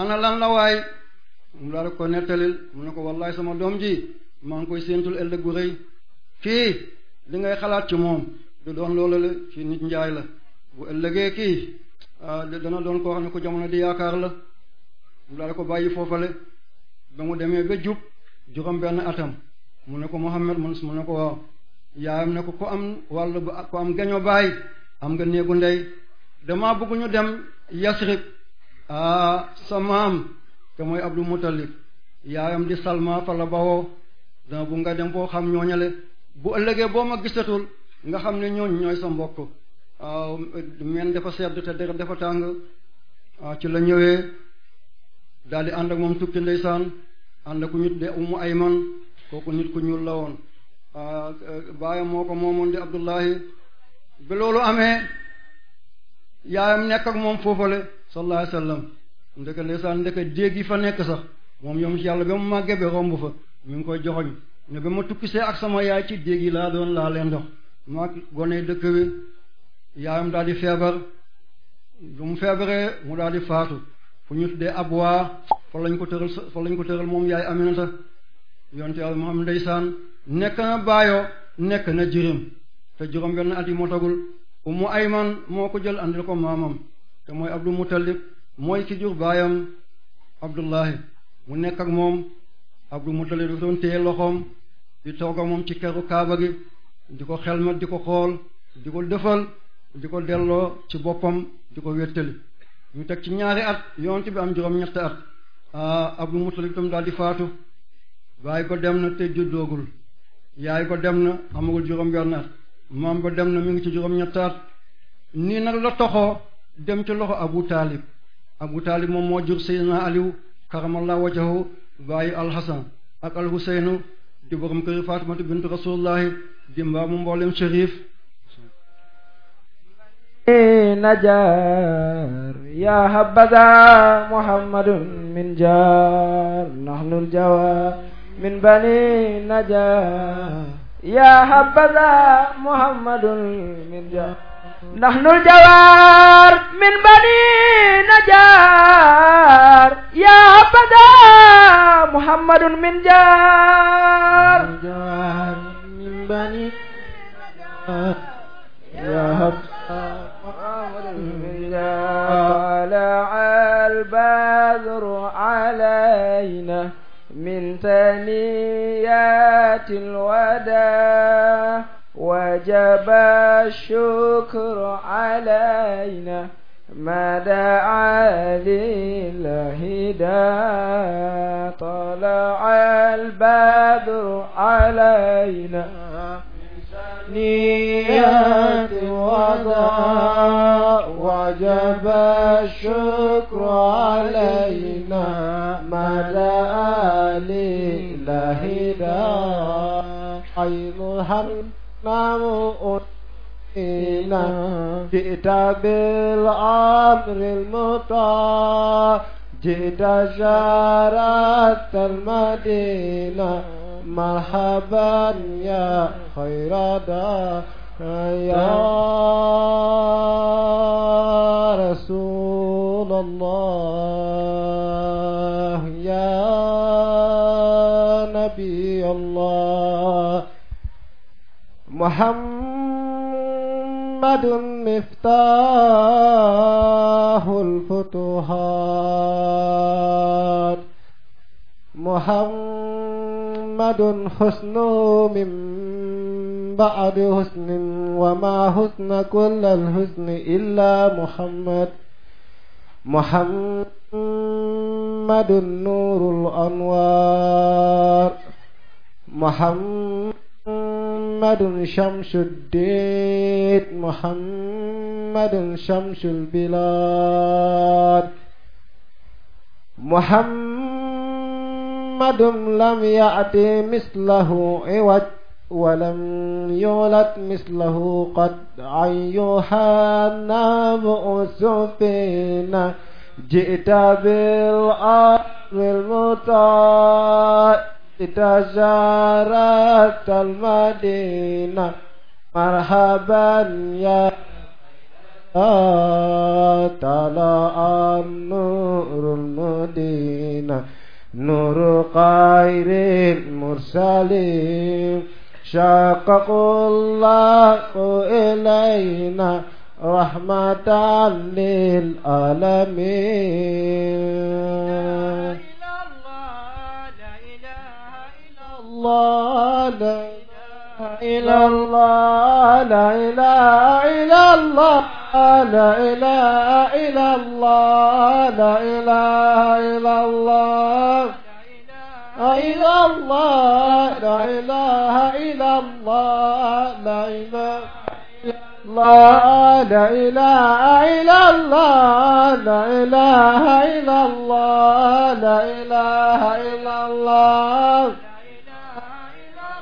ana lan la waaye mu daal ko nettalil mu ne ko wallaay sama doom ji maa ngi koy séentul ëllëg gu rëy kii li ngay xalaat ci moom du doon loolu la ci njaay la kii ah, dana doon koo xam ne ko jamono di yaakaar la mu daal ko bàyyi foofale ba mu demee ba jub juróom benn atam mu ne ko Muhammad mu ne ko waaw yaayam ne ko ko am wàll ko am gaño baay am nga néegu ndey dama bëgg ñu dem Yasrib ah sa maam te mooy Abdou Muttalib yaayam di Salma fa la bawoo dama bëgg nga dem foo xam ñooñale bu ëllëgee boo ma gisatul nga xam ne ñooñ ñooy sa mbokk men dafa sedd te deret dafa tàng ci la ñëwee daal di ànd ak moom tukki ndeysaan ànd ku ñu de umu ayman kooku nit ku ñuul la woon baayam moo ko moomoon di Abdullahi ba loolu amee yaayam nekk ak moom foofale sallallahu alayhi wasallam ndeke ndeysaan ndeke déeg yi fa nekk sax moom yom ci yàlla ba mu màggee ba romb fa mi ngi koy joxoñ ne ba ma tukkisee ak sama yaay ci déeg yi laa doon laa leen dox maa gone dëkk bi yaayam daal di feebar du mu feebaree mu daal di faatu fu ñu tuddee abwaa fa lañ ko tëral fa lañ ko tëral moom yaay aminata yonte yàlla Muhammad ndeysaan nekk na baayoo nekk na jirim te juróom benn at yi moo tagul Ummu Ayman moo ko jël andil ko maamam te mooy Abdul Muttalib mooy ki jur baayam Abdullahi mu nekk ak moom Abdul Muttalib dafa doon téye loxoom di toog moom ci keru kaaba gi di ko ma di ko xool di ko defal di ko delloo ci boppam di ko wéttali ñu teg ci ñaari at yonent bi am juróom ñett at Abdul Muttalib itam daal di faatu baay ko dem na te juddoogul yaay ko dem na amagul juróom benn moom ba dem na mi ngi ci juróom-ñetti nii nag la toxoo dem ci loxo Abu Taalib Abu Taalib moom moo jur Seydina Aliou karamallahu wajhahu bàyyi alxasan ak alxuseynu di borom këri Fatimatu bintu rasulullahi di mbaamu mboolem shérif ya habada muhammadun min jar nahlul jawa min bani najar يا حبذا محمد من جار نحن الجوار من بني نجار يا حبذا محمد من جار من بني نجار يا حبذا محمد من جار طلع البدر علينا من ثنيات الوداع وجب الشكر علينا ما دعا للهدى طلع البدر علينا التثنيات وضع وجب الشكر علينا مدى لله حيث همنا إنا جئت بالأمر المطاع جئت شارت المدينة مرحبا يا خير داع يا رسول الله يا نبي الله محمد مفتاح الفتوحات محمد محمد حسنه من بعد حسن وما حسن كل الحسن إلا محمد محمد نور الأنوار محمد شمس الدين محمد شمس البلاد محمد محمد لم يأت مثله عوج ولم يولد مثله قد أيها النبأ سفينا جئت بالأمر المطاع تجارت المدينة مرحبا يا طلع النور المدينة نور خير المرسلين شقق الله إلينا رحمة للعالمين الله لا إله إلا الله لا إله إلا الله لا إله إلا الله لا إله إلا الله لا إله إلا الله لا إله لا لا إله إلا الله لا إله إلا الله لا إله إلا الله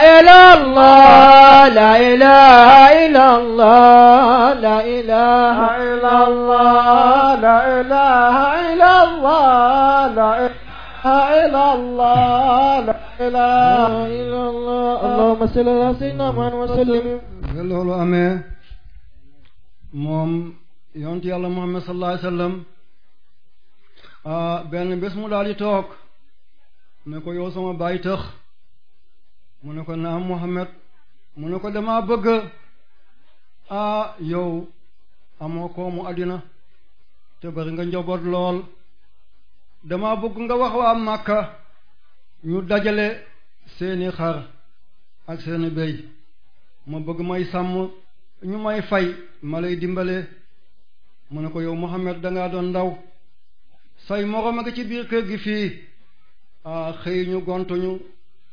إلا الله لا إله إلا الله لا إله إلا الله لا إله إلا الله لا إله إلا الله لا إله إلا الله اللهم صل على سيدنا محمد وسلم loolu amee moom yonent yàlla Muhammad sallallahu alayhi wasallam ah, benn bés mu daal di toog ne ko yow sama baay tëx mu ne ko naam Muhammad mu ne ko dama bëgg a ah, yow amoo koomu àddina te bari nga njaboot lool dama bëgg nga wax waa Màkka ñu dajale seeni xar ak seeni béy ma bëgg may sàmm ñu may fay malay lay dimbale mu ne ko yow Muhammad danga doon ndaw say moroom a nga ci biir kër gi fii a ah, xëy ñu gontuñu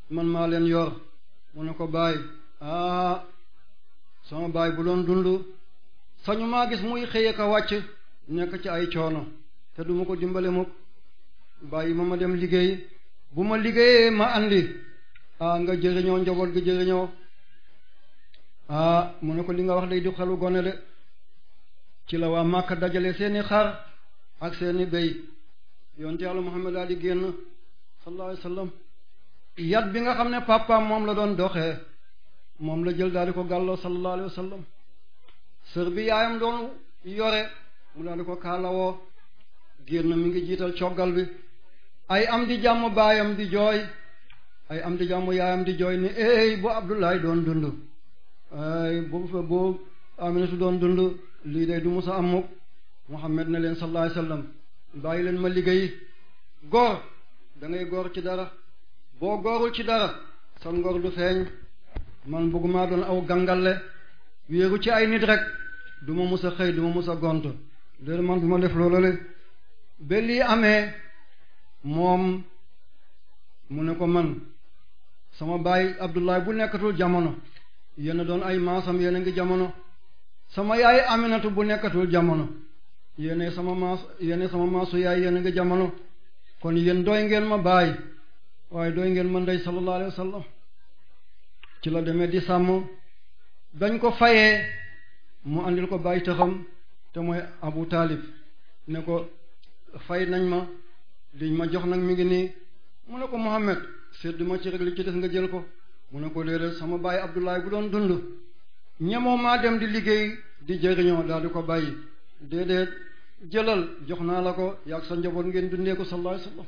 man maa leen yor mu ne ko baay ah sama baay bu doon dund sañu maa gis muy xëyee ka wàcc nekk ci ay coono te duma ko dimbale mukk bàyyi ma ma dem liggéey bu ma liggéeyee ma andi ah nga jëriñoo njaboot gi jëriñoo ah mu ne ko li nga wax day di xelu gone de ci la waa Màkka dajale seeni xar ak seeni bey yoon béy yonte Yàlla Muhammad daal di génn sallallahu alayhi yat bi nga xam ne papaam moom la doon doxee moom la jël daal di ko gàlloo sallallahu alayhi wa sallam sër bi yaayam doon yore mu daal di ko kaalawoo na mi ngi jiital coggal bi ay am di jàmm baayam di jooy ay am di jàmm yaayam di jooy ni ey bu Abdoulaye doon dund ay bu fa bu Aminatu doon dund lii day du musa amuk Muhammad na leen sallallahu alayhi wa sallam bàyyi leen ma liggéey góor da ngay ci dara boo góorul ci dara sa ngor du feeñ man bëggumaa doon aw gàngale wéeru ci ay nit rek du ma mus a xëy du ma mus a gont léegi man du ma def loolale ba lii amee moom mu ne ko man sama baay Abdoulaye bu nekkatul jamono yéen doon ay maasam yéen a ngi jamono sama yaay Aminatu bu nekkatul jamono yéen sama maas yéen sama maasu yaay yéen a ngi jamono kon yéen doy ngeen ma bàyyi waaye dooy ngeen mën day sallallahu alayhi wa sallam ci la demee di sàmm dañ ko fayee mu andil ko bàyyi taxam te mooy Abu Talib ne ko fay nañ ma liñ ma jox nag mi ngi nii mu ne ko Muhammad séddu ma ci rek li ci des nga jël ko mu ne ko léeg sama bàyyi Abdullahi bu doon dund ñemoo maa dem di liggéey di jëriñoo daal di ko bàyyi déedéet jëlal jox naa la ko yaag sa njaboot ngeen dundee ko sallallahu alayhi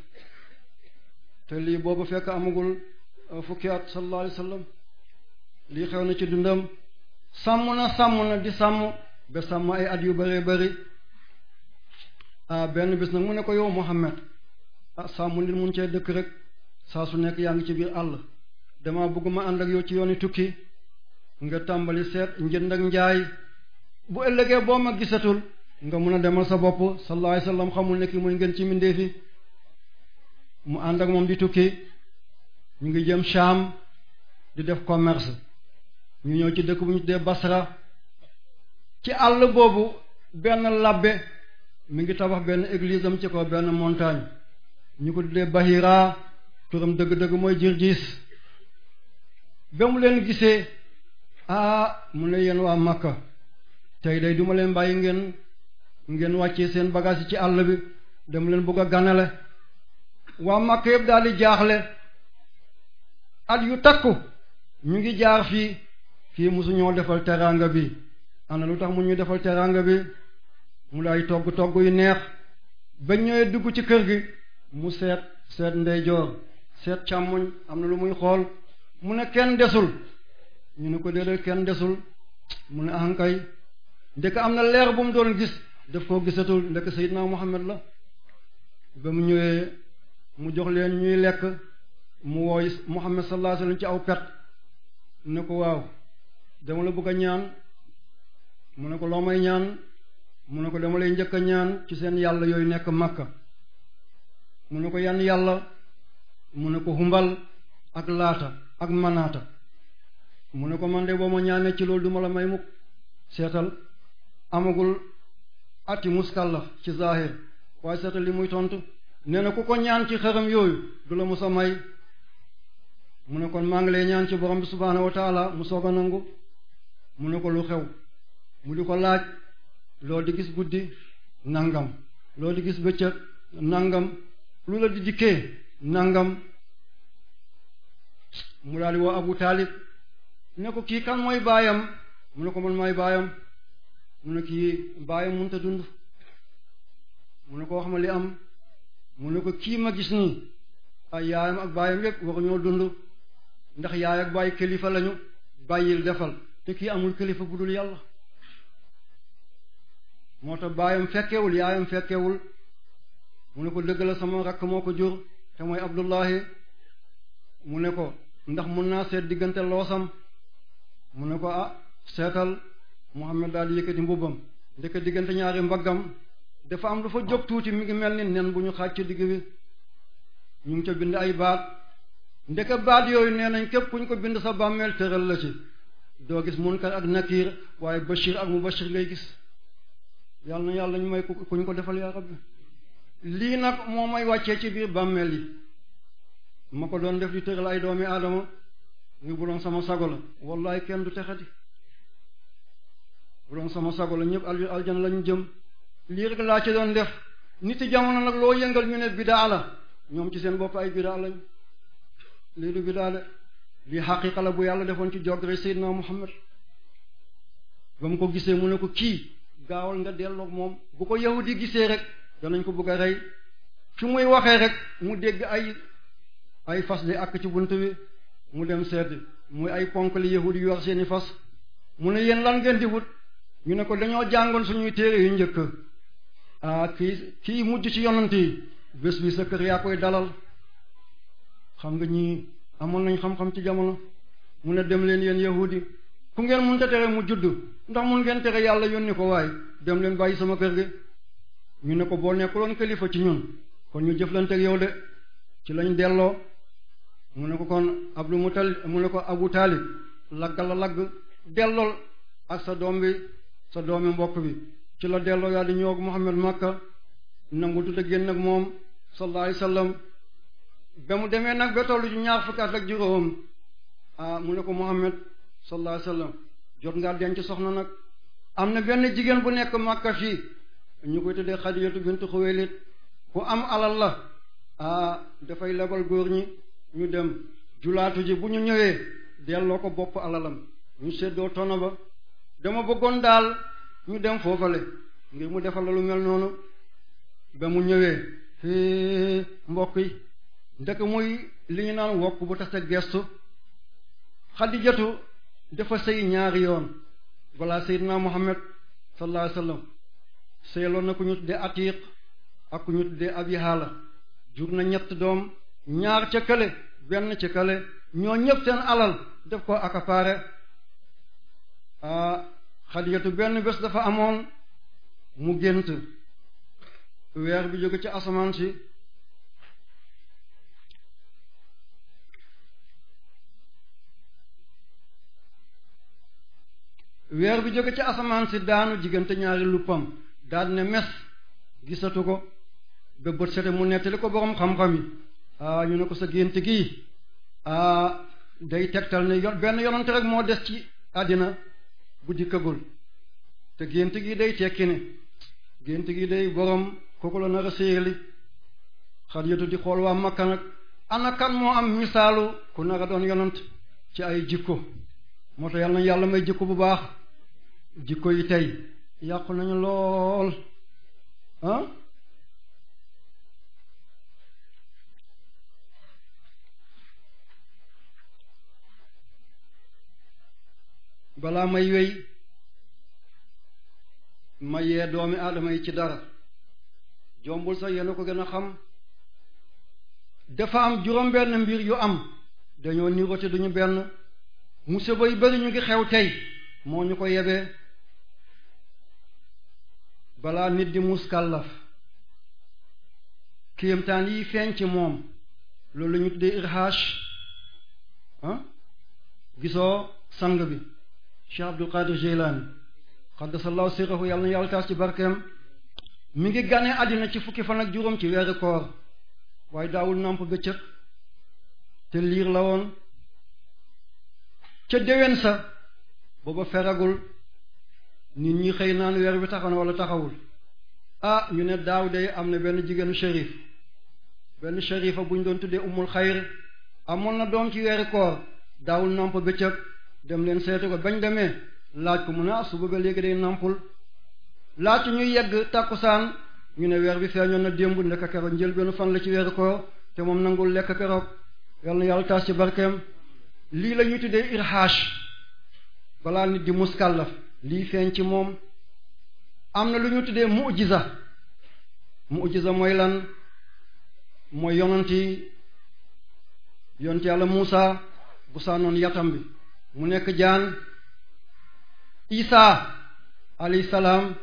te lii boobu fekk amagul euh, fukki at sallallahu alayhi wa sallam lii xew na ci dundam sàmm na sàmm na di sàmm ba sàmm ay at yu bëree bëri benn bis nag mu ne ko yow Muhammad ah sàmm li mun cee dëkk rek saa su nekk yaa ngi ci biir àll dama bëgg ma ànd ak yow ci yooni tukki nga tàmbali seet njënd ak njaay bu ëllëgee boo ma gisatul nga mun a demal sa bopp sallallahu alayhi wa sallam xamul ne ki mooy ngeen ci mbindeefi mu ànd ak moom di tukki ñu ngi jëm Sham di def commerce ñu ñëw ci dëkk bu ñu tuddee Basra ci àll boobu benn làbbe mu ngi tabax benn église am ci kaw benn montagne ñu ko tuddee Bahira turam dëgg-dëgg mooy Jirjis ba mu leen gisee ah mu ne yéen waa Makka tey day duma leen bàyyi ngeen ngeen wàccee seen bagage yi ci àll bi dem leen bëgg a ganale waa màkk yëpp daal di jaaxle at yu takku ñu ngi jaar fii fii musuñoo defal teraanga bi na lu tax mu ñu defal teraanga bi mu lay togg togg yu neex ba ñëwee dugg ci kër gi mu seet seet ndeyjoor seet càmmoñ am na lu muy xool mu ne kenn desul ñu ne ko déedéet kenn desul mu ne ankay ah ndek am na leer bu mu doon gis daf koo gisatul ndek Seydina Muhammad la ba mu ñëwee mu jox leen ñuy lekk mu wooy Muhammad sallallahu alayhi wasallam ci aw pet ne ko waaw dama la bëgg a ñaan mu ne ko loo may ñaan mu ne ko dama lay njëkk a ñaan ci seen yàlla yooyu nekk Makka mu ne ko yan yàlla mu ne ko xumbal ak laata ak manaata mu ne ko man de boo ma ñaanee ci lool duma la may mukk seetal amagul ati muskallaf ci zahir waaye seetal li muy tontu nee na ku ko ñaan ci xërëm yooyu du la mos a may mu ne kon maa ngi lay ñaan ci borom bi subhaanahu wa mu soog a nangu mu ne ko lu xew mu di ko laaj loo di gis guddi nangam loolu di gis bëccëg nangam lu la di dikkee nangam mu daal di woo Abu Taalib ne ko kii kan mooy baayam mu ne ko man mooy baayam mu ne kii baayam mënut dund mu ne ko wax ma li am. mu ne ko kii ma gis nii ay yaayam ak baayam yépp waruñoo dund ndax yaay ak baay kilifa lañu bàyyil defal te kii amul kilifa bu dul yàlla moo tax baayam fekkewul yaayam fekkewul mu ne ko dëgg la sama rakk moo ko jur te mooy Abdullahi mu ne ko ndax mun naa seet diggante loosam mu ne ko ah seetal Muhammad daal yëkkati mbubbam ndeke diggante ñaari mbaggam dafa am lu fa jóg tuuti mi ngi mel ni nen bu ñu xaaj ci digg bi ñu ngi ca bind ay baat ndeke baat yooyu nee nañ képp kuñ ko bind sa bàmmeel tëral la ci doo gis munkar ak nakiir waaye bashir ak mubashir ngay gis yàlla na ñu may kuñ ko defal yaa rabbi lii nag moo may wàccee ci biir bàmmeel yi ma ko doon def di tëral ay doomi aadama ngi bu doon sama sago la wallaay kenn du texati bu doon sama sago la ñëpp aljana lañu jëm lii rek laa ci doon def nit yi jamono nag loo yëngal ñu ne bidaa la ñoom ci seen bopp ay bidaa lañ lii du bidaa de lii xaqiqa la bu yàlla defoon ci jog rek Seydina Muhammad ba mu ko gisee mu ne ko kii gaawal nga delloog moom bu ko yahudi gisee rek danañ ko bëgg a rey fi muy waxee rek mu dégg ay ay fas di àkk ci bunt bi mu dem seet muy ay ponk li yahudi yu war seeni fas mu ne yéen lan ngeen di wut ñu ne ko dañoo jàngoon suñuy téere yu njëkk ah kii kii mujj ci yonent yi bés bi sa kër yaa koy dalal xam nga ñi amoon nañ xam-xam ci jamono mu ne dem leen yéen yahudi ku ngeen mun te tere mu judd ndax mun ngeen tere yàlla yónni ko waaye dem leen bàyyi sama kër gi ñu ne ko boo nekkuloon kilifa ci ñun kon ñu jëf jëflante ak yow de ci lañ delloo mu ne ko kon abdu mutal mu ne ko abu taalib laggal la lagg dellool ak sa doom bi sa doomi mbokk bi ci la delloo yaa di ñëw ak Muhammad Makka nangu tuta génn ak moom sallallahu alayhi ba mu demee nag ba tollu ci ñaar fukki at ak juróom mu ne ko Muhammad sallallahu alayhi wasallam jot ngaa denc soxna nag am na benn jigéen bu nekk Makka fii ñu koy tuddee Xadijatu bintu Xuwaylid ku am alal la ah dafay lebal góor ñi ñu dem julaatu ji bu ñu ñëwee delloo ko bopp alalam ñu seddoo tono ba dama bëggoon daal ñu dem foofale ngir mu defal lu mel noonu ba mu ñëwee fi mbokk yi ndek muy li ñu naan wokk bu tax te gestu xadijatu dafa sëy ñaari yoon walla seydina muhammad sallallahu alayhi wasallam sëyaloon na ku ñu tuddee atiq ak ku ñu tuddee abi haala jur na ñett doom ñaar ca kële benn ca kële ñoo ñëpp seen alal def ko accaparé ah xadijatu benn bés dafa amoon mu gént weer bi jóge ci asamaan si weer bi jóge ci asamaan si daanu diggante ñaari luppam daal ne mes gisatu ko ba bët sete mu nettali ko boroom xam-xam yi ñu ne ko sa gént gii ah day tegtal ne benn yonante rek moo des ci àddina bu dikkagul te gént gi day tekki ne gént gi day borom kooku la nar a séerli Xadijatu di xool waa Makka nag ana moo am misaalu ku nar a doon yonant ci ay jikko moo tax yàlla yàlla may jikko bu baax jikko yi tey yàqu nañu lool ah balaa may wéy ma doomi aadama yi ci dara jombul sax yéen ko gën a xam dafa am juróom benn mbir yu am dañoo niroote duñu benn musiba yu bari ñu ngi xew tey moo ñu ko yebee balaa nit di muskàllaf kéemtaan yi feeñ ci moom loolu ñu tuddee irhaash ah? gisoo sang bi Cheikh Abdul Qadir Jilani qaddasallahu sirrahu yàlla na yàlla taas ci barkeem mi ngi gane àddina ci fukki fan ak juróom ci weeru koor waaye daawul nàmp bëccëg te liir la woon ca déwén sa booba feragul nit ñi xëy naan weer bi taxaw na wala taxawul ah ñu ne daaw day am na benn jigéenu shérif benn shérifa bu ñu doon tuddee umul xayr amoon na doom ci weeru koor daawul nàmp bëccëg dem leen seeti ko bañ demee laaj ko mu ne ah suba ba léegi day nampul laata ñuy yegg tàkkusaan ñu ne weer bi feeñoon na démb ndekk keroog njëlbeenu fan la ci weeru ko te moom nangul lekk keroog yal na yàlla taas ci barkeem lii la ñu tuddee irhaash balaa nit di muskàllaf lii feeñ ci moom am na lu ñu tuddee mu'jiza mu'jiza mooy lan mooy yonanti yonti yàlla Muusa bu saanoon yatam bi mu nekk jaan isaa alayhi salaam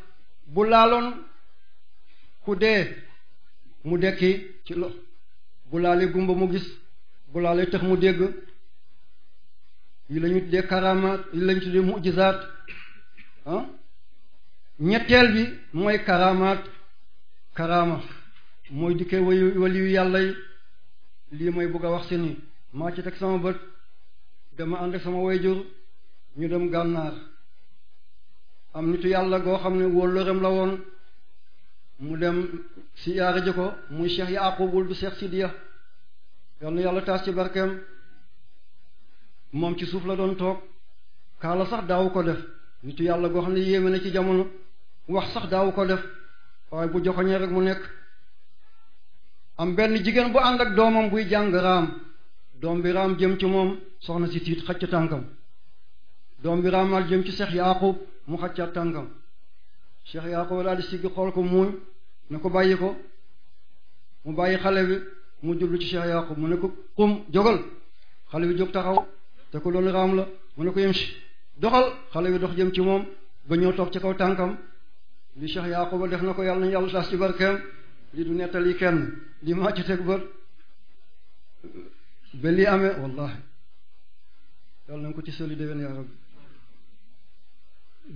bu laaloon ku dee mu dekki ci lo bu laalee gumba mu gis bu laalee tax mu dégg yi la ñu tuddee karamaat yi la tuddee mujizaat ah. ñetteel bi mooy karamaat karama mooy dikkee wayu waliyu yàlla yi lii mooy bëgg a wax si ma ci teg sama bët dama ànd sama wayjur ñu dem gànnaar am nitu yàlla goo xam ne wóllëram la woon mu dem siyaare ji ko muy Cheikh Yaaqubul du Cheikh Sidiya yal na yàlla taas ci barkeem moom ci suuf la doon toog kaala sax daawu ko def nitu yàlla goo xam ne yéeme na ci jamono wax sax daawu ko def waaye bu joxoñee rek mu nekk am benn jigéen bu ànd ak doomam buy jàng raam doom bi raam jëm ci moom soxna si tiit xacc tànkam doom bi raamaat jëm ci Cheikh Yaqub mu xaccaat tànkam Cheikh Yaqub daal di sigg xool ko muuñ ne ko bàyyi ko mu bàyyi xale bi mu jublu ci Cheikh Yaqub mu ne ko kum jógal xale bi jóg taxaw te ko loolu raam la mu ne ko yem si doxal xale bi dox jëm ci moom ba ñëw toog ci kaw tànkam li Cheikh Yaqub def na ko yàlla na yàlla taas ci barkeem li du nettali kenn li maa ci teg bët ba lii amee wallahi yàlla nañ ko ci soli déwén yaa rabbi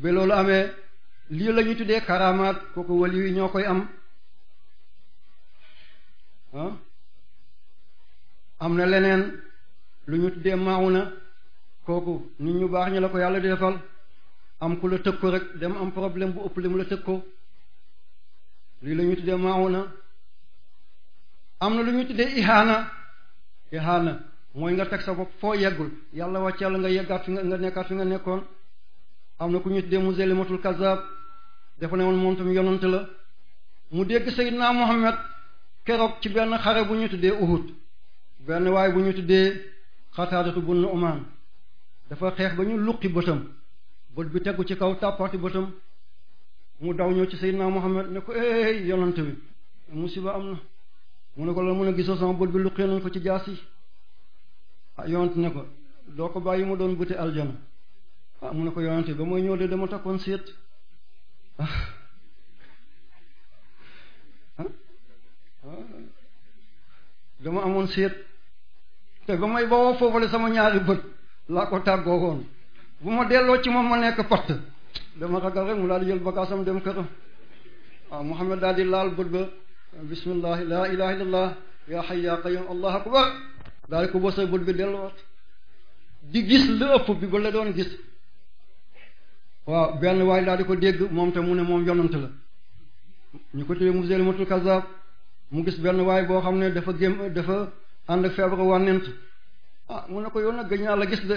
ba loolu amee lii la ñuy tuddee karamaat kooku wali yi ñoo koy am ah am na leneen lu ñu tuddee maaw na kooku nit ñu baax ñu la ko yàlla defal am ku la tëg ko rek dem am problème bu ëpp li mu la tëg ko lii la tuddee maaw na am na lu ñu tuddee ihaana ihaana mooy nga teg sa bopp foo yeggul yàlla wa wàcceel nga yeggaat fi nga nekkaat fi nga nekkoon am na ku ñu tuddee Musaylimatul Kazzab dafa ne woon moom tam yonante la mu dégg naa Muhammad keroog ci benn xare bu ñu tuddee Uhud benn waay bu ñu tuddee Xataadatu bun Umaan dafa xeex ba ñu luqi bëtam bët bi tegu ci kaw tàppaati bëtam mu daw ñëw ci Seydina Muhammad ne ko éey yonante bi musiba am na mu ne ko loolu mu ne gisoo sama bët bi luqee nañ ko ci jaas yi ah yonent ne ko doo ko bàyyi mu doon bëte aljana ah mu ne ko yonent ba mooy ñëw de dama takkoon séet ah. Ah. ah dama amoon séet te ba may bawoo foofale sama ñaari bët laa ko tàggoo woon bu ma delloo ci moom ma nekk patt dama ragal rek mu daal di jël bagaasam dem këram ah Muhammad daal di laal bët ba bismillahi laa ilaha illa allah yaa hayyu allah akbar daal ko bosay bët bi delluwaat di gis lu ëpp bi ba la doon gis waaw benn waaye daal di ko dégg moom te mu ne moom yonant la ñu ko mu Musaylimatul Kazzab mu gis benn waay boo xam ne dafa gém dafa ànd ak feebar wànnent ah mu ne ko yow nag gëj naa la gis de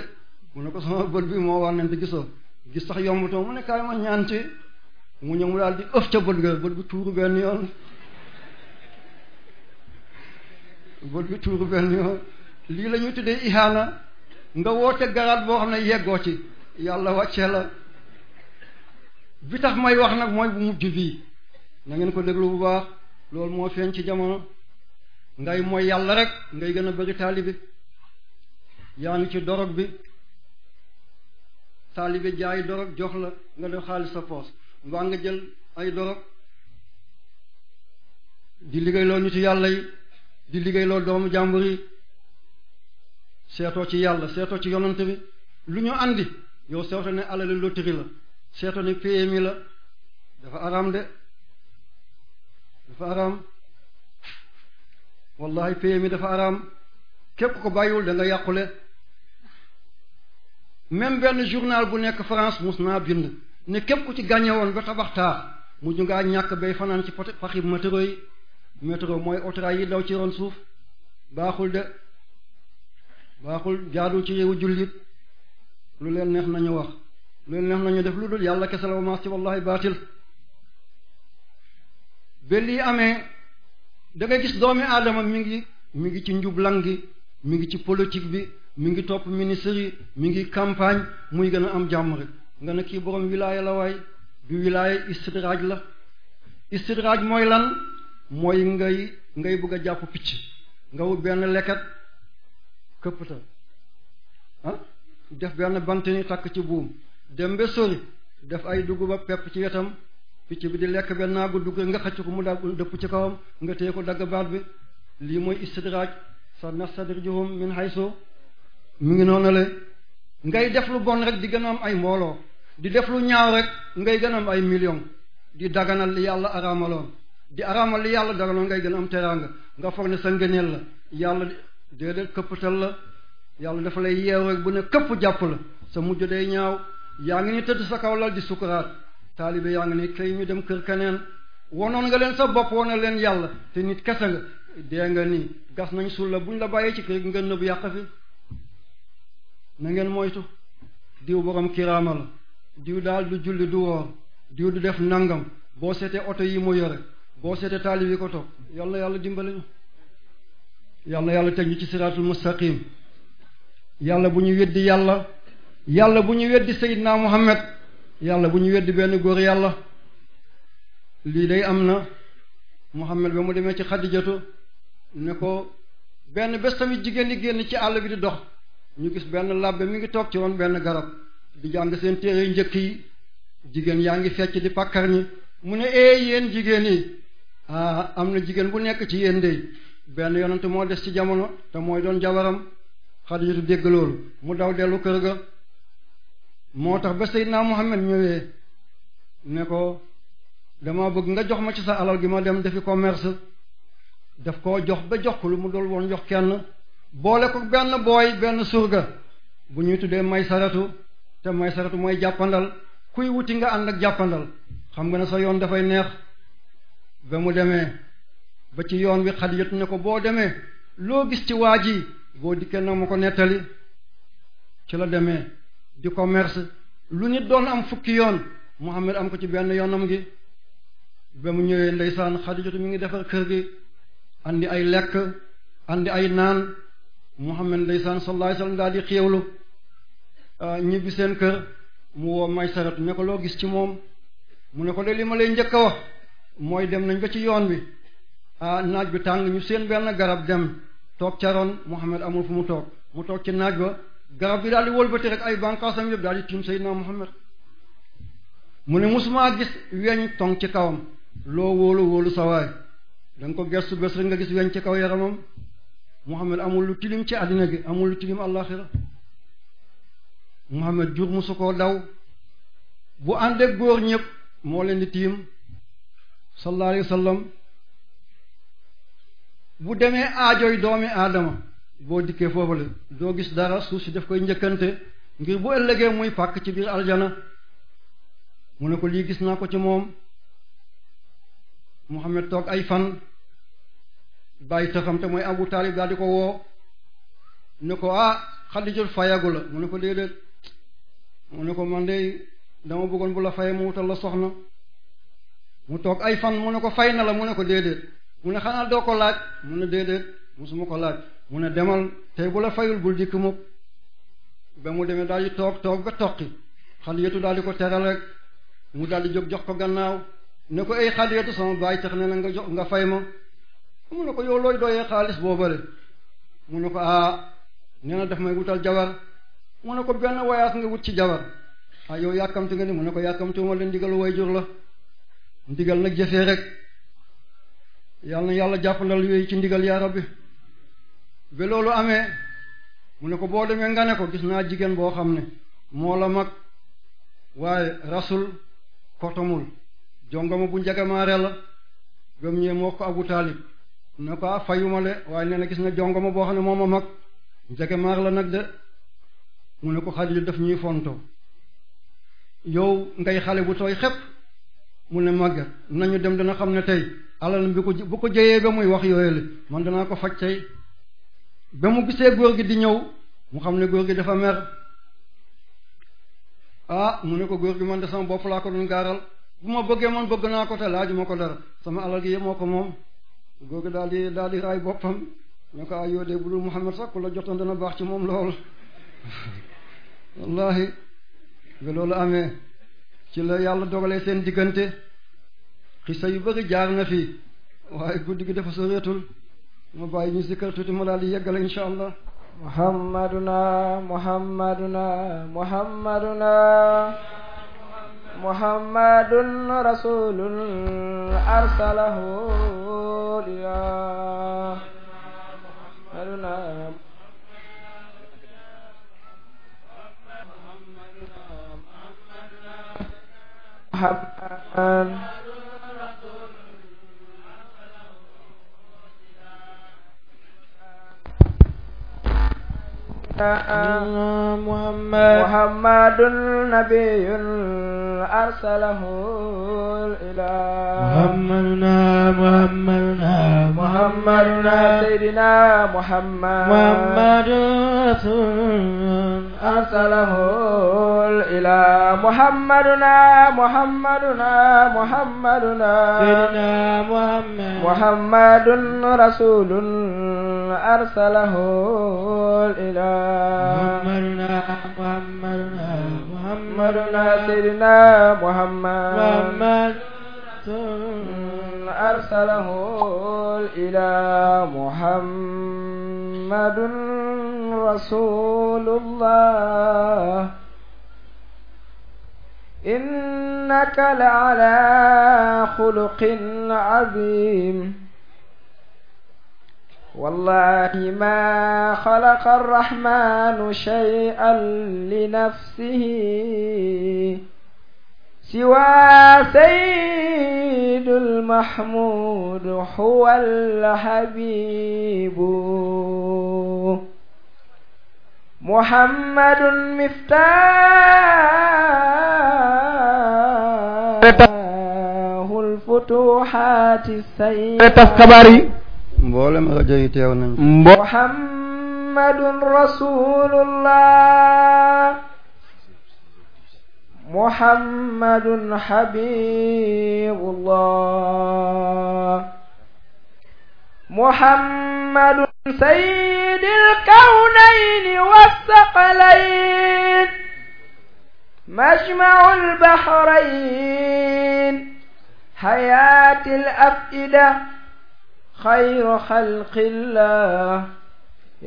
mu ne ko sama bët bi moo wànnent gisoo gis sax yombutoo mu ne ma ñaan mu ñëw mu daal di ëf ca bët ga bët bi tuuru benn yoon bët bi tuuru benn yoon lii la ñuy tuddee ihaana nga woote garaat boo xam ne yeggoo ci yàlla wàccee la bi tax may wax nag mooy bu mujj bii na ngeen ko déglu bu baax loolu moo feeñ ci jamono ngay mooy yàlla rek ngay gën a bëri taalibi yaa ngi ci dorog bi taalibi jaay dorog jox la nga def xaalis sa poos mbaa nga jël ay dorog di liggéey loo nitu yàlla yi di liggéey loolu doomu jàmbur yi seetoo ci yàlla seetoo ci yonent bi lu ñu andi yow seetoo ne alali loterie la seetoo ne PMI la dafa araam de dafa araam wallahi PMI dafa araam képp ko bàyyiwul danga yàqule même benn journal bu nekk France mus naa bind ne képp ku ci gagné woon ba tabax taar mujj ngaa ñàkk bay fanaan ci paxi matériaux yi métro mooy autorail yi daw ci ron suuf baaxul de baaxul jaadu ci réewu jullit lu leen neex nañu wax lu leen neex nañu def lu dul yàlla kese la ma ci wallahi baatil ba lii amee da nga gis doomi aadama mi ngi mi ngi ci njublang gi mi ngi ci politique bi mi ngi topp ministre mi ngi campagne muy gën a am jàmm rek nga ne kii borom wilaaya la waay du wilaaya istidraaj la istidraaj mooy lan mooy ngay ngay bëgg a jàpp picc nga wut benn leket këpptal ah def benn bant ni takk ci buum dem ba sori def ay dugub ak pepp ci wetam picc bi di lekk benn naagu dugg nga xëcc ko mu daal dëpp ci kawam nga téye ko dagg baat bi lii mooy istidraaj sa nastadrijuhum min haysu mu ngi noonu la ngay def lu bon rek di gën a am ay mbooloo di def lu ñaaw rek ngay gën am ay million di daggana li yàlla araamaloon di araamal li yàlla dara noonu ngay gën am teraanga nga foog ni sa ngëneel la yàlla këpp këppatal la yàlla dafa lay yeew rek bu ne këpp jàpp la sa mujj day ñaaw yaa ngi ni tëdd sa kaw lal di sukuraat taalibe yaa ngi ni kay ñu dem kër keneen wonoon nga leen sa bopp wone leen yàlla te nit kese nga dee nga nii gas nañ suul la ñu la bàyyee ci kër gi nga nëbb yàq fi na ngeen moytu diw borom kiraama la diw daal du julli du woor diw du def nangam boo seetee oto yi mu yore boo seete taalib yi ko topp yal yàlla dimbali ñu yàlla teg ñu ci siraatul mustaqim yàlla bu ñu weddi yàlla yàlla bu ñu weddi Seydina Muhammad yàlla bu ñu weddi benn góor yàlla lii day am na Muhammad ba mu demee ci Xadijatu ne ko benn bés tamit jigéen di génn ci àll bi di dox ñu gis benn labbe mi ngi toog ci woon benn garab di jàng seen téere njëkk yi jigéen yaa ngi fecc di pàkkar mu ne ee yéen jigéen yi Ah, am na jigéen bu nekk ci yéen dey benn yonent moo des ci jamono te mooy doon jabaram Xadijatu dégg loolu mu daw dellu kër ga moo tax ba Seydina Muhammad ñëwee ne ko dama bëgg nga jox ma ci sa alal gi ma dem defi commerce daf koo jox ba jox ko lu mu dool woon jox kenn boole ko benn booy benn surga bu ñuy tuddee may saratu te may saratu mooy jàppandal kuy wuti nga ànd ak jàppandal xam nga ne sa yoon dafay neex ba mu demee ba ci yoon wi xadijatu ne ko boo demee loo gis ci waa ji boo dikkee nag ma ko nettali ci la demee di commerce lu nit doon am fukki yoon Muhammad am ko ci benn yoonam gi ba mu ñëwee ndeysaan xadijatu mi ngi defar kër gi andi ay lekk andi ay naan Muhammad ndeysaan sallallahu alayhi wasallam daal di xéewlu ah, ñibbi seen kër mu woo may sarat ne ko loo gis ci moom mu ne ko de li ma lay njëkk a wax mooy dem nañ ba ci yoon wi ah naaj bi tàng ñu seen benn garab dem toog ca ron Muhammad amul fu mu toog mu toog ci naaj ba garab bi daal di wëlbati rek ay bànqaasam yëpp daal di tiim Seydina Muhammad mu ne musumaa gis weñ tong ci kawam loo wóolu wóolu sawaay da nga ko gersu bés rek nga gis weñ ci kaw yaramam Muhammad amul lu tilim ci àddina gi amul lu tilim àllaaxira Muhammad jur musu koo daw bu ànd ak góor ñëpp moo leen di tiim sallallahu alayhi wa sallam bu demee aajoy doomi aadama boo dikkee foofu la doo gis dara suuf si def koy njëkkante ngir bu ëllëgee muy pàkk ci biir aljana mu ne ko lii gis naa ko ci moom Muhammad toog ay fan bàyyi tëxam mooy Abu Taalib daal di ko woo ne ko ah Xadiijul fayagu la mu ne ko déedéet mu ne ko man de dama bëggoon bu la fayee mu wutal la soxna mu toog ay fan mu ne ko fay na la mu ne ko déedéet mu ne xanaa doo ko laaj mu ne déedéet musuma ko laaj mu ne demal tey bu la fayul bul dikk mukk ba mu demee daal di toog toog ba toqi xadiyatu daal di ko teral rek mu daldi di jóg jox ko gannaaw ne ko ay xadiyatu sama baay tax ne na nga jox nga fay ma mu ne ko yow looy doyee xaalis boobale mu ne ko ah nee na may wutal jabar mu ne ko benn wayaas nga wut ci jabar ah yow yàkkamti nga ni mu ne ko yàkkamti ma leen digalu la ndigal nag jëfee rek yal na yàlla jàppandal yooyu ci ndigal yaa rabbi ba loolu amee mu ne ko boo demee nga ne ko gis naa jigéen boo xam ne moo la mag waaye rasul kotomul jongama bu njagamaare la ba mu ñëwee moo ko Abu Taalib ne ko ah, fayuma de waaye nee na gis na jongama boo xam ne moom a mag njagamaar la nag de mu ne ko Xadiija daf ñuy fonto yow ngay xale bu tooy xepp mu ne màgget nañu dem dana xam ne tey alal bi ko jë bu ko jëyee ba muy wax yooyu la man danaa ko faj tey ba mu gisee góor gi di ñëw mu xam ne góor gi dafa mer ah mu ne ko góor gi man de sama bopp laa ko doon gaaral bu ma bëggee man bëgg naa ko te laaju ma ko dara sama alal gi yëpp moo ko moom góor gi daal di daal di raay boppam ñoo ko ayoo ah, de bu dul Muhammad sax ku la jotoon dana baax ci moom lool [laughs] wallahi ba loolu amee ci la yàlla dogalee seen diggante xisa yu bëri jaar na fi waaye guddi gi dafa soreetul ma bàyyi ñu sikkar tuuti mu daal di yeggale incha allah muhammaduna muhammaduna muhammaduna muhammadun arsalahu ila الرحمن محمد محمد نبي أرسله الإله محمدنا محمدنا محمدنا سيدنا محمد محمد رسول أرسله الإله محمدنا محمدنا محمدنا سيدنا محمد محمد رسول أرسله الإله محمدنا محمدنا محمدنا سيدنا محمد محمد أرسله الإله محمد رسول الله إنك لعلى خلق عظيم wallahi ma xalaqa arrahmanu shay'an li nafsihi siwa sayyidu lmahmud huwa alhabibu muhammadun miftaahu lfutuhaati sayyidaat mboolem rajo yi teew nañ mbo muhammadun rasulullah muhammadun habibullah muhammadun sayyidil kawnayni wassaqalayn majma'ul bahrayn hayatil afida خير خلق الله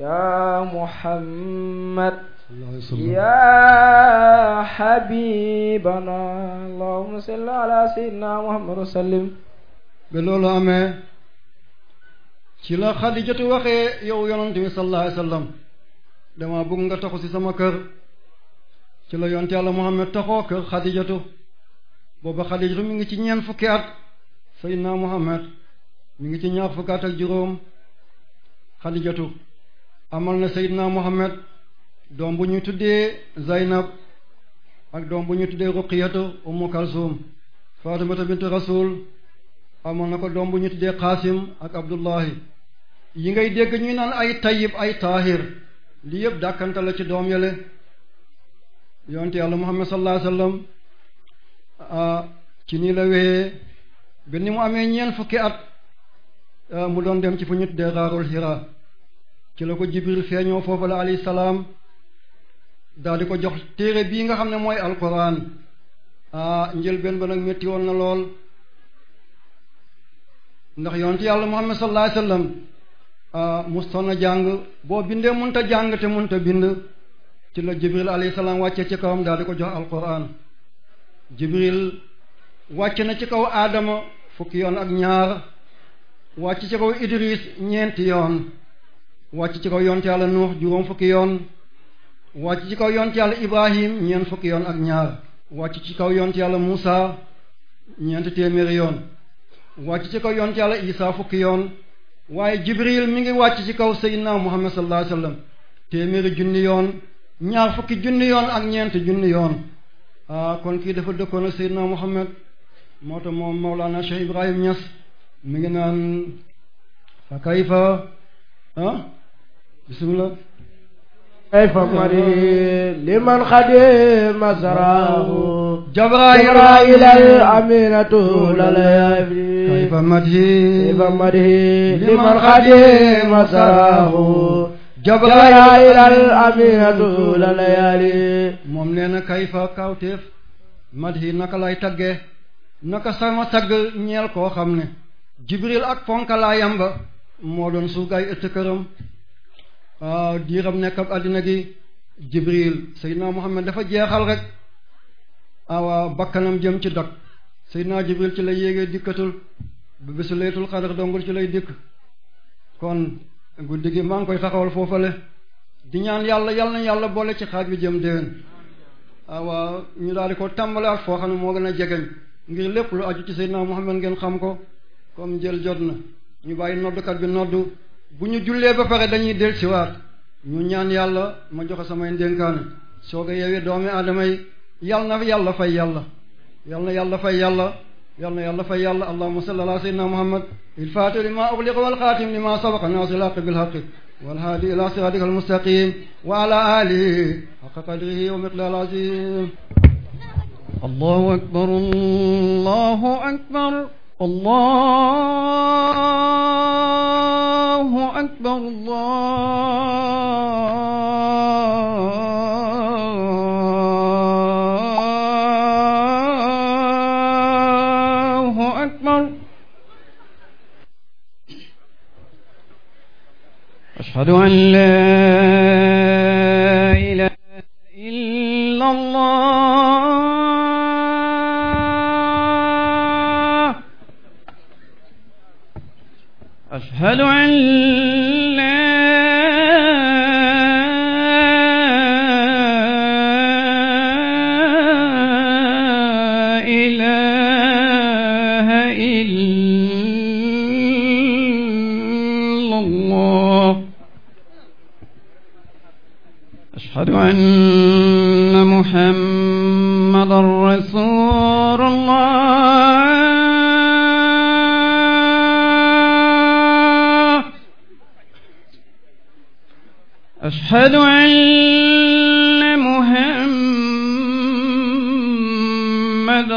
يا محمد يا حبيبنا اللهم صل على سيدنا محمد وسلم ba loolu amee ci la Xadijatu waxee yow yonante bi sallallahu alayhi wa bëgg nga taxu ci sama kër ci la yonte yàlla Muhammad taxoo kër Xadijatu booba Xadijatu mi ngi ci ñeent fukki at Seydina Muhammad mi ngi ci ñaar fukkaat ak juróom xadijatu amal na seydina muhammad doom bu ñu tuddee zaynab ak doom bu ñu tuddee ruqiyatu ummu kalsum fatimata bint rasul amal na ko doom bu ñu tuddee qaasim ak abdullahi yi ngay dégg ñuy naan ay tayyib ay taahir li yëpp dàkkanta la ci doom yele yonte yàlla muhammad sallallahu alayhi wasallam ah, ci nii la wéyee benn mu amee ñeent fukki at Euh, mu doon dem ci fu ñu tuddee Gaarul Hira ci la ko Jibril feeñoo foofu la alayhi salaam daal di ko jox téere bii nga xam ne mooy alquran ah njëlbeen ba nag métti woon na lool ndax yonent yàlla Muhammad sallallahu alayhi wasallam ah mustoon na jàng boo bindee mënut a jàng te mënut a bind ci la Jibril alayhi salaam wàccee ci kawam daal di ko jox alquran Jibril wàcc na ci kaw aadama fukki yoon ak ñaar. wàcc ci kaw Idris ñeenti yoon wàcc ci kaw yoon yonent yàlla Nuux juróom fukki yoon wàcc ci kaw yonent yàlla Ibrahim ñeent fukki yoon ak ñaar wàcc ci kaw yoon yonent yàlla Muusa ñeent téeméeri yoon wàcc ci kaw yonent yàlla Isa fukki yoon waaye Jibril mi ngi wàcc ci kaw Seydina Muhammad sallallahu alayhi wasallam téeméeri junni yoon ñaar fukki junni yoon ak ñeent junni yoon ah, kon kii dafa dëkkoon ak Seydina Muhammad moo tax moom Mawlana Cheikh Ibrahim Niass mi ngi naan fa kayfa ah liman xade masarahu جبرائيل الأمينة لليبري كيف مدهي كيف moom nee na kayfa kawteef mad naka lay tagge naka sama tagg ñeel koo xam ne jibril ak fonkalaayam ba moo doon suugaay ëtt këram waaw ah, diiram nekkam àddina gi jibril seydinaa muhammad dafa jeexal rek ah, awa bakkanam jëm ci dog seydinaa jibril ci lay yéegee dikkatul bu bésu laytul xadar dongul ci lay dikk kon guddi gi maa ngi koy taxawal foofale di ñaan yàlla yàlla nañ yàlla boole ci xaaj bi jëm déwén ah, awa ñu daal di ko tàmbale ak foo xam ne moo gën a jegeñ ngir lépp lu aju ci seydinaa muhammad ngeen xam ko comme jël jot na ñu bàyyi noddukat bi noddu bu ñu jullee ba pare dañuy del siwaat ñu ñaan yàlla ma joxe samay ndénkaane soog a yeewee doomi aadama yi yal na yàlla fay yàlla yal na yàlla fay yàlla yal na yàlla fay yàlla allahumma salli ala sayyidina muhammad il fatih li ma ughliqa wal xaatim li ma sabaqa naasil haqq bil haqq wal haadi ila siratika al mustaqim wa ala alihi haqqa qadrihi wa miqdaar azim allahu akbar allahu akbar الله أكبر الله أكبر أشهد أن لا أشهد أن لا إله إلا الله أشهد أن محمد رسول أشهد أن محمد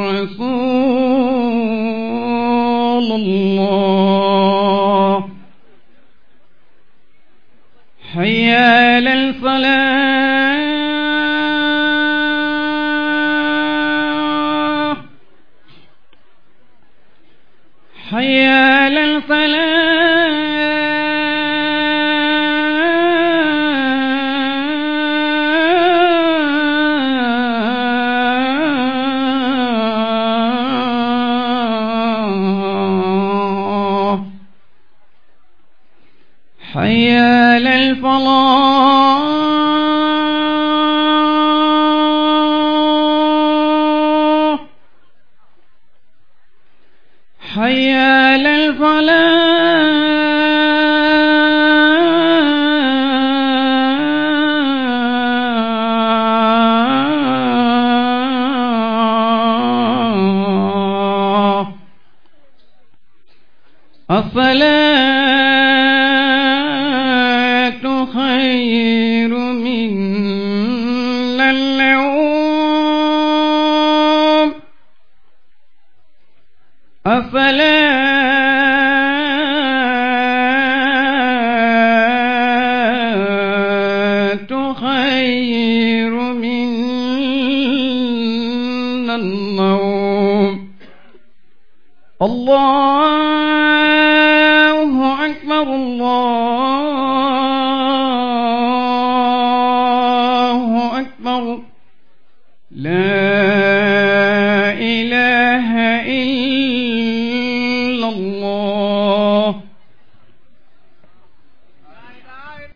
رسول الله حي على الصلاة حي على الصلاة صلاة